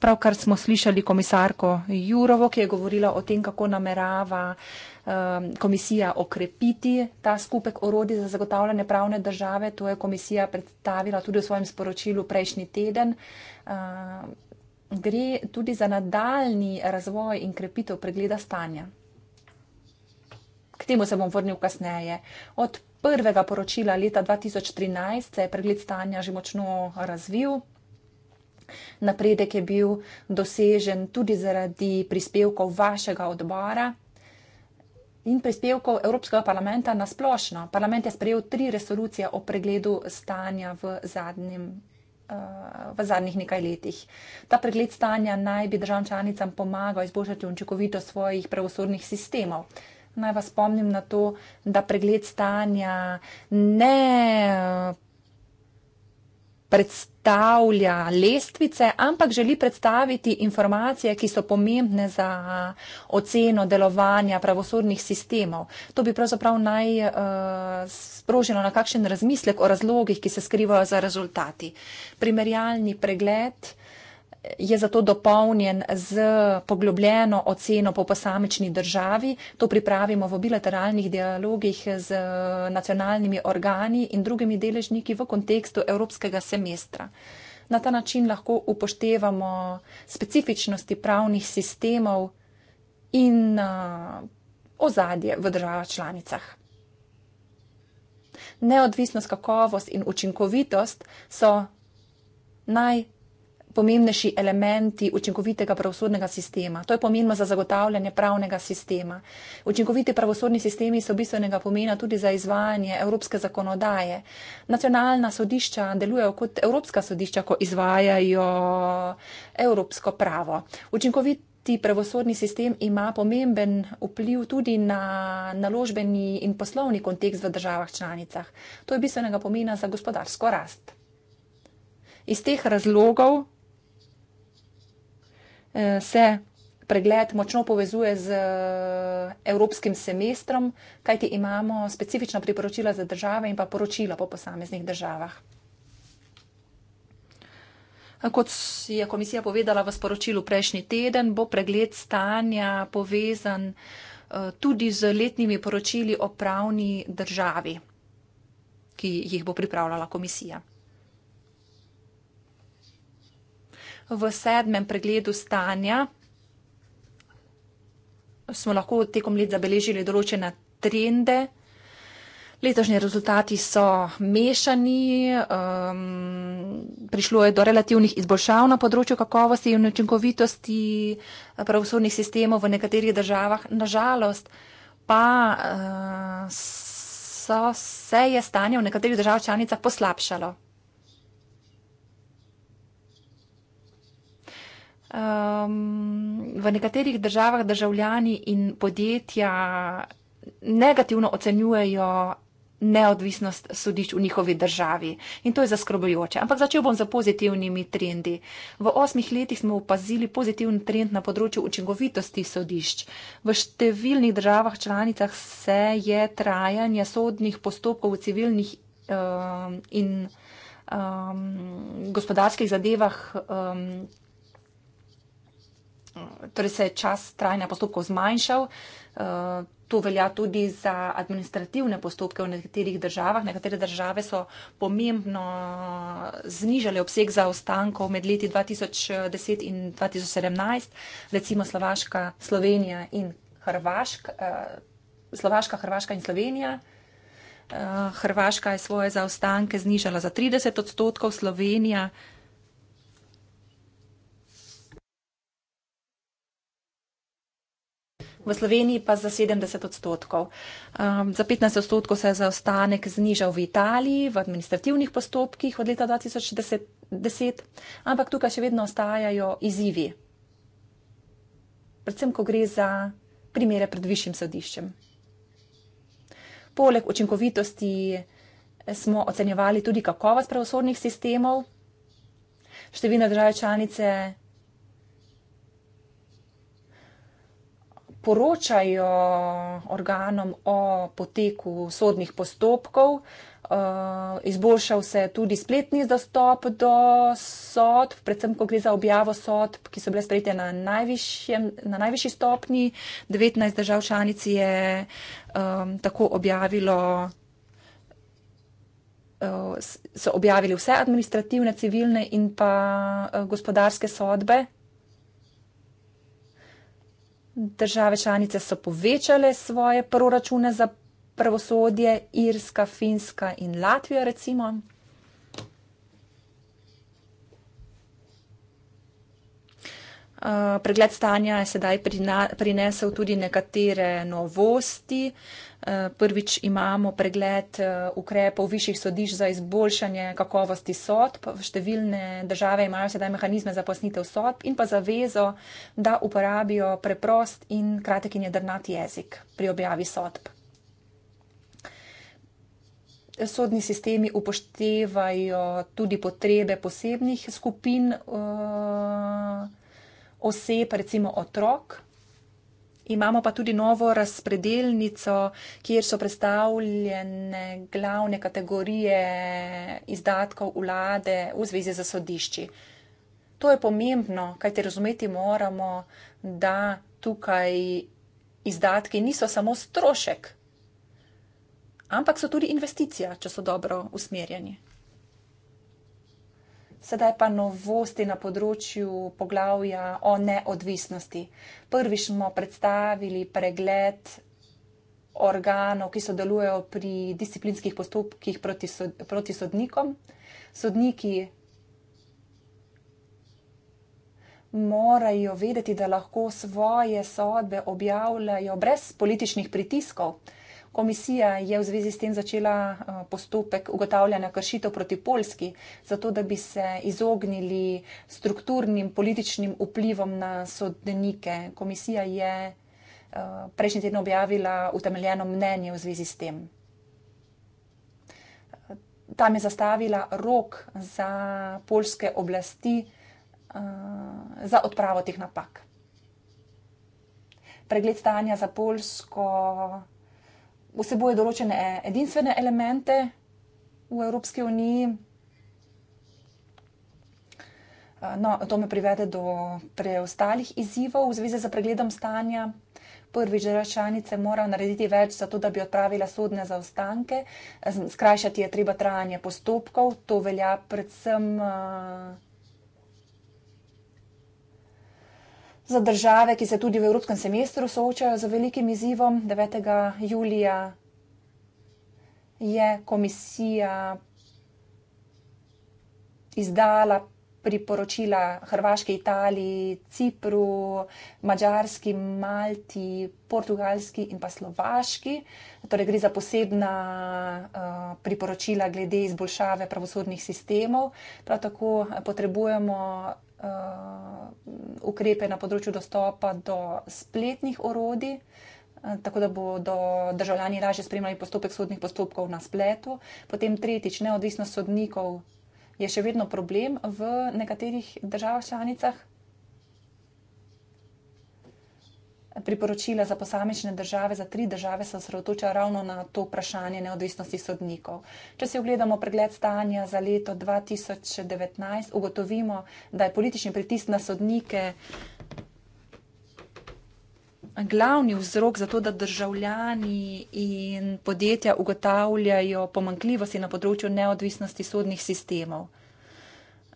pravkar smo slišali komisarko Jurovo, ki je govorila o tem, kako namerava um, komisija okrepiti ta skupek orodi za zagotavljanje pravne države. To je komisija predstavila tudi v svojem sporočilu prejšnji teden. Um, gre tudi za nadaljni razvoj in krepitev pregleda stanja. K temu se bom vrnil kasneje. Od prvega poročila leta 2013 se je pregled stanja že močno razvil. Napredek je bil dosežen tudi zaradi prispevkov vašega odbora in prispevkov Evropskega parlamenta na splošno. Parlament je sprejel tri resolucije o pregledu stanja v, zadnjem, eh, v zadnjih nekaj letih. Ta pregled stanja naj bi državam članicam pomagal izboljšati učinkovito svojih pravosodnih sistemov. Naj vas spomnim na to, da pregled stanja ne predstavlja lestvice, ampak želi predstaviti informacije, ki so pomembne za oceno delovanja pravosodnih sistemov. To bi pravzaprav naj uh, sprožilo na kakšen razmislek o razlogih, ki se skrivajo za rezultati. Primerjalni pregled uh, je zato dopolnjen z poglobljeno oceno po posamični državi. To pripravimo v bilateralnih dialogih z nacionalnimi organi in drugimi deležniki v kontekstu evropskega semestra. Na ta način lahko upoštevamo specifičnosti pravnih sistemov in ozadje v državah članicah. Neodvisnost, kakovost in učinkovitost so najpomembnejši pomembnejši elementi učinkovitega pravosodnega sistema. To je pomembno za zagotavljanje pravnega sistema. Učinkoviti pravosodni sistemi so bistvenega pomena tudi za izvajanje evropske zakonodaje. Nacionalna sodišča delujejo kot evropska sodišča, ko izvajajo evropsko pravo. Učinkovit Ti pravosodni sistem ima pomemben vpliv tudi na naložbeni in poslovni kontekst v državah članicah. To je bistvenega pomena za gospodarsko rast. Iz teh razlogov Eh, se pregled močno povezuje z eh, evropskim semestrom, kajti imamo specifična priporočila za države in pa poročila po posameznih državah. Kot je komisija povedala v sporočilu prejšnji teden, bo pregled stanja povezan eh, tudi z letnimi poročili o pravni državi, ki jih bo pripravljala komisija. V sedmem pregledu stanja smo lahko tekom let zabeležili določene trende. Letošnji rezultati so mešani, um, prišlo je do relativnih izboljšav na področju kakovosti in učinkovitosti pravosodnih sistemov v nekaterih državah. Nažalost pa uh, so, se je stanje v nekaterih državah članicah poslabšalo. Um, v nekaterih državah državljani in podjetja negativno ocenjujejo neodvisnost sodišč v njihovi državi. In to je zaskrbljujoče. Ampak začel bom z pozitivnimi trendi. V osmih letih smo opazili pozitiven trend na področju učinkovitosti sodišč. V številnih državah članicah se je trajanje sodnih postopkov v civilnih um, in um, gospodarskih zadevah um, torej se je čas trajanja postopkov zmanjšal. Eh, to velja tudi za administrativne postopke v nekaterih državah. Nekatere države so pomembno znižale obseg zaostankov med leti 2010 in 2017, recimo Slovaška, Slovenija in Hrvaška. Eh, Slovaška, Hrvaška in Slovenija. Eh, Hrvaška je svoje zaostanke znižala za 30 odstotkov, Slovenija v Sloveniji pa za 70 odstotkov. Um, za 15 odstotkov se je zaostanek znižal v Italiji v administrativnih postopkih od leta 2010, ampak tukaj še vedno ostajajo izzivi. Predvsem, ko gre za primere pred višjim sodiščem. Poleg učinkovitosti eh, smo ocenjevali tudi kakovost pravosodnih sistemov. Številne države članice poročajo organom o poteku sodnih postopkov. Uh, izboljšal se je tudi spletni dostop do sodb, predvsem, ko gre za objavo sodb, ki so bile sprejete na, na najvišji stopni. 19 držav članic je um, tako objavilo, uh, so objavili vse administrativne, civilne in pa uh, gospodarske sodbe Države članice so povečale svoje proračune za pravosodje, Irska, Finska in Latvija, recimo. Uh, pregled stanja je sedaj prinesel tudi nekatere novosti, uh, Eh, prvič imamo pregled eh, ukrepov višjih sodišč za izboljšanje kakovosti sodb. Številne države imajo sedaj mehanizme za posnitev sodb in pa zavezo, da uporabijo preprost in kratek in jedrnat jezik pri objavi sodb. Sodni sistemi upoštevajo tudi potrebe posebnih skupin uh, oseb, recimo otrok imamo pa tudi novo razpredelnico, kjer so predstavljene glavne kategorije izdatkov vlade v zvezi za sodišči. To je pomembno, kajte razumeti moramo, da tukaj izdatki niso samo strošek, ampak so tudi investicija, če so dobro usmerjeni sedaj pa novosti na področju poglavja o neodvisnosti. Prvič smo predstavili pregled organov, ki sodelujejo pri disciplinskih postopkih proti, sod, proti sodnikom. Sodniki morajo vedeti, da lahko svoje sodbe objavljajo brez političnih pritiskov. Komisija je v zvezi s tem začela eh, postopek ugotavljanja kršitev proti Polski, zato da bi se izognili strukturnim političnim vplivom na sodnike. Komisija je eh, prejšnji teden objavila utemeljeno mnenje v zvezi s tem. Tam je zastavila rok za polske oblasti eh, za odpravo teh napak. Pregled stanja za Polsko vsebuje določene eh, edinstvene elemente v Evropski uniji. Eh, no, to me privede do preostalih izzivov v zvezi z pregledom stanja. Prvič, da članice morajo narediti več za to, da bi odpravila sodne zaostanke. Eh, skrajšati je treba trajanje postopkov, to velja predvsem. Uh, za države, ki se tudi v evropskem semestru soočajo z velikim izzivom. 9. julija je komisija izdala priporočila Hrvaški, Italiji, Cipru, Mačarski, Malti, Portugalski in pa Slovaški. Torej gre za posebna uh, priporočila glede izboljšave pravosodnih sistemov. Prav tako eh, potrebujemo uh, ukrepe na področju dostopa do spletnih orodij, uh, tako da bodo državljani lažje spremljali postopek sodnih postopkov na spletu. Potem tretjič, neodvisnost sodnikov je še vedno problem v nekaterih državah članicah. priporočila za posamične države, za tri države, se osredotoča ravno na to vprašanje neodvisnosti sodnikov. Če si ogledamo pregled stanja za leto 2019, ugotovimo, da je politični pritisk na sodnike glavni vzrok za to, da državljani in podjetja ugotavljajo pomankljivosti na področju neodvisnosti sodnih sistemov.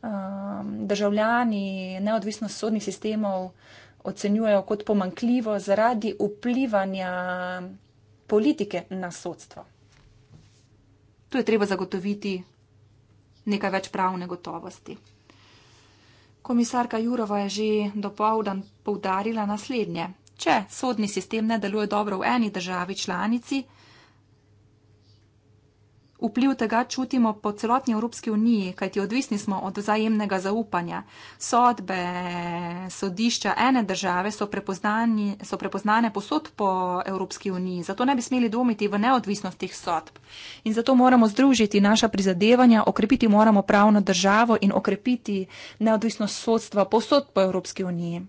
Ehm, državljani neodvisnost sodnih sistemov ocenjujejo kot pomankljivo zaradi vplivanja politike na sodstvo. Tu je treba zagotoviti nekaj več pravne gotovosti. Komisarka Jurova je že dopoldan poudarila naslednje. Če sodni sistem ne deluje dobro v eni državi članici, Vpliv tega čutimo po celotni Evropski uniji, kajti odvisni smo od vzajemnega zaupanja. Sodbe sodišča ene države so, so prepoznane posod po Evropski uniji, zato ne bi smeli dvomiti v neodvisnost teh sodb. In zato moramo združiti naša prizadevanja, okrepiti moramo pravno državo in okrepiti neodvisnost sodstva posod po Evropski uniji.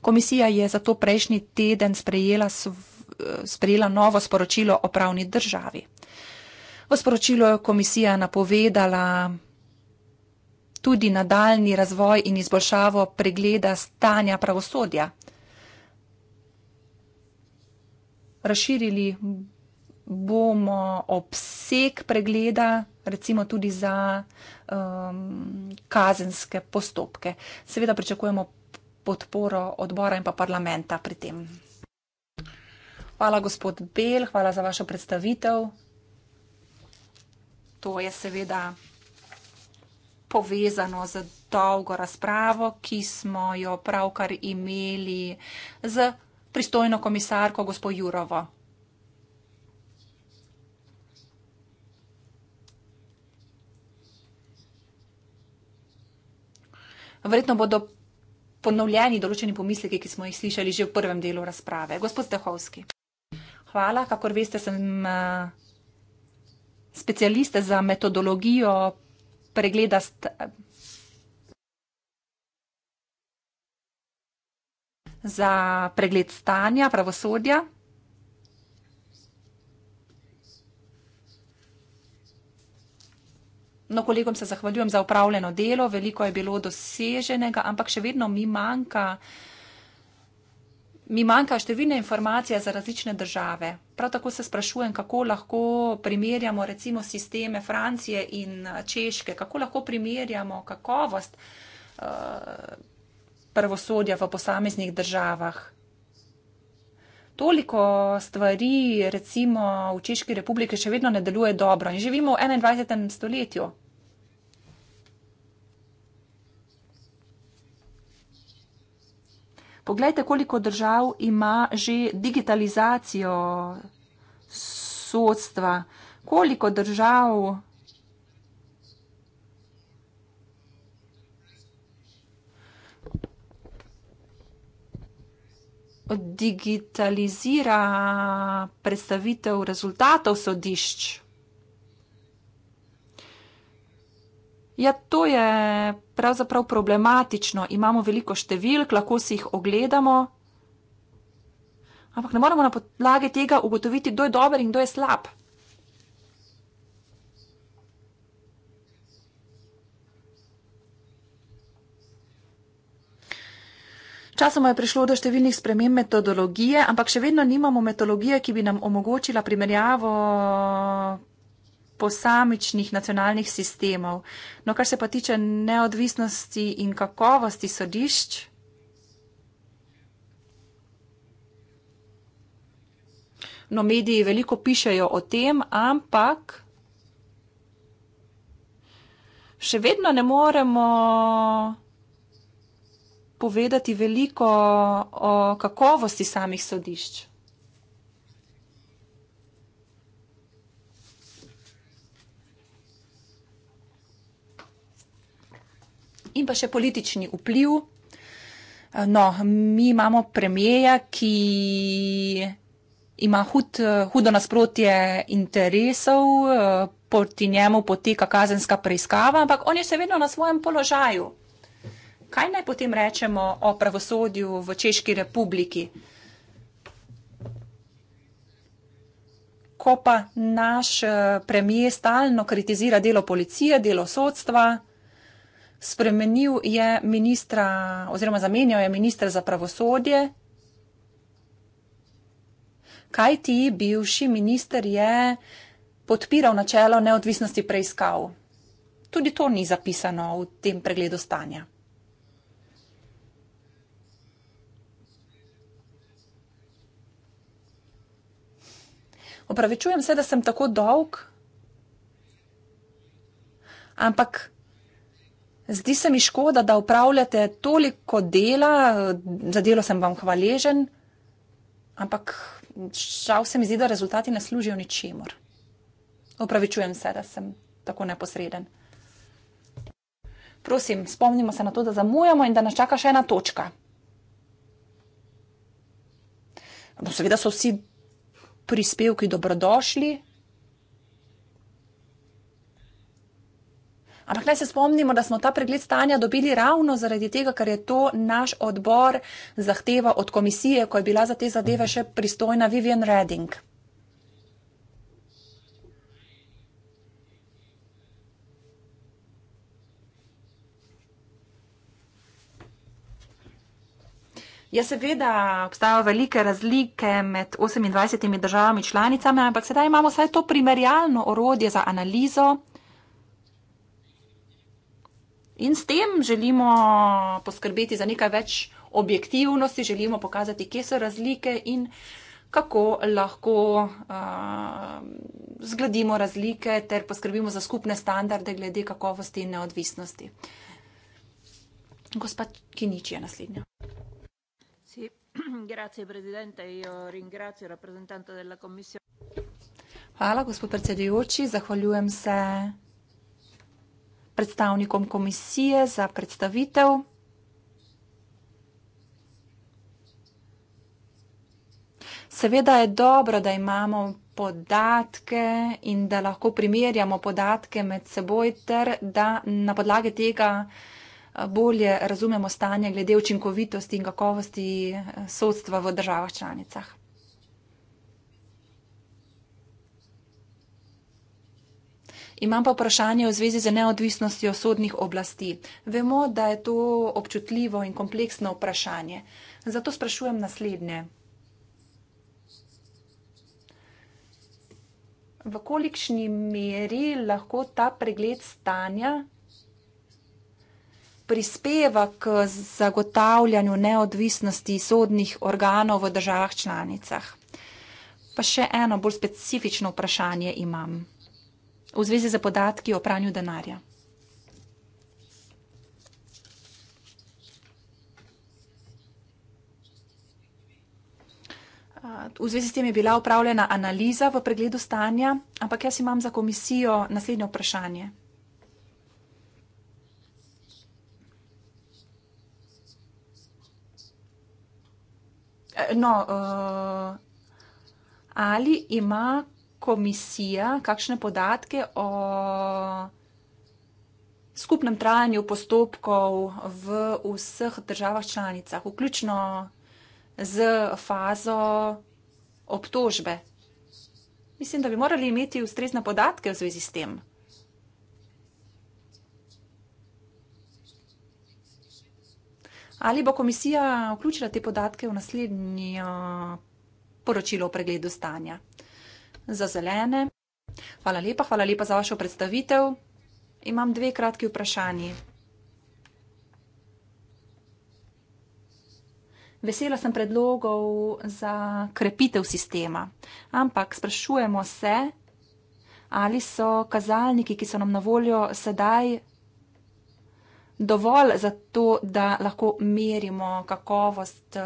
Komisija je zato prejšnji teden sprejela svoje. Eh, sprejela novo sporočilo o pravni državi. V sporočilu je komisija napovedala tudi nadaljni razvoj in izboljšavo pregleda stanja pravosodja. Razširili bomo obseg pregleda, recimo tudi za um, kazenske postopke. Seveda pričakujemo podporo odbora in pa parlamenta pri tem. Hvala, gospod Bel, hvala za vašo predstavitev. To je seveda povezano z dolgo razpravo, ki smo jo pravkar imeli z pristojno komisarko gospod Jurovo. Verjetno bodo ponovljeni določeni pomisleki, ki smo jih slišali že v prvem delu razprave. Gospod Stehovski. Hvala. Kakor veste, sem eh, specialista za metodologijo pregleda. Za pregled stanja pravosodja. No, kolegom se zahvaljujem za upravljeno delo, veliko je bilo doseženega, ampak še vedno mi manjka uh, mi manjka številne informacije za različne države. Prav tako se sprašujem, kako lahko primerjamo recimo sisteme Francije in eh, Češke, kako lahko primerjamo kakovost uh, pravosodja v posameznih državah. Toliko stvari, recimo v Češki republiki, še vedno ne deluje dobro in živimo v 21. stoletju. Poglejte, koliko držav ima že digitalizacijo sodstva, koliko držav digitalizira predstavitev rezultatov sodišč. Ja, to je pravzaprav problematično. Imamo veliko številk, lahko si jih ogledamo, ampak ne moremo na podlagi tega ugotoviti, kdo je dober in kdo je slab. Časoma je prišlo do številnih sprememb metodologije, ampak še vedno nimamo metodologije, ki bi nam omogočila primerjavo posamičnih nacionalnih sistemov. No, kar se pa tiče neodvisnosti in kakovosti sodišč. No, mediji veliko pišejo o tem, ampak še vedno ne moremo povedati veliko o kakovosti samih sodišč. in pa še politični vpliv. Eh, no, mi imamo premijeja, ki ima hud, eh, hudo nasprotje interesov, eh, proti njemu poteka kazenska preiskava, ampak on je še vedno na svojem položaju. Kaj naj potem rečemo o pravosodju v Češki republiki? Ko pa naš premijer stalno kritizira delo policije, delo sodstva, spremenil je ministra oziroma zamenjal je ministra za pravosodje. Kaj ti bivši minister je podpiral načelo neodvisnosti preiskav? Tudi to ni zapisano v tem pregledu stanja. Opravičujem se, da sem tako dolg, ampak Zdi se mi škoda, da upravljate toliko dela, za delo sem vam hvaležen, ampak žal se mi zdi, da rezultati ne služijo ničemor. Opravičujem se, da sem tako neposreden. Prosim, spomnimo se na to, da zamujamo in da nas čaka še ena točka. No, seveda so vsi prispevki dobrodošli. Ampak naj se spomnimo, da smo ta pregled stanja dobili ravno zaradi tega, ker je to naš odbor zahteva od komisije, ko je bila za te zadeve še pristojna Vivian Redding. Ja, seveda obstajajo velike razlike med 28 državami članicami, ampak sedaj imamo vsaj to primerjalno orodje za analizo In s tem želimo poskrbeti za nekaj več objektivnosti, želimo pokazati, kje so razlike in kako lahko uh, zgledimo razlike ter poskrbimo za skupne standarde glede kakovosti in neodvisnosti. Gospod Kinič je naslednja. [clears throat] Hvala, gospod predsedujoči. Zahvaljujem se predstavnikom komisije za predstavitev. Seveda je dobro, da imamo podatke in da lahko primerjamo podatke med seboj ter da na podlage tega eh, bolje razumemo stanje glede učinkovitosti in kakovosti eh, sodstva v državah članicah. Imam pa vprašanje v zvezi z neodvisnostjo sodnih oblasti. Vemo, da je to občutljivo in kompleksno vprašanje. Zato sprašujem naslednje. V kolikšni meri lahko ta pregled stanja prispeva k zagotavljanju neodvisnosti sodnih organov v državah članicah? Pa še eno bolj specifično vprašanje imam v zvezi z podatki o pranju denarja. V zvezi s tem je bila upravljena analiza v pregledu stanja, ampak jaz imam za komisijo naslednje vprašanje. Eh, no, uh, ali ima komisija kakšne podatke o skupnem trajanju postopkov v vseh državah članicah, vključno z fazo obtožbe. Mislim, da bi morali imeti ustrezne podatke v zvezi s tem. Ali bo komisija vključila te podatke v naslednjo poročilo o pregledu stanja? za zelene. Hvala lepa, hvala lepa za vašo predstavitev. Imam dve kratki vprašanji. Vesela sem predlogov za krepitev sistema, ampak sprašujemo se, ali so kazalniki, ki so nam na voljo sedaj, dovolj za to, da lahko merimo kakovost eh,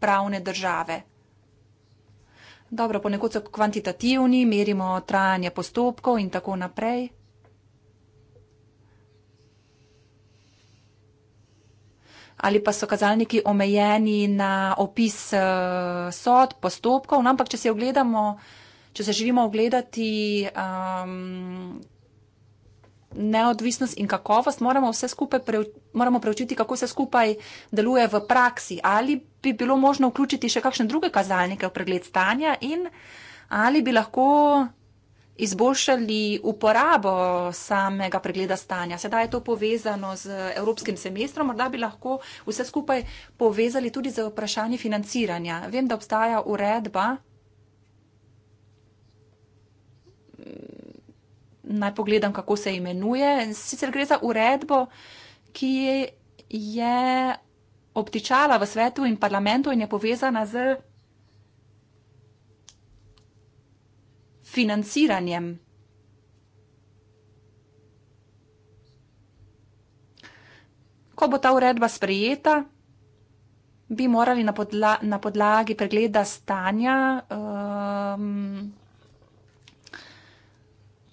pravne države. Dobro, ponekod so kvantitativni, merimo trajanje postopkov in tako naprej. Ali pa so kazalniki omejeni na opis eh, sod, postopkov, no, ampak če se, ogledamo, če se želimo ogledati, um, neodvisnost in kakovost, moramo vse skupaj preu, moramo preučiti, kako se skupaj deluje v praksi. Ali bi bilo možno vključiti še kakšne druge kazalnike v pregled stanja in ali bi lahko izboljšali uporabo samega pregleda stanja. Sedaj je to povezano z evropskim semestrom, morda bi lahko vse skupaj povezali tudi z vprašanje financiranja. Vem, da obstaja uredba naj pogledam, kako se imenuje. Sicer gre za uredbo, ki je obtičala v svetu in parlamentu in je povezana z financiranjem. Ko bo ta uredba sprejeta, bi morali na, podla na podlagi pregleda stanja um,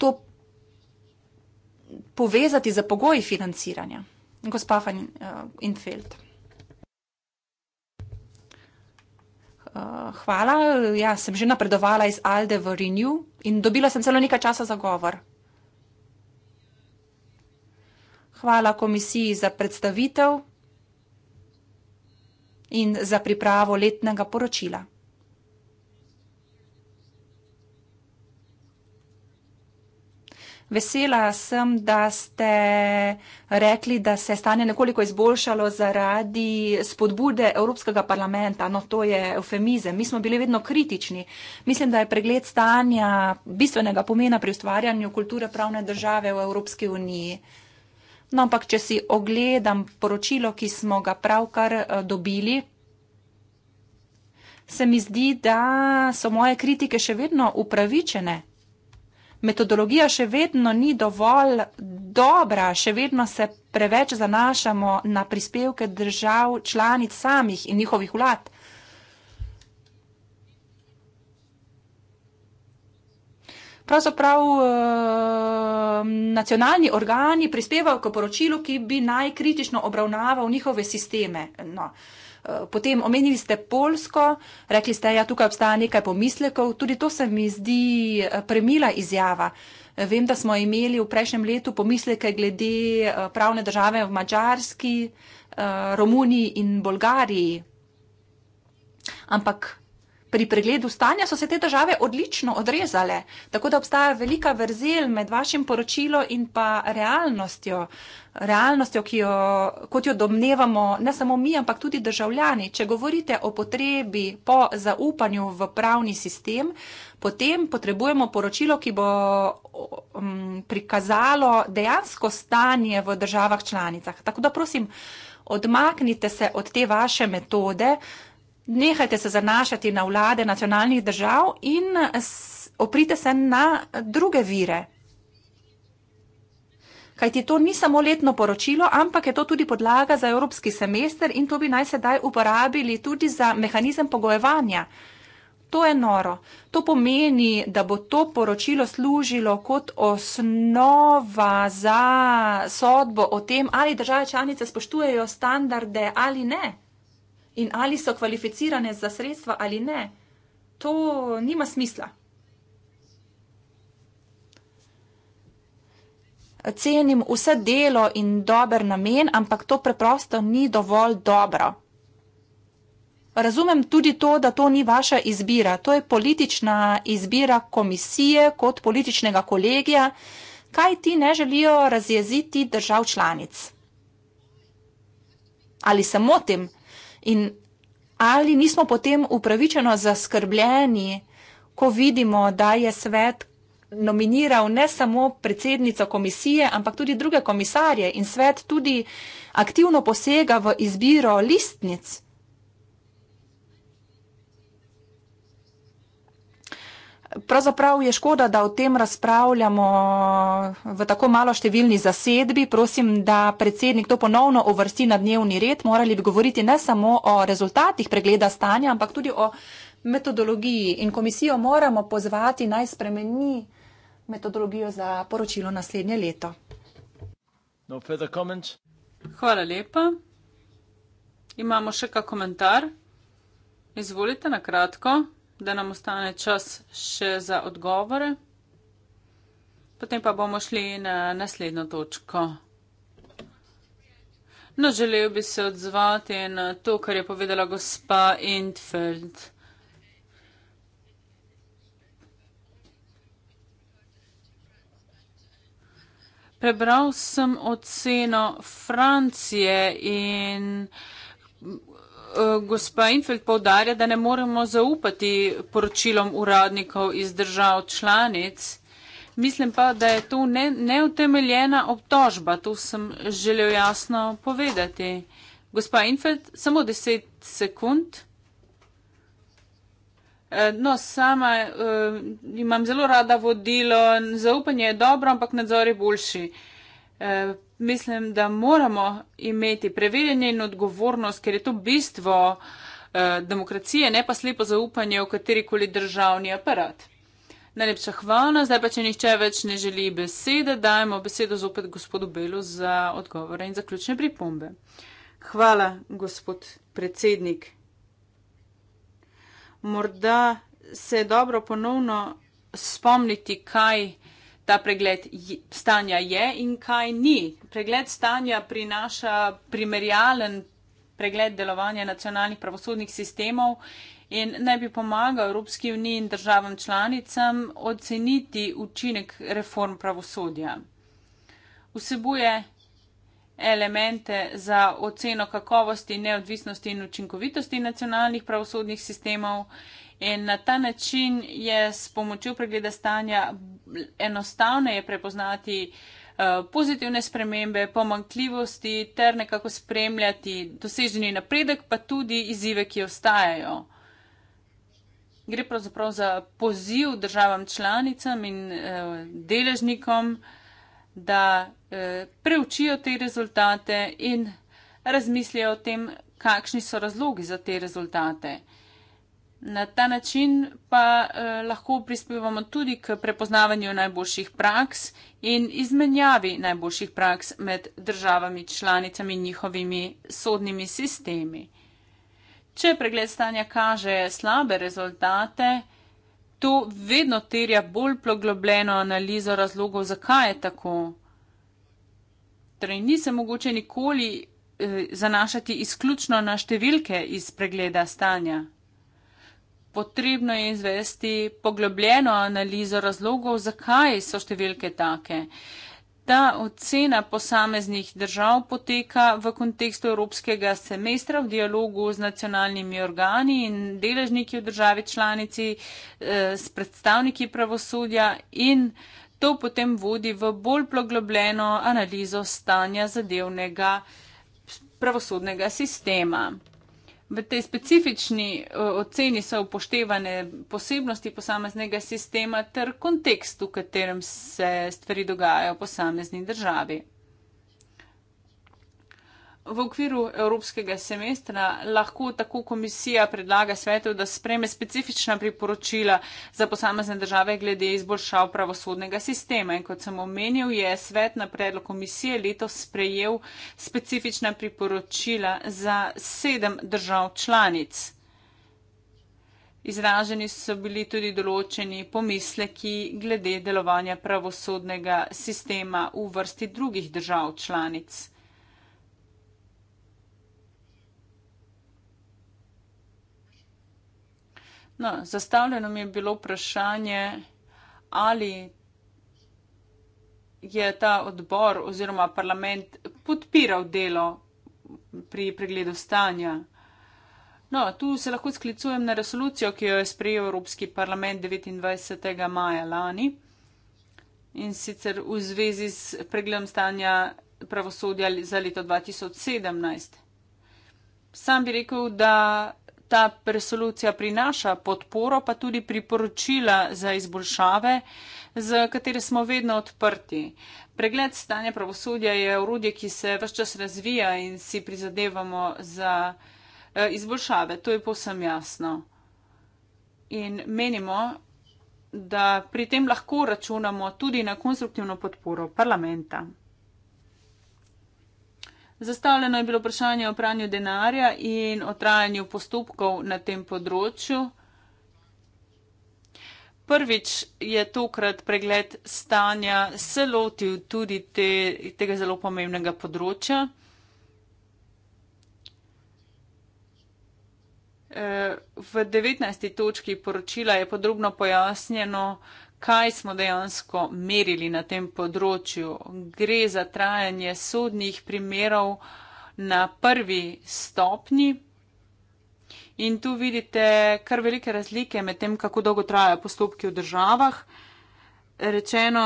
to povezati za pogoji financiranja. Gospa Fan uh, eh, Infeld. Uh, hvala. Ja, sem že napredovala iz Alde v Renew in dobila sem celo nekaj časa za govor. Hvala komisiji za predstavitev in za pripravo letnega poročila. Vesela sem, da ste rekli, da se je stanje nekoliko izboljšalo zaradi spodbude Evropskega parlamenta. No, to je eufemizem. Mi smo bili vedno kritični. Mislim, da je pregled stanja bistvenega pomena pri ustvarjanju kulture pravne države v Evropski uniji. No, ampak če si ogledam poročilo, ki smo ga pravkar eh, dobili, se mi zdi, da so moje kritike še vedno upravičene metodologija še vedno ni dovolj dobra, še vedno se preveč zanašamo na prispevke držav članic samih in njihovih vlad. Pravzaprav eh, nacionalni organi prispevajo k poročilu, ki bi najkritično obravnaval njihove sisteme. No. Eh, potem omenili ste Polsko, rekli ste, da ja, tukaj obstaja nekaj pomislekov. Tudi to se mi zdi eh, premila izjava. Eh, vem, da smo imeli v prejšnjem letu pomisleke glede pravne države v Mačarski, Romuniji in Bolgariji. Ampak pri pregledu stanja so se te države odlično odrezale, tako da obstaja velika verzel med vašim poročilo in pa realnostjo, realnostjo, ki jo, kot jo domnevamo ne samo mi, ampak tudi državljani. Če govorite o potrebi po zaupanju v pravni sistem, potem potrebujemo poročilo, ki bo um, prikazalo dejansko stanje v državah članicah. Tako da prosim, odmaknite se od te vaše metode, Nehajte se zanašati na vlade nacionalnih držav in oprite se na druge vire. Kajti to ni samo letno poročilo, ampak je to tudi podlaga za evropski semester in to bi naj sedaj uporabili tudi za mehanizem pogojevanja. To je noro. To pomeni, da bo to poročilo služilo kot osnova za sodbo o tem, ali države članice spoštujejo standarde ali ne in ali so kvalificirane za sredstva ali ne, to nima smisla. Cenim vse delo in dober namen, ampak to preprosto ni dovolj dobro. Razumem tudi to, da to ni vaša izbira, to je politična izbira komisije kot političnega kolegija, kaj ti ne želijo razjeziti držav članic. Ali se motim? In ali nismo potem upravičeno zaskrbljeni, ko vidimo, da je svet nominiral ne samo predsednico komisije, ampak tudi druge komisarje in svet tudi aktivno posega v izbiro listnic. Pravzaprav je škoda, da o tem razpravljamo v tako malo številni zasedbi. Prosim, da predsednik to ponovno uvrsti na dnevni red. Morali bi govoriti ne samo o rezultatih pregleda stanja, ampak tudi o metodologiji. In komisijo moramo pozvati naj spremeni metodologijo za poročilo naslednje leto. No Hvala lepa. Imamo še kak komentar? Izvolite na kratko da nam ostane čas še za odgovore. Potem pa bomo šli na naslednjo točko. No, želel bi se odzvati na to, kar je povedala gospa Intfeld. Prebral sem oceno Francije in Eh, gospa Infeld povdarja, da ne moremo zaupati poročilom uradnikov iz držav članic. Mislim pa, da je to ne, neutemeljena obtožba, to sem želel jasno povedati. Gospa Infeld, samo deset sekund. Eh, no, sama eh, imam zelo rada vodilo, zaupanje je dobro, ampak nadzor je boljši mislim, da moramo imeti preverjanje in odgovornost, ker je to bistvo eh, demokracije, ne pa slepo zaupanje v katerikoli državni aparat. Najlepša hvala, zdaj pa če nihče več ne želi besede, dajmo besedo zopet gospodu Belu za odgovore in zaključne pripombe. Hvala, gospod predsednik. Morda se je dobro ponovno spomniti, kaj ta pregled stanja je in kaj ni. Pregled stanja prinaša primerjalen pregled delovanja nacionalnih pravosodnih sistemov in naj bi pomagal Evropski uniji in državam članicam oceniti učinek reform pravosodja. Vsebuje elemente za oceno kakovosti, neodvisnosti in učinkovitosti nacionalnih pravosodnih sistemov In na ta način je s pomočjo pregleda stanja enostavneje prepoznati eh, pozitivne spremembe, pomankljivosti ter nekako spremljati doseženi napredek, pa tudi izzive, ki ostajajo. Gre pravzaprav za poziv državam članicam in eh, deležnikom, da eh, preučijo te rezultate in razmislijo o tem, kakšni so razlogi za te rezultate. Na ta način pa eh, lahko prispevamo tudi k prepoznavanju najboljših praks in izmenjavi najboljših praks med državami članicami in njihovimi sodnimi sistemi. Če pregled stanja kaže slabe rezultate, to vedno terja bolj poglobljeno analizo razlogov, zakaj je tako. Torej, ni se mogoče nikoli eh, zanašati izključno na številke iz pregleda stanja potrebno je izvesti poglobljeno analizo razlogov, zakaj so številke take. Ta ocena posameznih držav poteka v kontekstu evropskega semestra v dialogu z nacionalnimi organi in deležniki v državi članici, eh, s predstavniki pravosodja in to potem vodi v bolj poglobljeno analizo stanja zadevnega pravosodnega sistema. V tej specifični oceni so upoštevane posebnosti posameznega sistema ter kontekst, v katerem se stvari dogajajo v posamezni državi. V okviru evropskega semestra lahko tako komisija predlaga svetu, da spreme specifična priporočila za posamezne države glede izboljšav pravosodnega sistema. In kot sem omenil, je svet na predlog komisije letos sprejel specifična priporočila za sedem držav članic. Izraženi so bili tudi določeni pomisleki glede delovanja pravosodnega sistema v vrsti drugih držav članic. No, zastavljeno mi je bilo vprašanje, ali je ta odbor oziroma parlament podpiral delo pri pregledu stanja. No, tu se lahko sklicujem na resolucijo, ki jo je sprejel Evropski parlament 29. maja lani in sicer v zvezi s pregledom stanja pravosodja za leto 2017. Sam bi rekel, da ta resolucija prinaša podporo, pa tudi priporočila za izboljšave, za katere smo vedno odprti. Pregled stanja pravosodja je urodje, ki se vse čas razvija in si prizadevamo za eh, izboljšave. To je posem jasno. In menimo, da pri tem lahko računamo tudi na konstruktivno podporo parlamenta. Zastavljeno je bilo vprašanje o pranju denarja in o trajanju postopkov na tem področju. Prvič je tokrat pregled stanja se lotil tudi te, tega zelo pomembnega področja. Eh, v 19. točki poročila je podrobno pojasnjeno, kaj smo dejansko merili na tem področju. Gre za trajanje sodnih primerov na prvi stopni. In tu vidite kar velike razlike med tem, kako dolgo trajajo postopki v državah. Rečeno,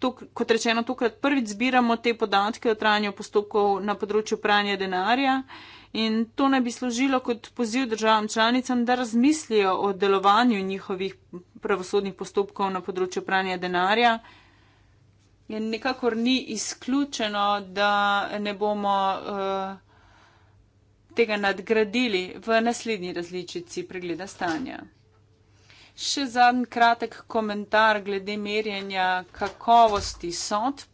tuk, kot rečeno, tukaj prvič zbiramo te podatke o trajanju postopkov na področju pranja denarja in to naj bi služilo kot poziv državam članicam, da razmislijo o delovanju njihovih pravosodnih postopkov na področju pranja denarja. In nekakor ni izključeno, da ne bomo uh, tega nadgradili v naslednji različici pregleda stanja. Še zadnji kratek komentar glede merjenja kakovosti sodb.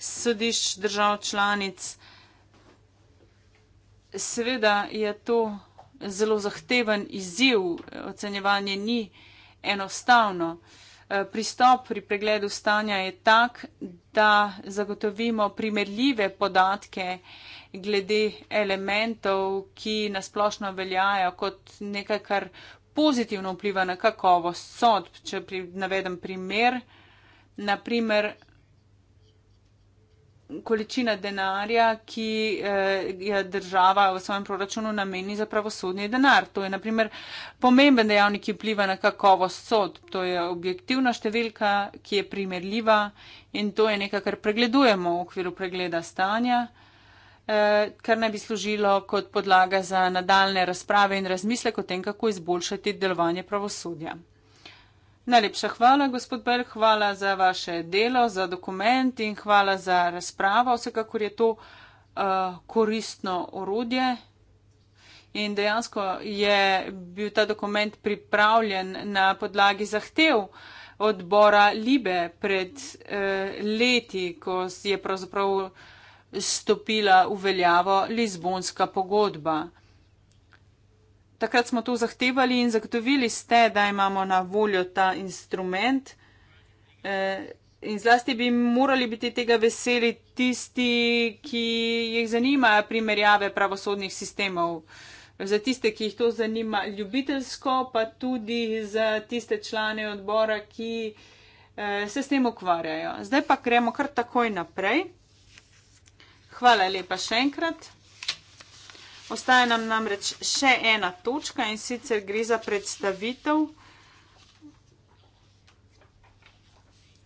Sodišč držav članic seveda je to zelo zahteven izziv, ocenjevanje ni enostavno. E, pristop pri pregledu stanja je tak, da zagotovimo primerljive podatke glede elementov, ki nasplošno veljajo kot nekaj, kar pozitivno vpliva na kakovost sodb. Če pri, navedem primer, naprimer količina denarja, ki eh, je država v svojem proračunu nameni za pravosodni denar. To je, naprimer, pomemben dejavnik, ki vpliva na kakovost sod. To je objektivna številka, ki je primerljiva in to je nekaj, kar pregledujemo v okviru pregleda stanja, eh, kar naj bi služilo kot podlaga za nadaljne razprave in razmisle o tem, kako izboljšati delovanje pravosodja. Najlepša hvala, gospod Bel, hvala za vaše delo, za dokument in hvala za razpravo. Vsekakor je to uh, koristno orodje. In dejansko je bil ta dokument pripravljen na podlagi zahtev odbora Libe pred eh, leti, ko je pravzaprav stopila v veljavo Lizbonska pogodba takrat smo to zahtevali in zagotovili ste, da imamo na voljo ta instrument. E, in zlasti bi morali biti tega veseli tisti, ki jih zanima primerjave pravosodnih sistemov. Za tiste, ki jih to zanima ljubiteljsko, pa tudi za tiste člane odbora, ki eh, se s tem ukvarjajo. Zdaj pa gremo kar takoj naprej. Hvala lepa še enkrat. Ostaja nam namreč še ena točka in sicer gre za predstavitev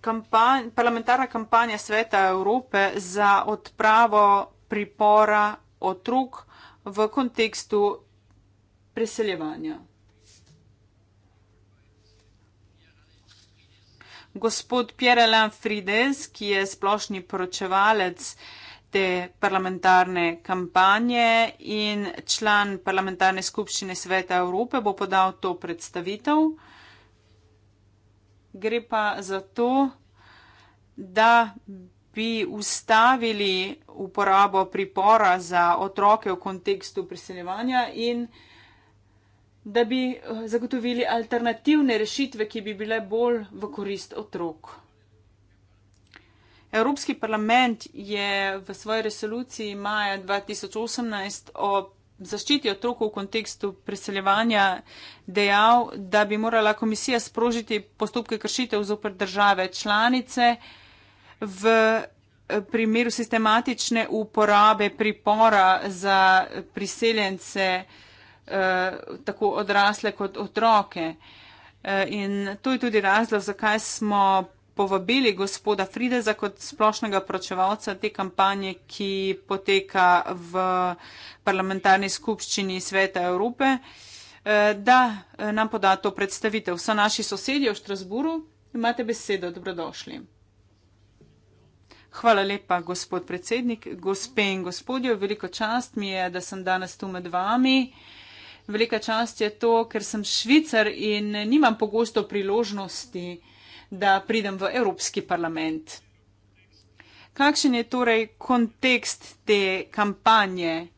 kampanj, parlamentarna kampanja Sveta Evrope za odpravo pripora otrok v kontekstu preseljevanja. Gospod Pierre Lanfrides, ki je splošni poročevalec, te parlamentarne kampanje in član parlamentarne skupščine Sveta Evrope bo podal to predstavitev. Gre pa za to, da bi ustavili uporabo pripora za otroke v kontekstu priseljevanja in da bi zagotovili alternativne rešitve, ki bi bile bolj v korist otrok. Evropski parlament je v svoji resoluciji maja 2018 o zaščiti otrok v kontekstu preseljevanja dejal, da bi morala komisija sprožiti postopke kršitev zoper države članice v eh, primeru sistematične uporabe pripora za priseljence, eh, tako odrasle kot otroke. Eh, in to je tudi razlog, zakaj smo povabili gospoda Frideza kot splošnega pročevalca te kampanje, ki poteka v parlamentarni skupščini Sveta Evrope, eh, da eh, nam poda to predstavitev. So naši sosedje v Štrasburu, imate besedo, dobrodošli. Hvala lepa, gospod predsednik, gospe in gospodje, veliko čast mi je, da sem danes tu med vami. Velika čast je to, ker sem švicar in nimam pogosto priložnosti, da pridem v Evropski parlament. Kakšen je torej kontekst te kampanje?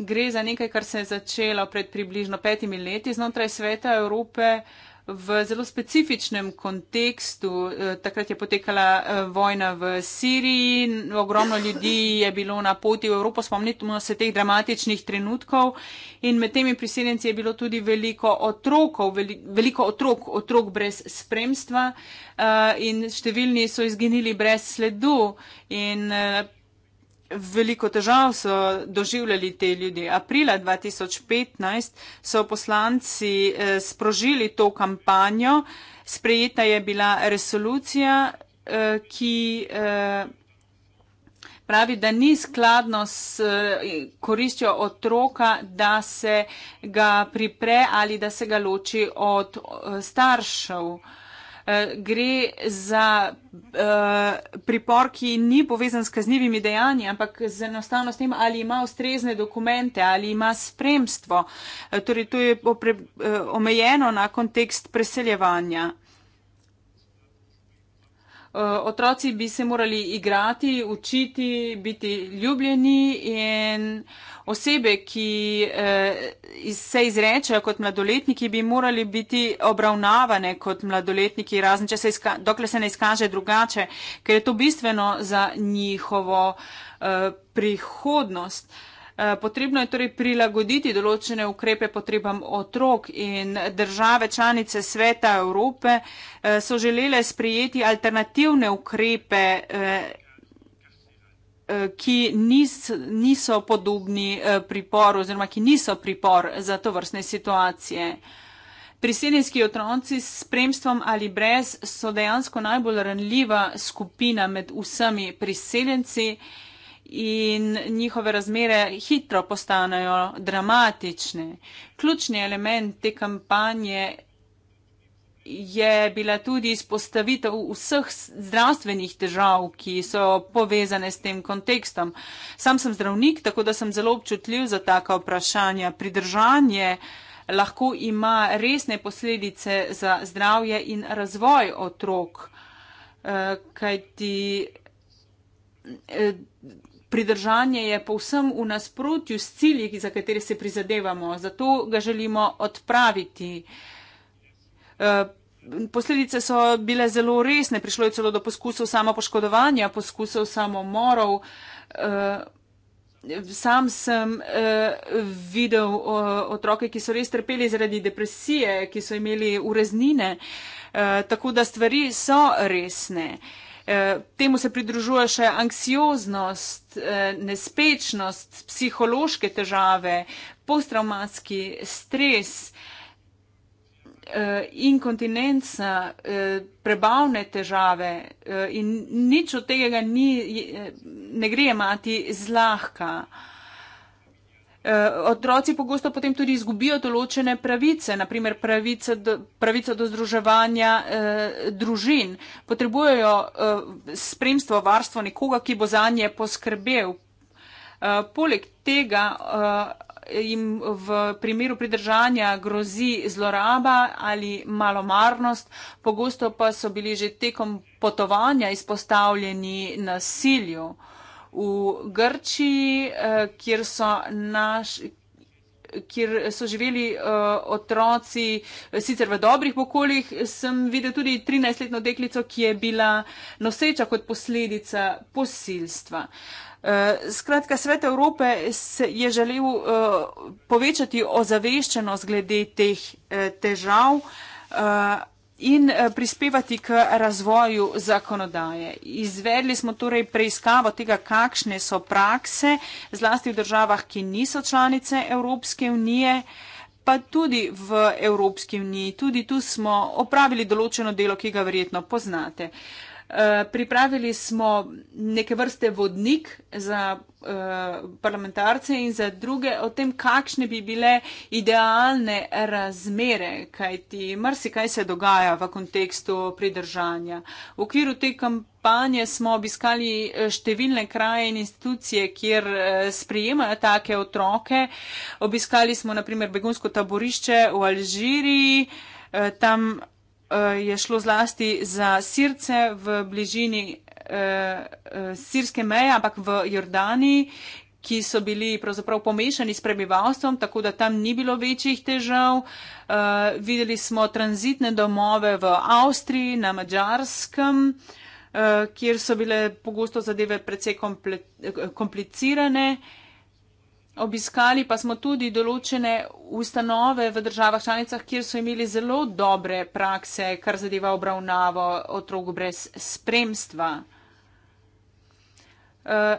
Gre za nekaj, kar se je začelo pred približno petimi leti znotraj sveta Evrope. Uh, v zelo specifičnem kontekstu. Eh, takrat je potekala eh, vojna v Siriji, ogromno ljudi je bilo na poti v Evropo, spomnimo se teh dramatičnih trenutkov in med temi priseljenci je bilo tudi veliko otrokov, veliko otrok, otrok brez spremstva eh, in številni so izginili brez sledu. In, Veliko težav so doživljali te ljudi. Aprila 2015 so poslanci eh, sprožili to kampanjo, sprejeta je bila resolucija, eh, ki eh, pravi, da ni skladno s koristjo otroka, da se ga pripre ali da se ga loči od staršev uh, gre za uh, pripor, ki ni povezan s kaznjivimi dejanji, ampak z enostavno s tem, ali ima ustrezne dokumente, ali ima spremstvo. Uh, torej, to je opre, uh, omejeno na kontekst preseljevanja. Eh, otroci bi se morali igrati, učiti, biti ljubljeni in osebe, ki eh, se izrečajo kot mladoletniki, bi morali biti obravnavane kot mladoletniki, razen če se, izka, dokle se ne izkaže drugače, ker je to bistveno za njihovo eh, prihodnost. Uh, Eh, potrebno je torej prilagoditi določene ukrepe potrebam otrok in države članice sveta Evrope eh, so želele sprijeti alternativne ukrepe eh, ki nis, niso podobni pripor oziroma ki niso pripor za to vrstne situacije. Priseljenski otroci s spremstvom ali brez so dejansko najbolj ranljiva skupina med vsemi priseljenci in njihove razmere hitro postanejo dramatične. Ključni element te kampanje je bila tudi izpostavitev vseh zdravstvenih težav, ki so povezane s tem kontekstom. Sam sem zdravnik, tako da sem zelo občutljiv za taka vprašanja. Pridržanje lahko ima resne posledice za zdravje in razvoj otrok, eh, kajti eh, Pridržanje je povsem v nasprotju s cilji, za katere se prizadevamo, zato ga želimo odpraviti. Eh, posledice so bile zelo resne, prišlo je celo do poskusov samopoškodovanja, poskusov samomorov. Eh, sam sem eh, videl otroke, ki so res trpeli zaradi depresije, ki so imeli ureznine, tako da stvari so resne. Eh, temu se pridružuje še anksioznost, eh, nespečnost, psihološke težave, posttraumatski stres, eh, inkontinenca, prebavne težave in nič od tega ni, ne gre imati zlahka. Eh, otroci pogosto potem tudi izgubijo določene pravice, naprimer pravice do, pravico do združevanja eh, družin. Potrebujejo eh, spremstvo, varstvo nekoga, ki bo za nje poskrbel. Eh, poleg tega eh, jim v primeru pridržanja grozi zloraba ali malomarnost, pogosto pa so bili že tekom potovanja izpostavljeni nasilju. Eh, v Grčiji, eh, kjer so naš kjer so živeli uh, otroci, eh, sicer v dobrih okoljih, sem videl tudi 13-letno deklico, ki je bila noseča kot posledica posilstva. Uh, skratka, Svet Evrope je želel uh, povečati ozaveščenost glede teh uh, težav. Uh, in eh, prispevati k razvoju zakonodaje. Izvedli smo torej preiskavo tega, kakšne so prakse, zlasti v državah, ki niso članice Evropske unije, pa tudi v Evropski uniji. Tudi tu smo opravili določeno delo, ki ga verjetno poznate. Uh, Eh, pripravili smo neke vrste vodnik za eh, parlamentarce in za druge o tem, kakšne bi bile idealne razmere, kajti marsikaj se dogaja v kontekstu pridržanja. V okviru te kampanje smo obiskali eh, številne kraje in institucije, kjer sprijemajo take otroke. Obiskali smo naprimer begunsko taborišče v Alžiriji. Tam uh, je šlo zlasti za sirce v bližini uh, uh, sirske meje, ampak v Jordani, ki so bili pravzaprav pomešani s prebivalstvom, tako da tam ni bilo večjih težav. Uh, videli smo tranzitne domove v Avstriji, na Mačarskem. Uh, kjer so bile pogosto zadeve precej komplicirane, uh, Obiskali pa smo tudi določene ustanove v državah članicah, kjer so imeli zelo dobre prakse, kar zadeva obravnavo otrok brez spremstva. Eh,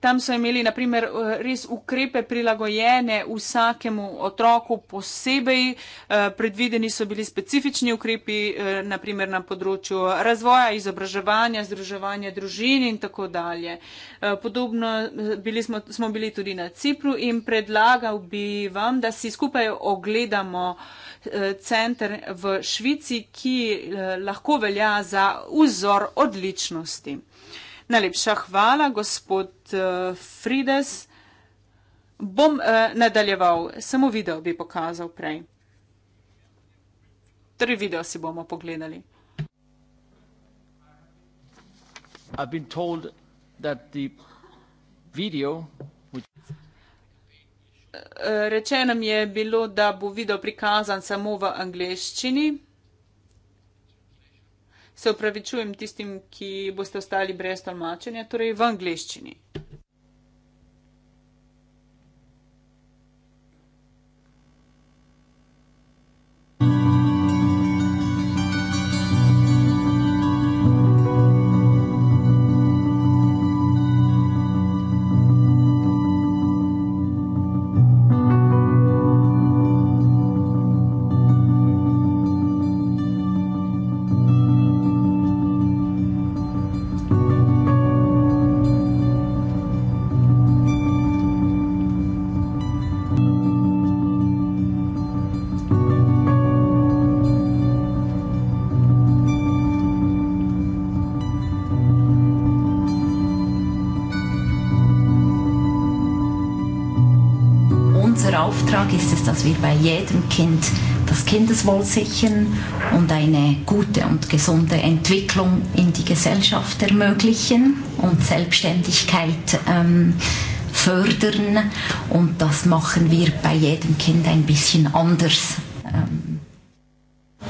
Tam so imeli naprimer eh, res ukrepe prilagojene vsakemu otroku posebej, eh, predvideni so bili specifični ukrepi eh, naprimer na področju razvoja, izobraževanja, združevanja družin in tako dalje. Podobno bili smo, smo bili tudi na Cipru in predlagal bi vam, da si skupaj ogledamo center v Švici, ki lahko velja za vzor odličnosti. Najlepša hvala, gospod uh, Frides. Bom uh, nadaljeval, samo video bi pokazal prej. Tri torej video si bomo pogledali. Video, which... Eh, rečeno mi je bilo, da bo video prikazan samo v angleščini se upravičujem tistim, ki boste ostali brez tolmačenja, torej v angleščini. wir bei jedem Kind das Kindeswohl sichern und eine gute und gesunde Entwicklung in die Gesellschaft ermöglichen und Selbstständigkeit ähm, fördern. Und das machen wir bei jedem Kind ein bisschen anders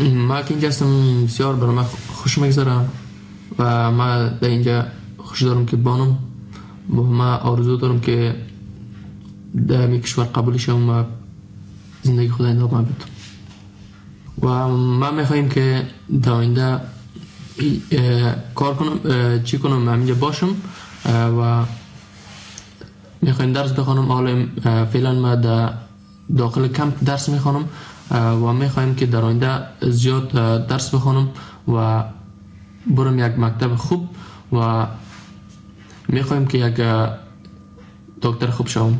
ما که اینجا هستم بسیار برای من خوش میگذارم و ما در اینجا خوش دارم که بانم با ما آرزو دارم که در همین کشور قبول شم و زندگی خدا این دارم بیتم و ما میخواییم که در اینجا کار کنم چی کنم من اینجا باشم و میخواییم درس بخونم حالا فعلا ما در داخل کمپ درس میخونم و می خواهیم که در آینده زیاد درس بخونم و برم یک مکتب خوب و می خواهیم که یک دکتر خوب شوم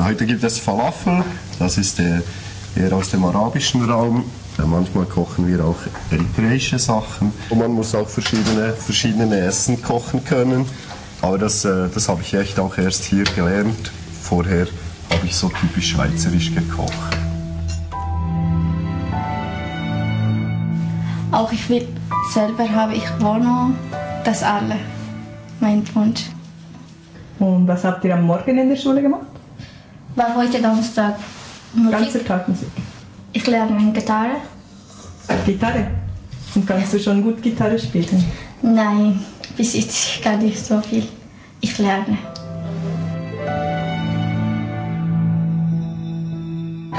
Heute gibt es Falafel, das ist eher aus dem arabischen Raum. Ja, manchmal kochen wir auch eritreische Sachen. Und man muss auch verschiedene, verschiedene Essen kochen können. Aber das, äh, das habe ich echt auch erst hier gelernt. Vorher habe ich so typisch schweizerisch gekocht. Auch ich will selber habe ich Wohnung, das alle. Mein Wunsch. Und was habt ihr am Morgen in der Schule gemacht? War heute Donnerstag. Ganzer Tag Musik. Ich lerne Gitarre. Gitarre? Und kannst du schon gut Gitarre spielen? Nein, bis jetzt gar nicht so viel. Ich lerne.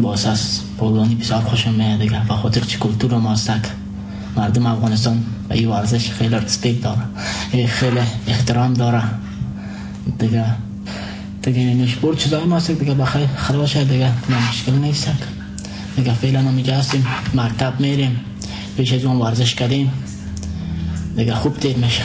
بازس بولانی بسیار خوشم میاد دیگه و خاطر چی کلتور ما سک مردم افغانستان به این ورزش خیلی رسپیک داره خیلی احترام داره دیگه دیگه این اشپور چی دایم هستک دیگه بخیر خراب شد دیگه من مشکل نیستک دیگه فعلا ما میگه هستیم مرتب میریم پیش از اون ورزش کردیم دیگه خوب تیر میشه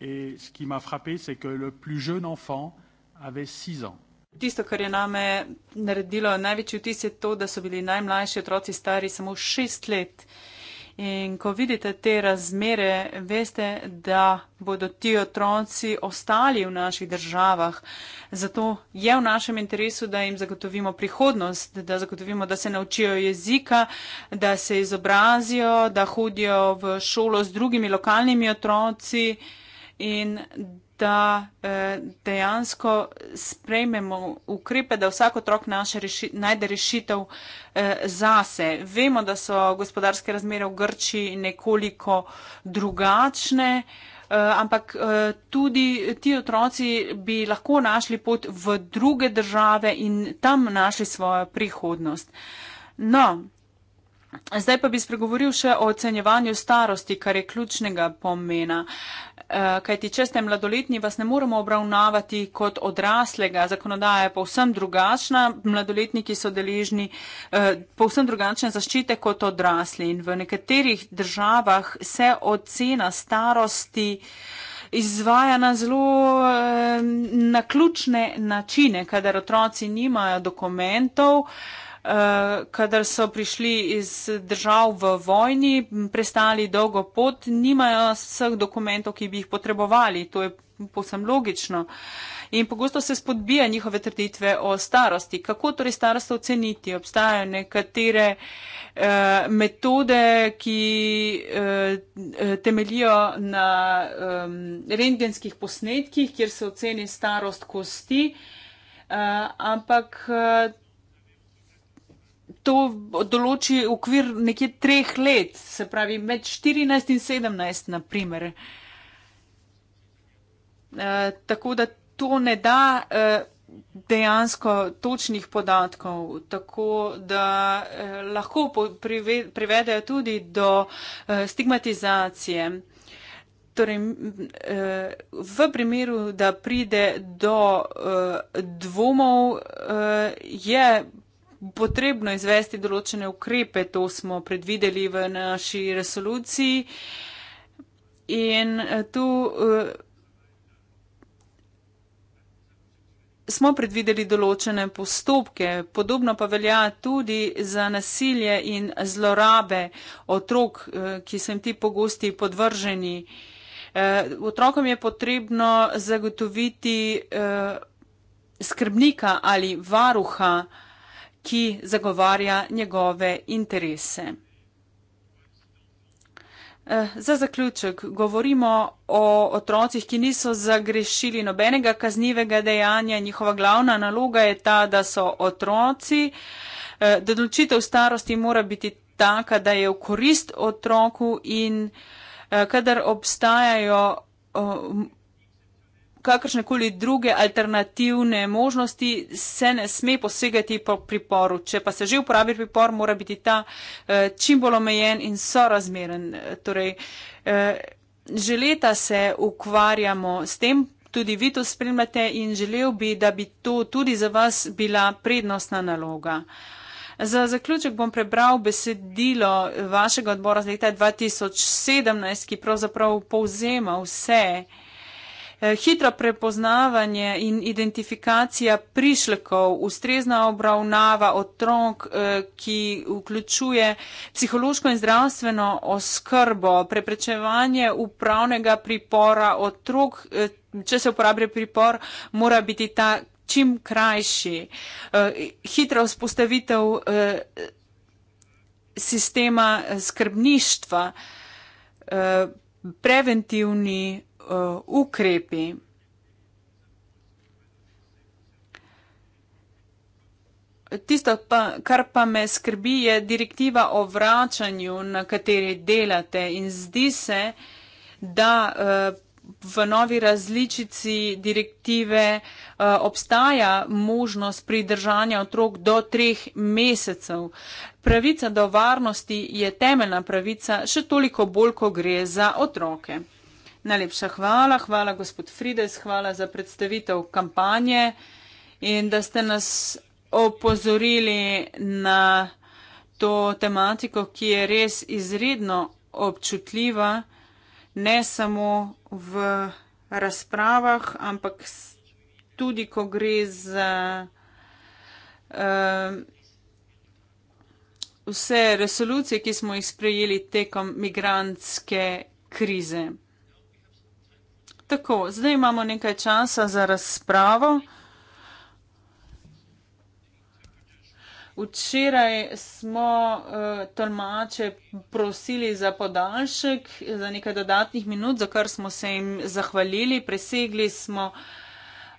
Et ce qui m'a frappé, c'est que le plus jeune enfant avait 6 ans. Tisto, kar je name naredilo največji vtis, je to, da so bili najmlajši otroci stari samo šest let. In ko vidite te razmere, veste, da bodo ti otroci ostali v naših državah. Zato je v našem interesu, da jim zagotovimo prihodnost, da zagotovimo, da se naučijo jezika, da se izobrazijo, da hodijo v šolo z drugimi lokalnimi otroci in da eh, dejansko sprejmemo ukrepe, da vsak otrok reši, najde rešitev eh, zase. Vemo, da so gospodarske razmere v Grčiji nekoliko drugačne, eh, ampak tudi ti otroci bi lahko našli pot v druge države in tam našli svojo prihodnost. No, Zdaj pa bi spregovoril še o ocenjevanju starosti, kar je ključnega pomena. Eh, kajti če ste mladoletni, vas ne moremo obravnavati kot odraslega. Zakonodaja je povsem drugačna, mladoletniki so deležni eh, povsem drugačne zaščite kot odrasli in v nekaterih državah se ocena starosti izvaja na zelo eh, naključne načine, kadar otroci nimajo dokumentov. Eh, kadar so prišli iz držav v vojni, prestali dolgo pot, nimajo vseh dokumentov, ki bi jih potrebovali. To je posem logično. In pogosto se spodbija njihove trditve o starosti. Kako torej starost oceniti? Obstajajo nekatere eh, metode, ki eh, eh temelijo na eh, rentgenskih posnetkih, kjer se oceni starost kosti, eh, ampak eh, to določi okvir nekje treh let, se pravi med 14 in 17, naprimer. E, eh, tako da to ne da e, dejansko točnih podatkov, tako da e, lahko prive, privedejo tudi do e, stigmatizacije. Torej, v primeru, da pride do dvomov, je potrebno izvesti določene ukrepe, to smo predvideli v naši resoluciji. In eh, tu uh, smo predvideli določene postopke. Podobno pa velja tudi za nasilje in zlorabe otrok, uh, ki so jim ti pogosti podvrženi. Uh, otrokom je potrebno zagotoviti uh, skrbnika ali varuha, uh, ki zagovarja njegove interese. Eh, za zaključek govorimo o otrocih, ki niso zagrešili nobenega kaznivega dejanja. Njihova glavna naloga je ta, da so otroci. Eh, določitev starosti mora biti taka, da je v korist otroku in eh, kadar obstajajo kakršne koli druge alternativne možnosti, se ne sme posegati po priporu. Če pa se že uporabi pripor, mora biti ta eh, čim bolj omejen in sorazmeren. Torej, eh, že leta se ukvarjamo s tem, tudi vi to spremljate in želel bi, da bi to tudi za vas bila prednostna naloga. Za zaključek bom prebral besedilo vašega odbora z leta 2017, ki pravzaprav povzema vse eh, Eh, hitro prepoznavanje in identifikacija prišlekov, ustrezna obravnava otrok, eh, ki vključuje psihološko in zdravstveno oskrbo, preprečevanje upravnega pripora otrok, eh, če se uporablja pripor, mora biti ta čim krajši, hitra vzpostavitev sistema skrbništva, preventivni Uh, ukrepi. Tisto, pa, kar pa me skrbi, je direktiva o vračanju, na kateri delate in zdi se, da uh, v novi različici direktive uh, obstaja možnost pridržanja otrok do treh mesecev. Pravica do varnosti je temeljna pravica, še toliko bolj, ko gre za otroke. Najlepša hvala, hvala gospod Frides, hvala za predstavitev kampanje in da ste nas opozorili na to tematiko, ki je res izredno občutljiva, ne samo v razpravah, ampak tudi, ko gre za uh, vse resolucije, ki smo jih sprejeli tekom migranske krize. Tako, zdaj imamo nekaj časa za razpravo. Včeraj smo uh, tolmače prosili za podaljšek, za nekaj dodatnih minut, za kar smo se jim zahvalili. Presegli smo uh,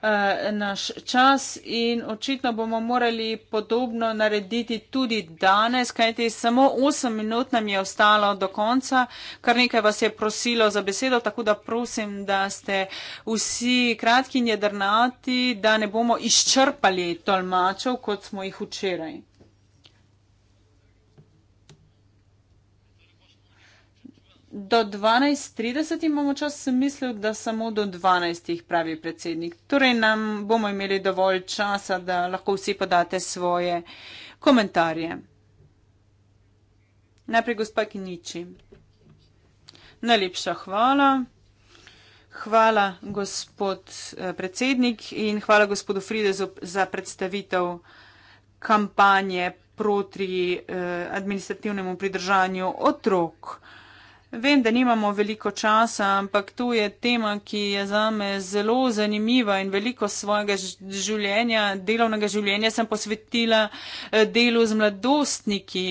Eh, naš čas in očitno bomo morali podobno narediti tudi danes, kajti samo 8 minut nam je ostalo do konca, kar nekaj vas je prosilo za besedo, tako da prosim, da ste vsi kratki in jedrnati, da ne bomo izčrpali tolmačev, kot smo jih včeraj. do 12.30 imamo čas, sem mislil, da samo do 12. pravi predsednik. Torej nam bomo imeli dovolj časa, da lahko vsi podate svoje komentarje. Najprej gospa Kiniči. Najlepša hvala. Hvala, gospod eh, predsednik, in hvala gospodu Fridezu za predstavitev kampanje proti eh, administrativnemu pridržanju otrok. Eh, Vem, da nimamo veliko časa, ampak to je tema, ki je za me zelo zanimiva in veliko svojega življenja, delovnega življenja sem posvetila eh, delu z mladostniki.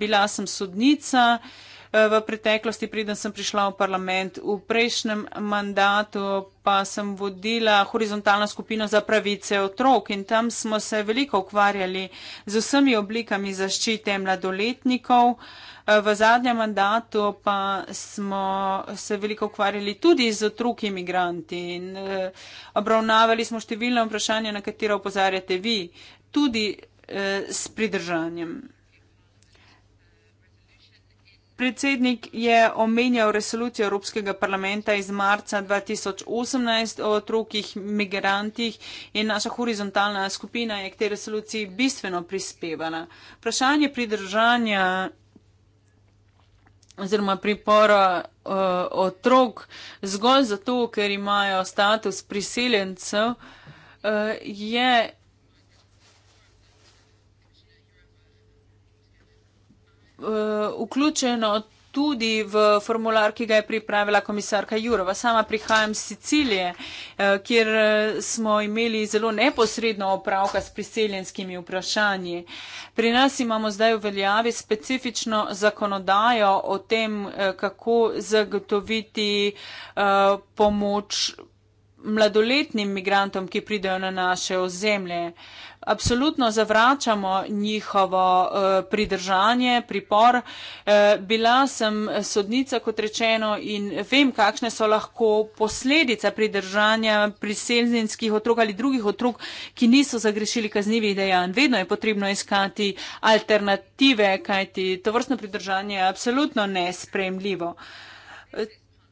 Bila sem sodnica eh, v preteklosti, preden sem prišla v parlament. V prejšnjem mandatu pa sem vodila horizontalno skupino za pravice otrok in tam smo se veliko ukvarjali z vsemi oblikami zaščite mladoletnikov. V zadnjem mandatu pa smo se veliko ukvarjali tudi z otroki imigranti in eh, obravnavali smo številne vprašanja, na katera opozarjate vi, tudi eh, s pridržanjem. Predsednik je omenjal resolucijo Evropskega parlamenta iz marca 2018 o otrokih migrantih in naša horizontalna skupina je k tej resoluciji bistveno prispevala. Vprašanje pridržanja oziroma pripora uh, otrok zgolj zato, ker imajo status priseljencev, uh, je. Eh, vključeno tudi v formular, ki ga je pripravila komisarka Jurova. Sama prihajam z Sicilije, eh, kjer eh, smo imeli zelo neposredno opravka s priseljenskimi vprašanji. Pri nas imamo zdaj v veljavi specifično zakonodajo o tem, eh, kako zagotoviti pomoč mladoletnim migrantom, ki pridejo na naše ozemlje absolutno zavračamo njihovo eh, pridržanje, pripor. Eh, bila sem sodnica, kot rečeno, in vem, kakšne so lahko posledice pridržanja priseljenskih otrok ali drugih otrok, ki niso zagrešili kaznjivih dejanj. Vedno je potrebno iskati alternative, kajti to vrstno pridržanje je absolutno nespremljivo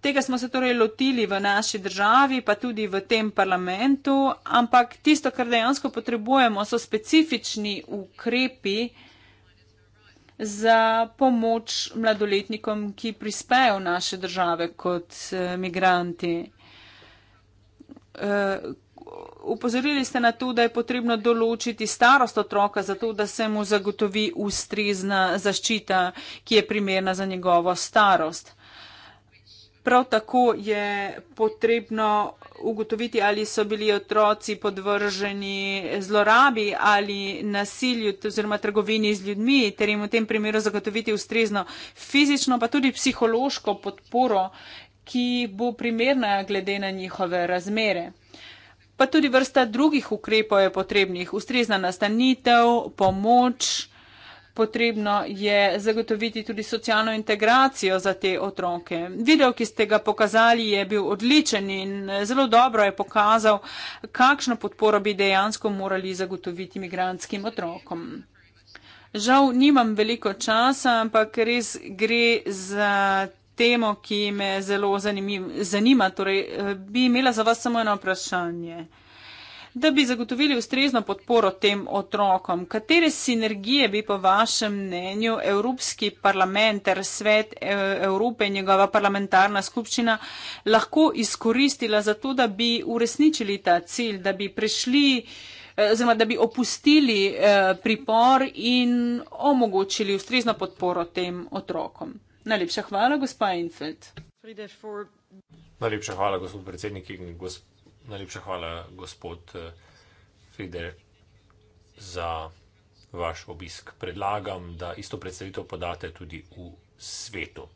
tega smo se torej lotili v naši državi, pa tudi v tem parlamentu, ampak tisto, kar dejansko potrebujemo, so specifični ukrepi za pomoč mladoletnikom, ki prispejo v naše države kot eh, migranti. Eh, upozorili ste na to, da je potrebno določiti starost otroka za to, da se mu zagotovi ustrezna zaščita, ki je primerna za njegovo starost. Prav tako je potrebno ugotoviti, ali so bili otroci podvrženi zlorabi ali nasilju oziroma trgovini z ljudmi ter jim v tem primeru zagotoviti ustrezno fizično pa tudi psihološko podporo, ki bo primerna glede na njihove razmere. Pa tudi vrsta drugih ukrepov je potrebnih, ustrezna nastanitev, pomoč. Potrebno je zagotoviti tudi socialno integracijo za te otroke. Video, ki ste ga pokazali, je bil odličen in zelo dobro je pokazal, kakšno podporo bi dejansko morali zagotoviti migranskim otrokom. Žal nimam veliko časa, ampak res gre za temo, ki me zelo zanima. Torej, eh, bi imela za vas samo eno vprašanje da bi zagotovili ustrezno podporo tem otrokom. Katere sinergije bi po vašem mnenju Evropski parlament ter svet e, Evrope in njegova parlamentarna skupščina lahko izkoristila za to, da bi uresničili ta cilj, da bi prišli e, oziroma da bi opustili e, pripor in omogočili ustrezno podporo tem otrokom. Najlepša hvala, gospa Infeld. Najlepša hvala, gospod predsednik in gospod. Najlepša hvala, gospod eh, Frider, za vaš obisk. Predlagam, da isto predstavitev podate tudi v svetu.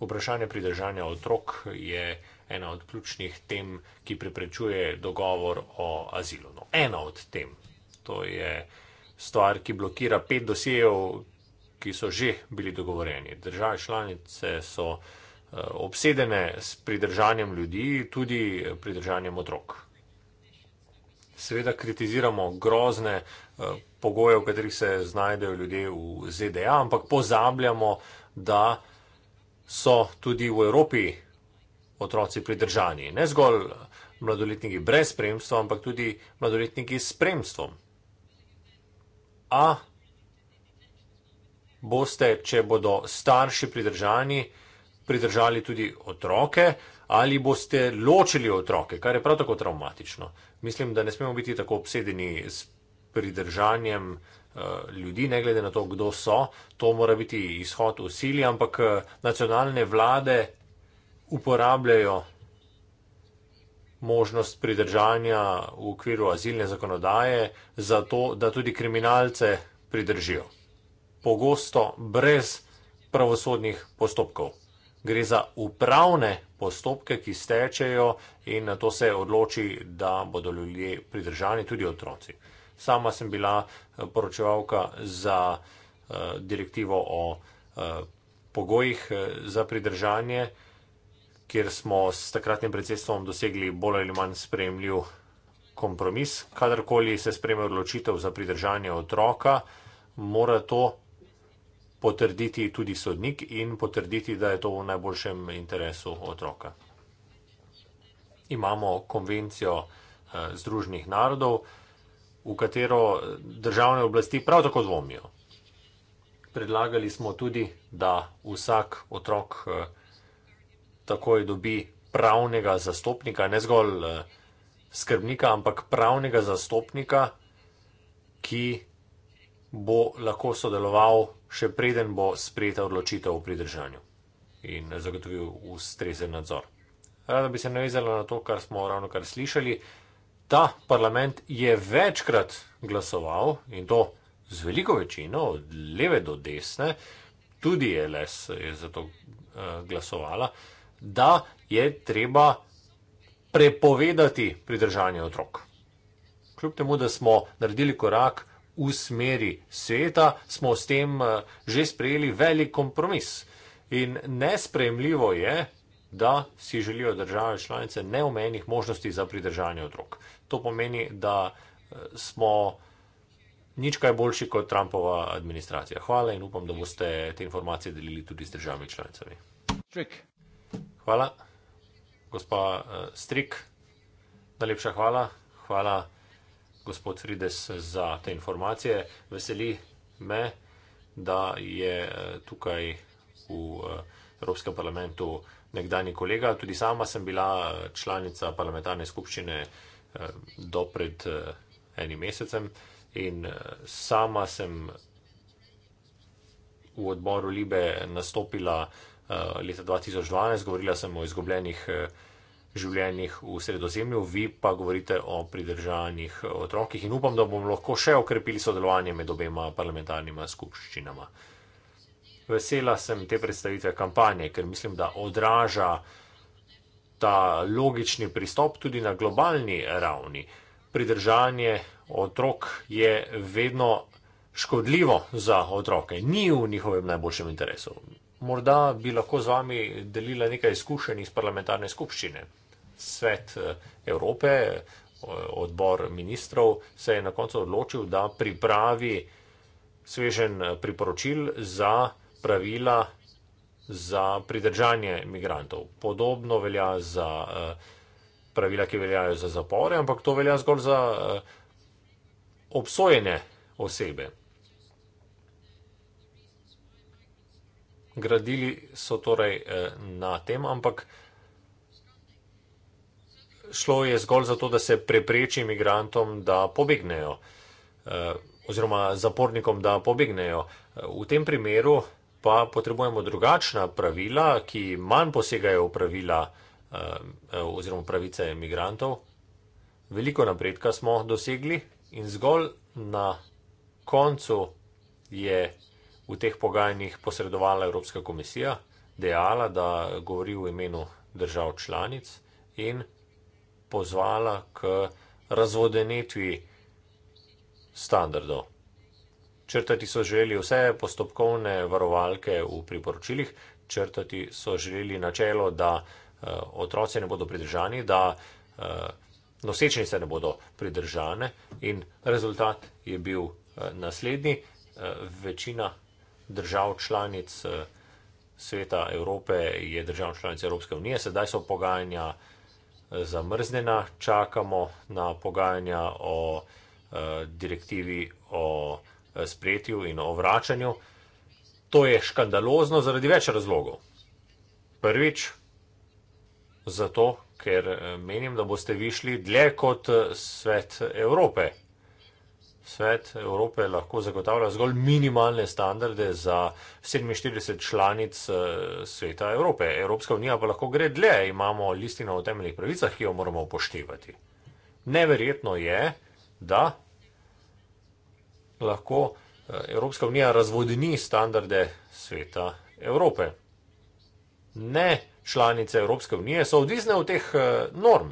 Vprašanje pridržanja otrok je ena od ključnih tem, ki preprečuje dogovor o azilu. No, ena od tem. To je stvar, ki blokira pet dosijev, ki so že bili dogovorjeni. Države članice so. Eh, obsedene s pridržanjem ljudi, tudi pridržanjem otrok. Seveda kritiziramo grozne eh, pogoje, v katerih se znajdejo ljudje v ZDA, ampak pozabljamo, da so tudi v Evropi otroci pridržani. Ne zgolj mladoletniki brez spremstva, ampak tudi mladoletniki s spremstvom. A boste, če bodo starši pridržani, pridržali tudi otroke ali boste ločili otroke, kar je prav tako traumatično. Mislim, da ne smemo biti tako obsedeni s pridržanjem eh, ljudi, ne glede na to, kdo so. To mora biti izhod v sili, ampak eh, nacionalne vlade uporabljajo možnost pridržanja v okviru azilne zakonodaje, zato da tudi kriminalce pridržijo. Pogosto brez pravosodnih postopkov gre za upravne postopke, ki stečejo in na to se odloči, da bodo ljudje pridržani, tudi otroci. Sama sem bila eh, poročevalka za eh, direktivo o eh, pogojih za pridržanje, kjer smo s takratnim predsedstvom dosegli bolj ali manj spremljiv kompromis. Kadarkoli se spreme odločitev za pridržanje otroka, mora to potrditi tudi sodnik in potrditi, da je to v najboljšem interesu otroka. Imamo konvencijo eh, Združenih narodov, v katero državne oblasti prav tako dvomijo. Predlagali smo tudi, da vsak otrok eh, takoj dobi pravnega zastopnika, ne zgolj eh, skrbnika, ampak pravnega zastopnika, ki bo lahko sodeloval še preden bo sprejeta odločitev o pridržanju in zagotovil ustrezen nadzor. Rada bi se navezala na to, kar smo ravno kar slišali. Ta parlament je večkrat glasoval in to z veliko večino, od leve do desne, tudi LS je zato eh, glasovala, da je treba prepovedati pridržanje otrok. Kljub temu, da smo naredili korak, v smeri sveta, smo s tem eh, že sprejeli velik kompromis. In nespremljivo je, da si želijo države članice neomenih možnosti za pridržanje otrok. To pomeni, da eh, smo nič kaj boljši kot Trumpova administracija. Hvala in upam, da boste te informacije delili tudi z državami članicami. Trik. Hvala. Gospa eh, Strik, najlepša hvala. Hvala gospod Frides za te informacije. Veseli me, da je eh, tukaj v eh, Evropskem parlamentu nekdani kolega. Tudi sama sem bila eh, članica parlamentarne skupščine do pred enim mesecem in sama sem v odboru Libe nastopila leta 2012, govorila sem o izgubljenih življenjih v sredozemlju, vi pa govorite o pridržanih eh, otrokih in upam, da bomo lahko še okrepili sodelovanje med obema parlamentarnima skupščinama. Vesela sem te predstavitve kampanje, ker mislim, da odraža ta logični pristop tudi na globalni ravni. Pridržanje otrok je vedno škodljivo za otroke, ni v njihovem najboljšem interesu. Morda bi lahko z vami delila nekaj izkušenj iz parlamentarne skupščine svet eh, Evrope, eh, odbor ministrov, se je na koncu odločil, da pripravi svežen eh, priporočil za pravila za pridržanje imigrantov. Podobno velja za pravila, ki veljajo za zapore, ampak to velja zgolj za obsojene osebe. Gradili so torej na tem, ampak šlo je zgolj zato, da se prepreči imigrantom, da pobegnejo, eh, oziroma zapornikom, da pobegnejo. Eh, v tem primeru pa potrebujemo drugačna pravila, ki manj posegajo v pravila eh, oziroma pravice imigrantov. Veliko napredka smo dosegli in zgolj na koncu je v teh pogajanjih posredovala Evropska komisija, dejala, da govori v imenu držav članic in pozvala k razvodenitvi standardov. Črtati so želeli vse postopkovne varovalke v priporočilih, črtati so želeli načelo, da eh, otroci ne bodo pridržani, da eh, nosečnice ne bodo pridržane in rezultat je bil eh, naslednji. Večina držav članic sveta Evrope je držav članic Evropske unije, sedaj so pogajanja zamrznjena, čakamo na pogajanja o eh, direktivi o eh, spretju in o vračanju. To je škandalozno zaradi več razlogov. Prvič, zato, ker eh, menim, da boste vi šli dlje kot svet Evrope. Svet Evrope lahko zagotavlja zgolj minimalne standarde za 47 članic eh, sveta Evrope. Evropska unija pa lahko gre dlje, imamo listino o temeljnih pravicah, ki jo moramo upoštevati. Neverjetno je, da lahko eh, Evropska unija razvodni standarde sveta Evrope. Ne članice Evropske unije so odvisne od teh eh, norm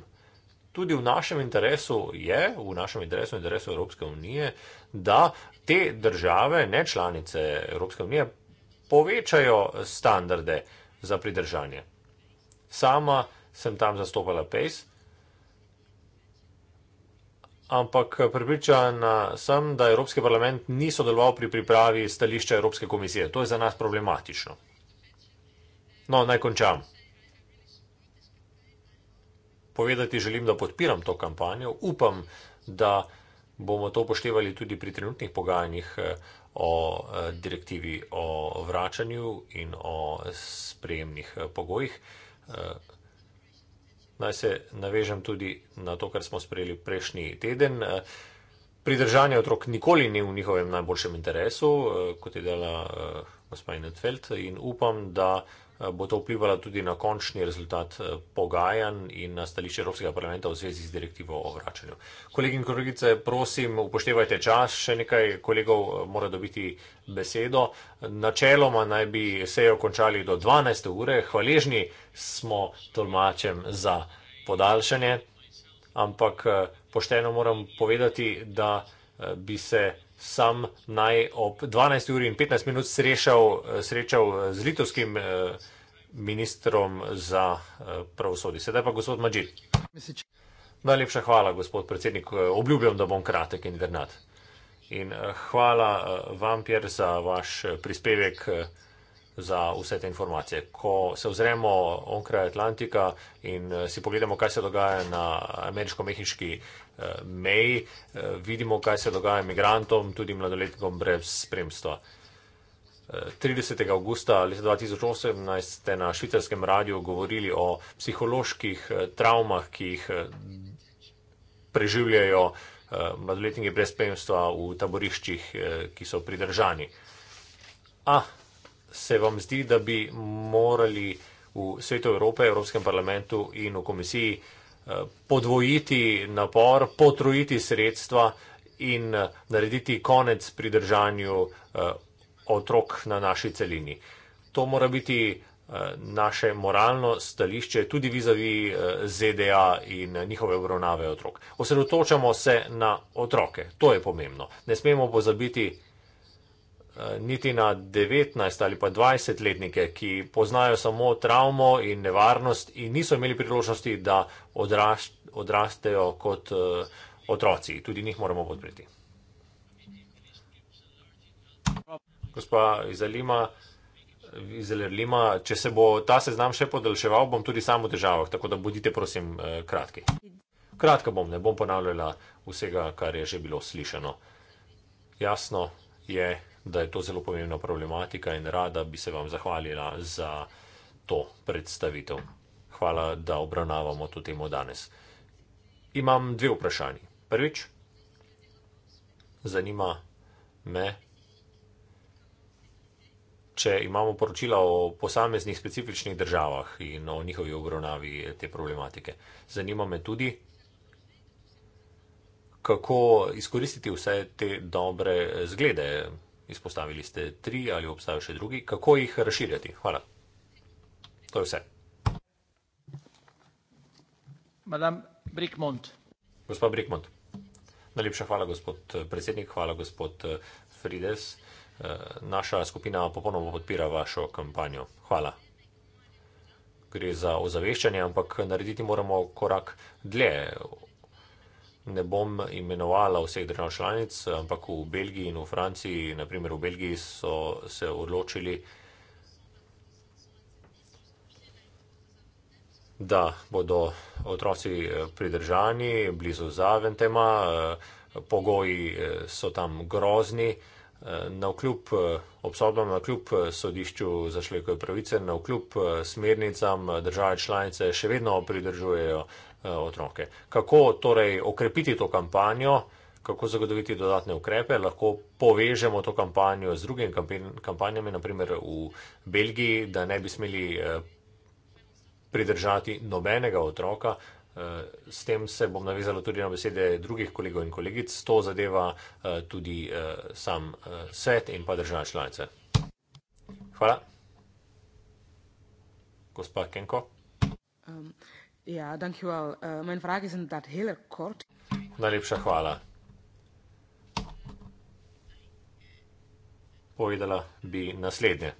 tudi v našem interesu je, v našem interesu, interesu Evropske unije, da te države, ne članice Evropske unije, povečajo standarde za pridržanje. Sama sem tam zastopala PACE, ampak pripričana sem, da Evropski parlament ni sodeloval pri pripravi stališča Evropske komisije. To je za nas problematično. No, naj končam povedati želim, da podpiram to kampanjo. Upam, da bomo to upoštevali tudi pri trenutnih pogajanjih eh, o eh, direktivi o vračanju in o sprejemnih eh, pogojih. Naj se navežem tudi na to, kar smo sprejeli prejšnji teden. Pridržanje otrok nikoli ni v njihovem najboljšem interesu, kot je dela gospa Inetfeld in upam, da Eh, bo to vplivalo tudi na končni rezultat eh, pogajanj in na stališče Evropskega parlamenta v zvezi z direktivo o vračanju. Kolegi in kolegice, prosim, upoštevajte čas, še nekaj kolegov eh, mora dobiti besedo. Načeloma naj bi sejo končali do 12. ure, hvaležni smo tolmačem za podaljšanje, ampak pošteno moram povedati, da bi se sam naj ob 12. uri in 15 minut srešal, srečal eh, z litovskim eh, ministrom za eh, pravosodje. Sedaj pa gospod Mađir. Najlepša hvala, gospod predsednik. Obljubljam, da bom kratek in drnat. In hvala vam, Pierre, za vaš prispevek za vse te informacije. Ko se ozremo onkraj Atlantika in eh, si pogledamo, kaj se dogaja na ameriško-mehiški eh, meji, eh, vidimo, kaj se dogaja imigrantom, tudi mladoletnikom brez spremstva. 30. augusta leta 2018 ste na švicarskem radiju govorili o psiholoških travmah, ki jih preživljajo mladoletniki brez spremstva v taboriščih, ki so pridržani. A, ah, se vam zdi, da bi morali v svetu Evrope, Evropskem parlamentu in v komisiji eh, podvojiti napor, potrojiti sredstva in eh, narediti konec pridržanju eh, otrok na naši celini. To mora biti naše moralno stališče tudi vizavi ZDA in njihove obravnave otrok. Osredotočamo se na otroke, to je pomembno. Ne smemo pozabiti, Eh, niti na 19 ali pa 20 letnike, ki poznajo samo travmo in nevarnost in niso imeli priložnosti, da odrašč. Odrastejo kot uh, otroci, tudi njih moramo podpreti. Gospa Izalima, Izalima, če se bo ta seznam še podaljševal, bom tudi sam v državah, tako da bodite, prosim, uh, kratki. Kratka bom, ne bom ponavljala vsega, kar je že bilo slišano. Jasno je da je to zelo pomembna problematika in rada bi se vam zahvalila za to predstavitev. Hvala, da obravnavamo to temo danes. Imam dve vprašanji. Prvič, zanima me, če imamo poročila o posameznih specifičnih državah in o njihovi obravnavi te problematike. Zanima me tudi, kako izkoristiti vse te dobre zglede. Izpostavili ste tri ali obstajajo še drugi. Kako jih razširjati? Hvala. To je vse. Madam Brikmont. Gospod Brikmont. Najlepša hvala, gospod eh, predsednik, hvala, gospod eh, Frides. Eh, naša skupina popolnoma podpira vašo kampanjo. Hvala. Gre za ozaveščanje, ampak narediti moramo korak dlje ne bom imenovala vseh držav članic, ampak v Belgiji in v Franciji, naprimer v Belgiji, so se odločili, da bodo otroci eh, pridržani blizu Zaventema, eh, pogoji eh, so tam grozni, na vkljub eh, obsodbam, na vkljub eh, sodišču za človekove pravice, na vkljub eh, smernicam države članice še vedno pridržujejo otroke. Kako torej okrepiti to kampanjo, kako zagotoviti dodatne ukrepe, lahko povežemo to kampanjo z drugim kampanjami, naprimer v Belgiji, da ne bi smeli pridržati nobenega otroka, Eh, s tem se bom navezala tudi na besede drugih kolegov in kolegic. To zadeva eh, tudi eh, sam svet in pa države članice. Hvala. Gospa Kenko. Um, yeah, ja, uh, Najlepša hvala. Povedala bi naslednje.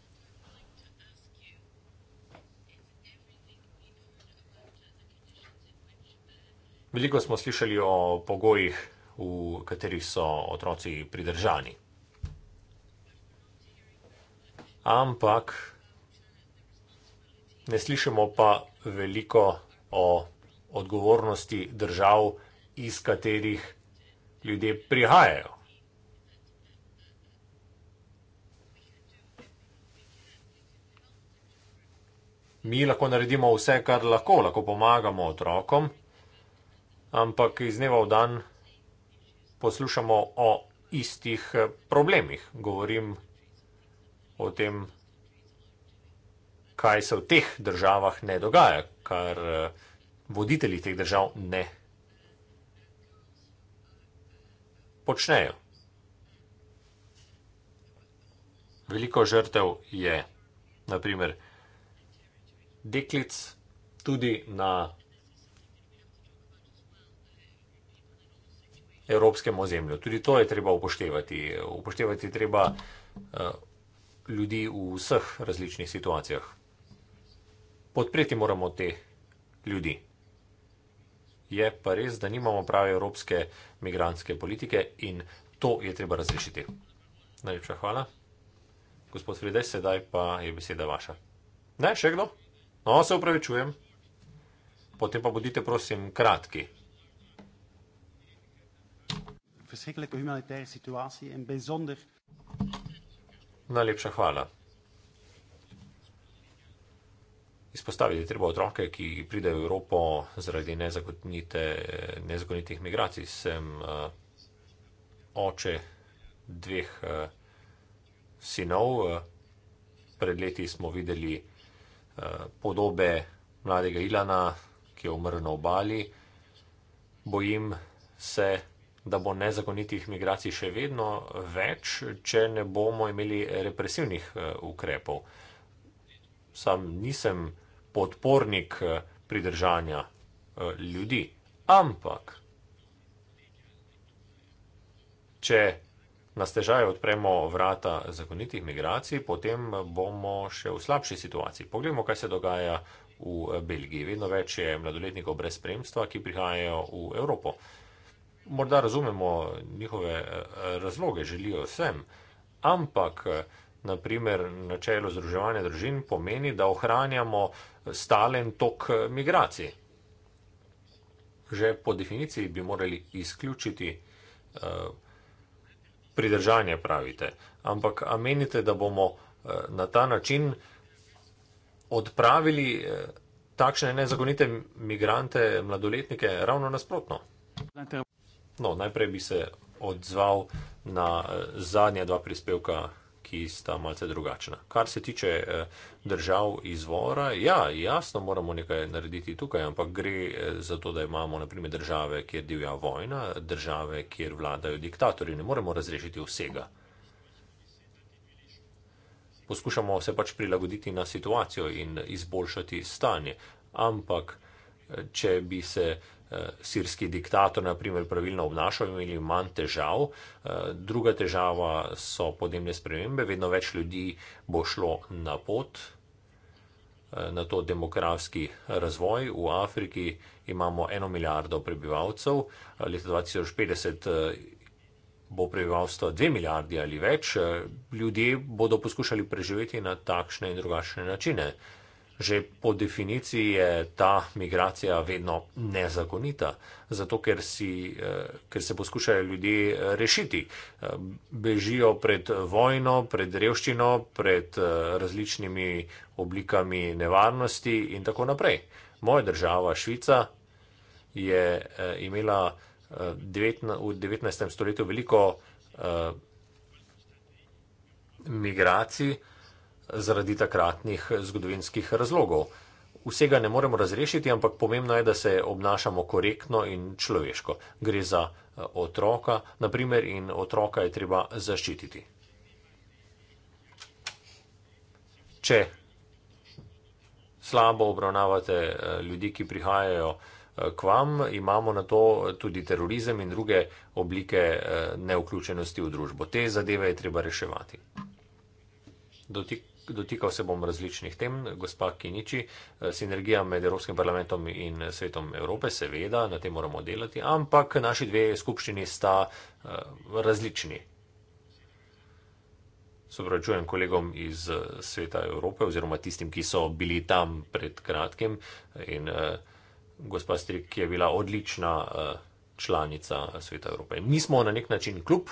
Veliko smo slišali o pogojih, v katerih so otroci pridržani. Ampak ne slišimo pa veliko o odgovornosti držav, iz katerih ljudje prihajajo. Mi lahko naredimo vse, kar lahko, lahko pomagamo otrokom ampak iz dneva v dan poslušamo o istih eh, problemih. Govorim o tem, kaj se v teh državah ne dogaja, kar eh, voditelji teh držav ne počnejo. Veliko žrtev je, naprimer, deklic tudi na evropskem ozemlju. Tudi to je treba upoštevati. Upoštevati je treba eh, ljudi v vseh različnih situacijah. Podpreti moramo te ljudi. Je pa res, da nimamo prave evropske migranske politike in to je treba razrešiti. Najlepša hvala. Gospod Frede, sedaj pa je beseda vaša. Ne, še kdo? No, se upravičujem. Potem pa bodite prosim kratki verschrikkelijke humanitaire situatie en bijzonder. Najlepša hvala. Izpostaviti je treba otroke, ki pridejo v Evropo zaradi nezakonitih migracij. Sem uh, oče dveh uh, sinov. Uh, pred leti smo videli uh, podobe mladega Ilana, ki je umrl na obali. Bojim se, da bo nezakonitih migracij še vedno več, če ne bomo imeli represivnih eh, ukrepov. Sam nisem podpornik eh, pridržanja eh, ljudi, ampak če na stežaj odpremo vrata zakonitih migracij, potem bomo še v slabši situaciji. Poglejmo, kaj se dogaja v Belgiji. Vedno več je mladoletnikov brez spremstva, ki prihajajo v Evropo morda razumemo njihove eh, razloge, želijo vsem, ampak eh, naprimer načelo združevanja družin pomeni, da ohranjamo stalen tok eh, migracij. Že po definiciji bi morali izključiti pridržanje, pravite. Ampak menite, da bomo na ta način odpravili takšne nezakonite migrante, mladoletnike, ravno nasprotno. No, najprej bi se odzval na eh, zadnja dva prispevka, ki sta malce drugačna. Kar se tiče eh, držav izvora, ja, jasno, moramo nekaj narediti tukaj, ampak gre eh, za to, da imamo naprimer države, kjer divja vojna, države, kjer vladajo diktatori. Ne moremo razrešiti vsega. Poskušamo se pač prilagoditi na situacijo in izboljšati stanje. Ampak, če bi se Eh, sirski diktator naprimer pravilno obnašal, imeli manj težav. Eh, druga težava so podnebne spremembe, vedno več ljudi bo šlo na pot, eh, na to demografski razvoj. V Afriki imamo eno milijardo prebivalcev, leta 2050. Bo prebivalstvo 2 milijardi ali več, ljudje bodo poskušali preživeti na takšne in drugačne načine. Že po definiciji je ta migracija vedno nezakonita, zato ker, si, eh, ker se poskušajo ljudje eh, rešiti. Eh, bežijo pred vojno, pred revščino, pred različnimi oblikami nevarnosti in tako naprej. Moja država, Švica, je imela v 19. stoletju veliko migracij zaradi takratnih zgodovinskih razlogov. Vsega ne moremo razrešiti, ampak pomembno je, da se obnašamo korektno in človeško. Gre za eh, otroka, naprimer, in otroka je treba zaščititi. Če slabo obravnavate eh, ljudi, ki prihajajo eh, k vam, imamo na to tudi terorizem in druge oblike neuključenosti v družbo. Te zadeve je treba reševati. Dotik dotikal se bom različnih tem, gospa Kiniči, eh, sinergija med Evropskim parlamentom in svetom Evrope, seveda, na tem moramo delati, ampak naši dve skupščini sta eh, različni. Sopračujem kolegom iz eh, sveta Evrope oziroma tistim, ki so bili tam pred kratkim in gospa Strik, ki je bila odlična članica sveta Evrope. Mi smo na nek način kljub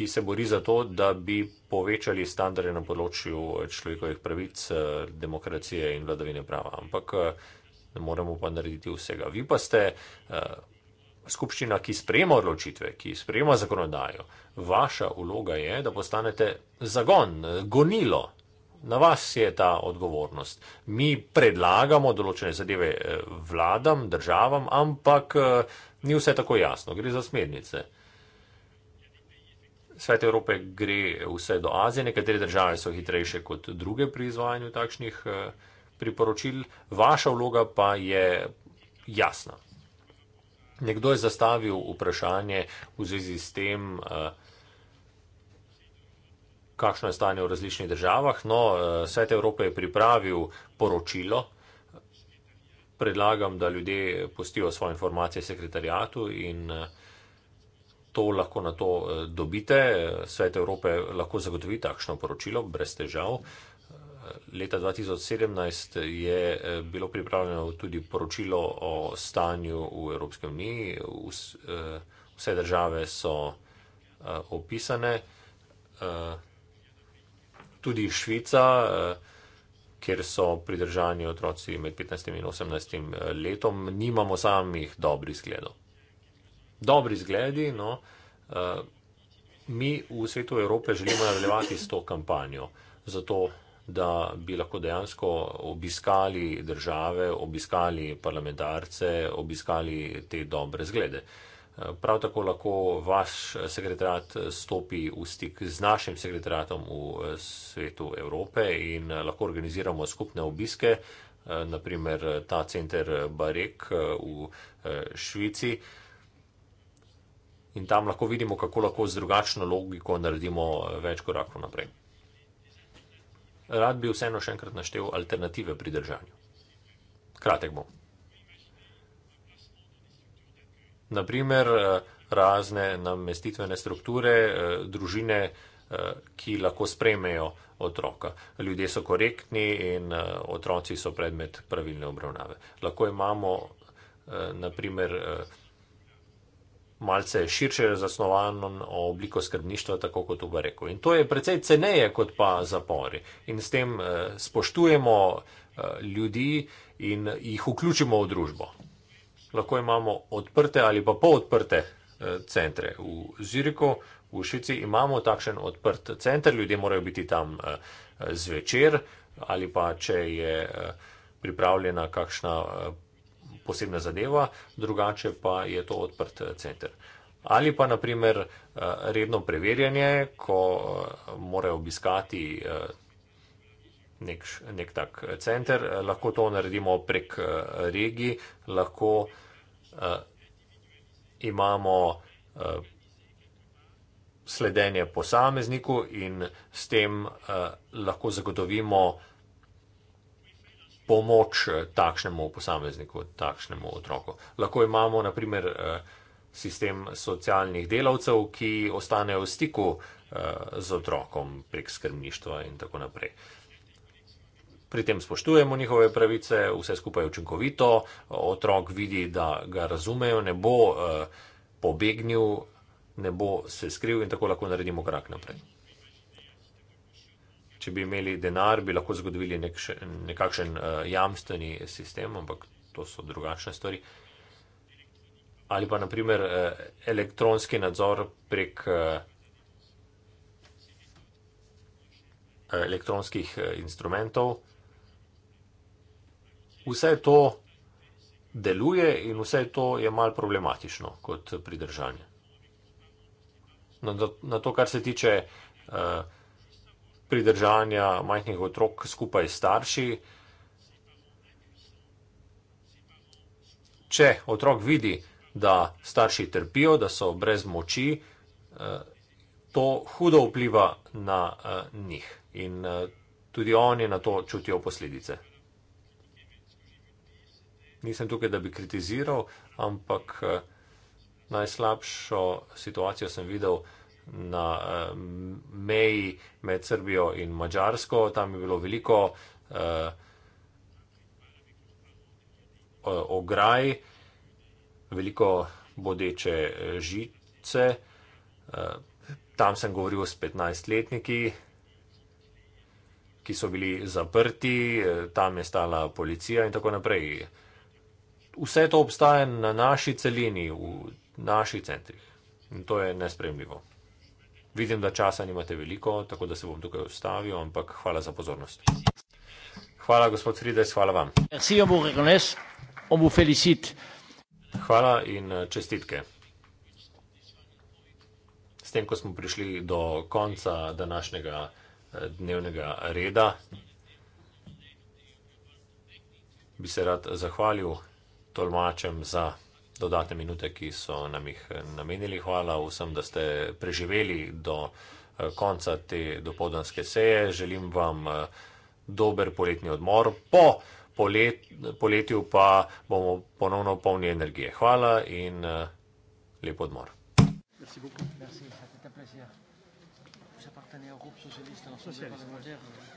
ki se bori za to, da bi povečali standarde na področju eh, človekovih pravic, eh, demokracije in vladavine prava. Ampak eh, ne moremo pa narediti vsega. Vi pa ste skupščina, ki sprejema odločitve, ki sprejema zakonodajo. Vaša vloga je, da postanete zagon, gonilo. Na vas je ta odgovornost. Mi predlagamo določene zadeve vladam, državam, ampak ni vse tako jasno. Gre za smernice svet Evrope gre vse do Azije, nekatere države so hitrejše kot druge pri izvajanju takšnih eh, priporočil, vaša vloga pa je jasna. Nekdo je zastavil vprašanje v zvezi s tem, eh, kakšno je stanje v različnih državah. No, eh, svet Evrope je pripravil poročilo. Predlagam, da ljudje postijo svoje informacije sekretarijatu in uh, to lahko na to eh, dobite. Svet Evrope lahko zagotovi takšno poročilo brez težav. Eh, leta 2017 je eh, bilo pripravljeno tudi poročilo o stanju v Evropske unije. Vse države so opisane. Tudi Švica, kjer so pridržani otroci med 15 in 18 letom, nimamo samih dobrih zgledov dobri zgledi. No, eh, mi v svetu Evrope želimo nadaljevati s to kampanjo, zato da bi lahko dejansko obiskali države, obiskali parlamentarce, obiskali te dobre zglede. Eh, prav tako lahko vaš sekretarat stopi v stik z našim sekretaratom v eh, svetu Evrope in lahko organiziramo skupne obiske, naprimer ta center Barek v Švici in tam lahko vidimo, kako lahko z drugačno logiko naredimo eh, več korakov naprej. Rad bi vseeno še enkrat naštel alternative pri držanju. Kratek bom. Naprimer, eh, razne namestitvene strukture, eh, družine, ki lahko spremejo otroka. Ljudje so korektni in otroci so predmet pravilne obravnave. Lahko imamo, naprimer, malce širše zasnovano obliko skrbništva, tako kot bo rekel. In to je precej ceneje kot pa zapori. In s tem eh, spoštujemo eh, ljudi in jih vključimo v družbo. Lahko imamo odprte ali pa polodprte eh, centre. V Ziriku, v Švici imamo takšen odprt center, ljudje morajo biti tam zvečer ali pa če je pripravljena kakšna posebna zadeva, drugače pa je to odprt eh, center. Ali pa naprimer eh, redno preverjanje, ko eh, morajo obiskati nek, nek tak center, lahko to naredimo prek regij, lahko imamo sledenje posamezniku in s tem lahko zagotovimo, pomoč eh, takšnemu posamezniku, takšnemu otroku. Lahko imamo, naprimer, eh, sistem socialnih delavcev, ki ostanejo v stiku eh, z otrokom prek skrbništva in tako naprej. Pri tem spoštujemo njihove pravice, vse skupaj je učinkovito, otrok vidi, da ga razumejo, ne bo pobegnil, ne bo se skril in tako lahko naredimo korak naprej če bi imeli denar, bi lahko zgodovili nek še, nekakšen uh, jamstveni sistem, ampak to so drugačne stvari. Ali pa naprimer uh, eh, elektronski nadzor prek uh, elektronskih instrumentov. Vse to deluje in vse to je mal problematično kot pridržanje. Na to, kar se tiče uh, pridržanja majhnih otrok skupaj s starši. Če otrok vidi, da starši trpijo, da so brez moči, eh, to hudo vpliva na eh, njih in eh, tudi oni na to čutijo posledice. Nisem tukaj, da bi kritiziral, ampak najslabšo situacijo sem videl, da na uh, meji med Srbijo in Mačarsko. Tam je bilo veliko uh, ograj, veliko bodeče žice. Uh, tam sem govoril s 15-letniki, ki so bili zaprti, tam je stala policija in tako naprej. Vse to obstaja na naši celini, v naših centrih. In to je nespremljivo. Vidim, da časa nimate veliko, tako da se bom tukaj ustavil, ampak hvala za pozornost. Hvala, gospod Frides, hvala vam. Hvala in eh, čestitke. S tem, ko smo prišli do konca današnjega eh, dnevnega reda, bi se rad zahvalil tolmačem za dodatne minute, ki so nam jih eh, namenili. Hvala vsem, da ste preživeli do eh, konca te dopoldanske seje. Želim vam eh, dober poletni odmor. Po polet, poletju pa bomo ponovno polni energije. Hvala in lep odmor. Merci beaucoup. Merci. C'était un plaisir. Vous appartenez au groupe socialiste en socialisme.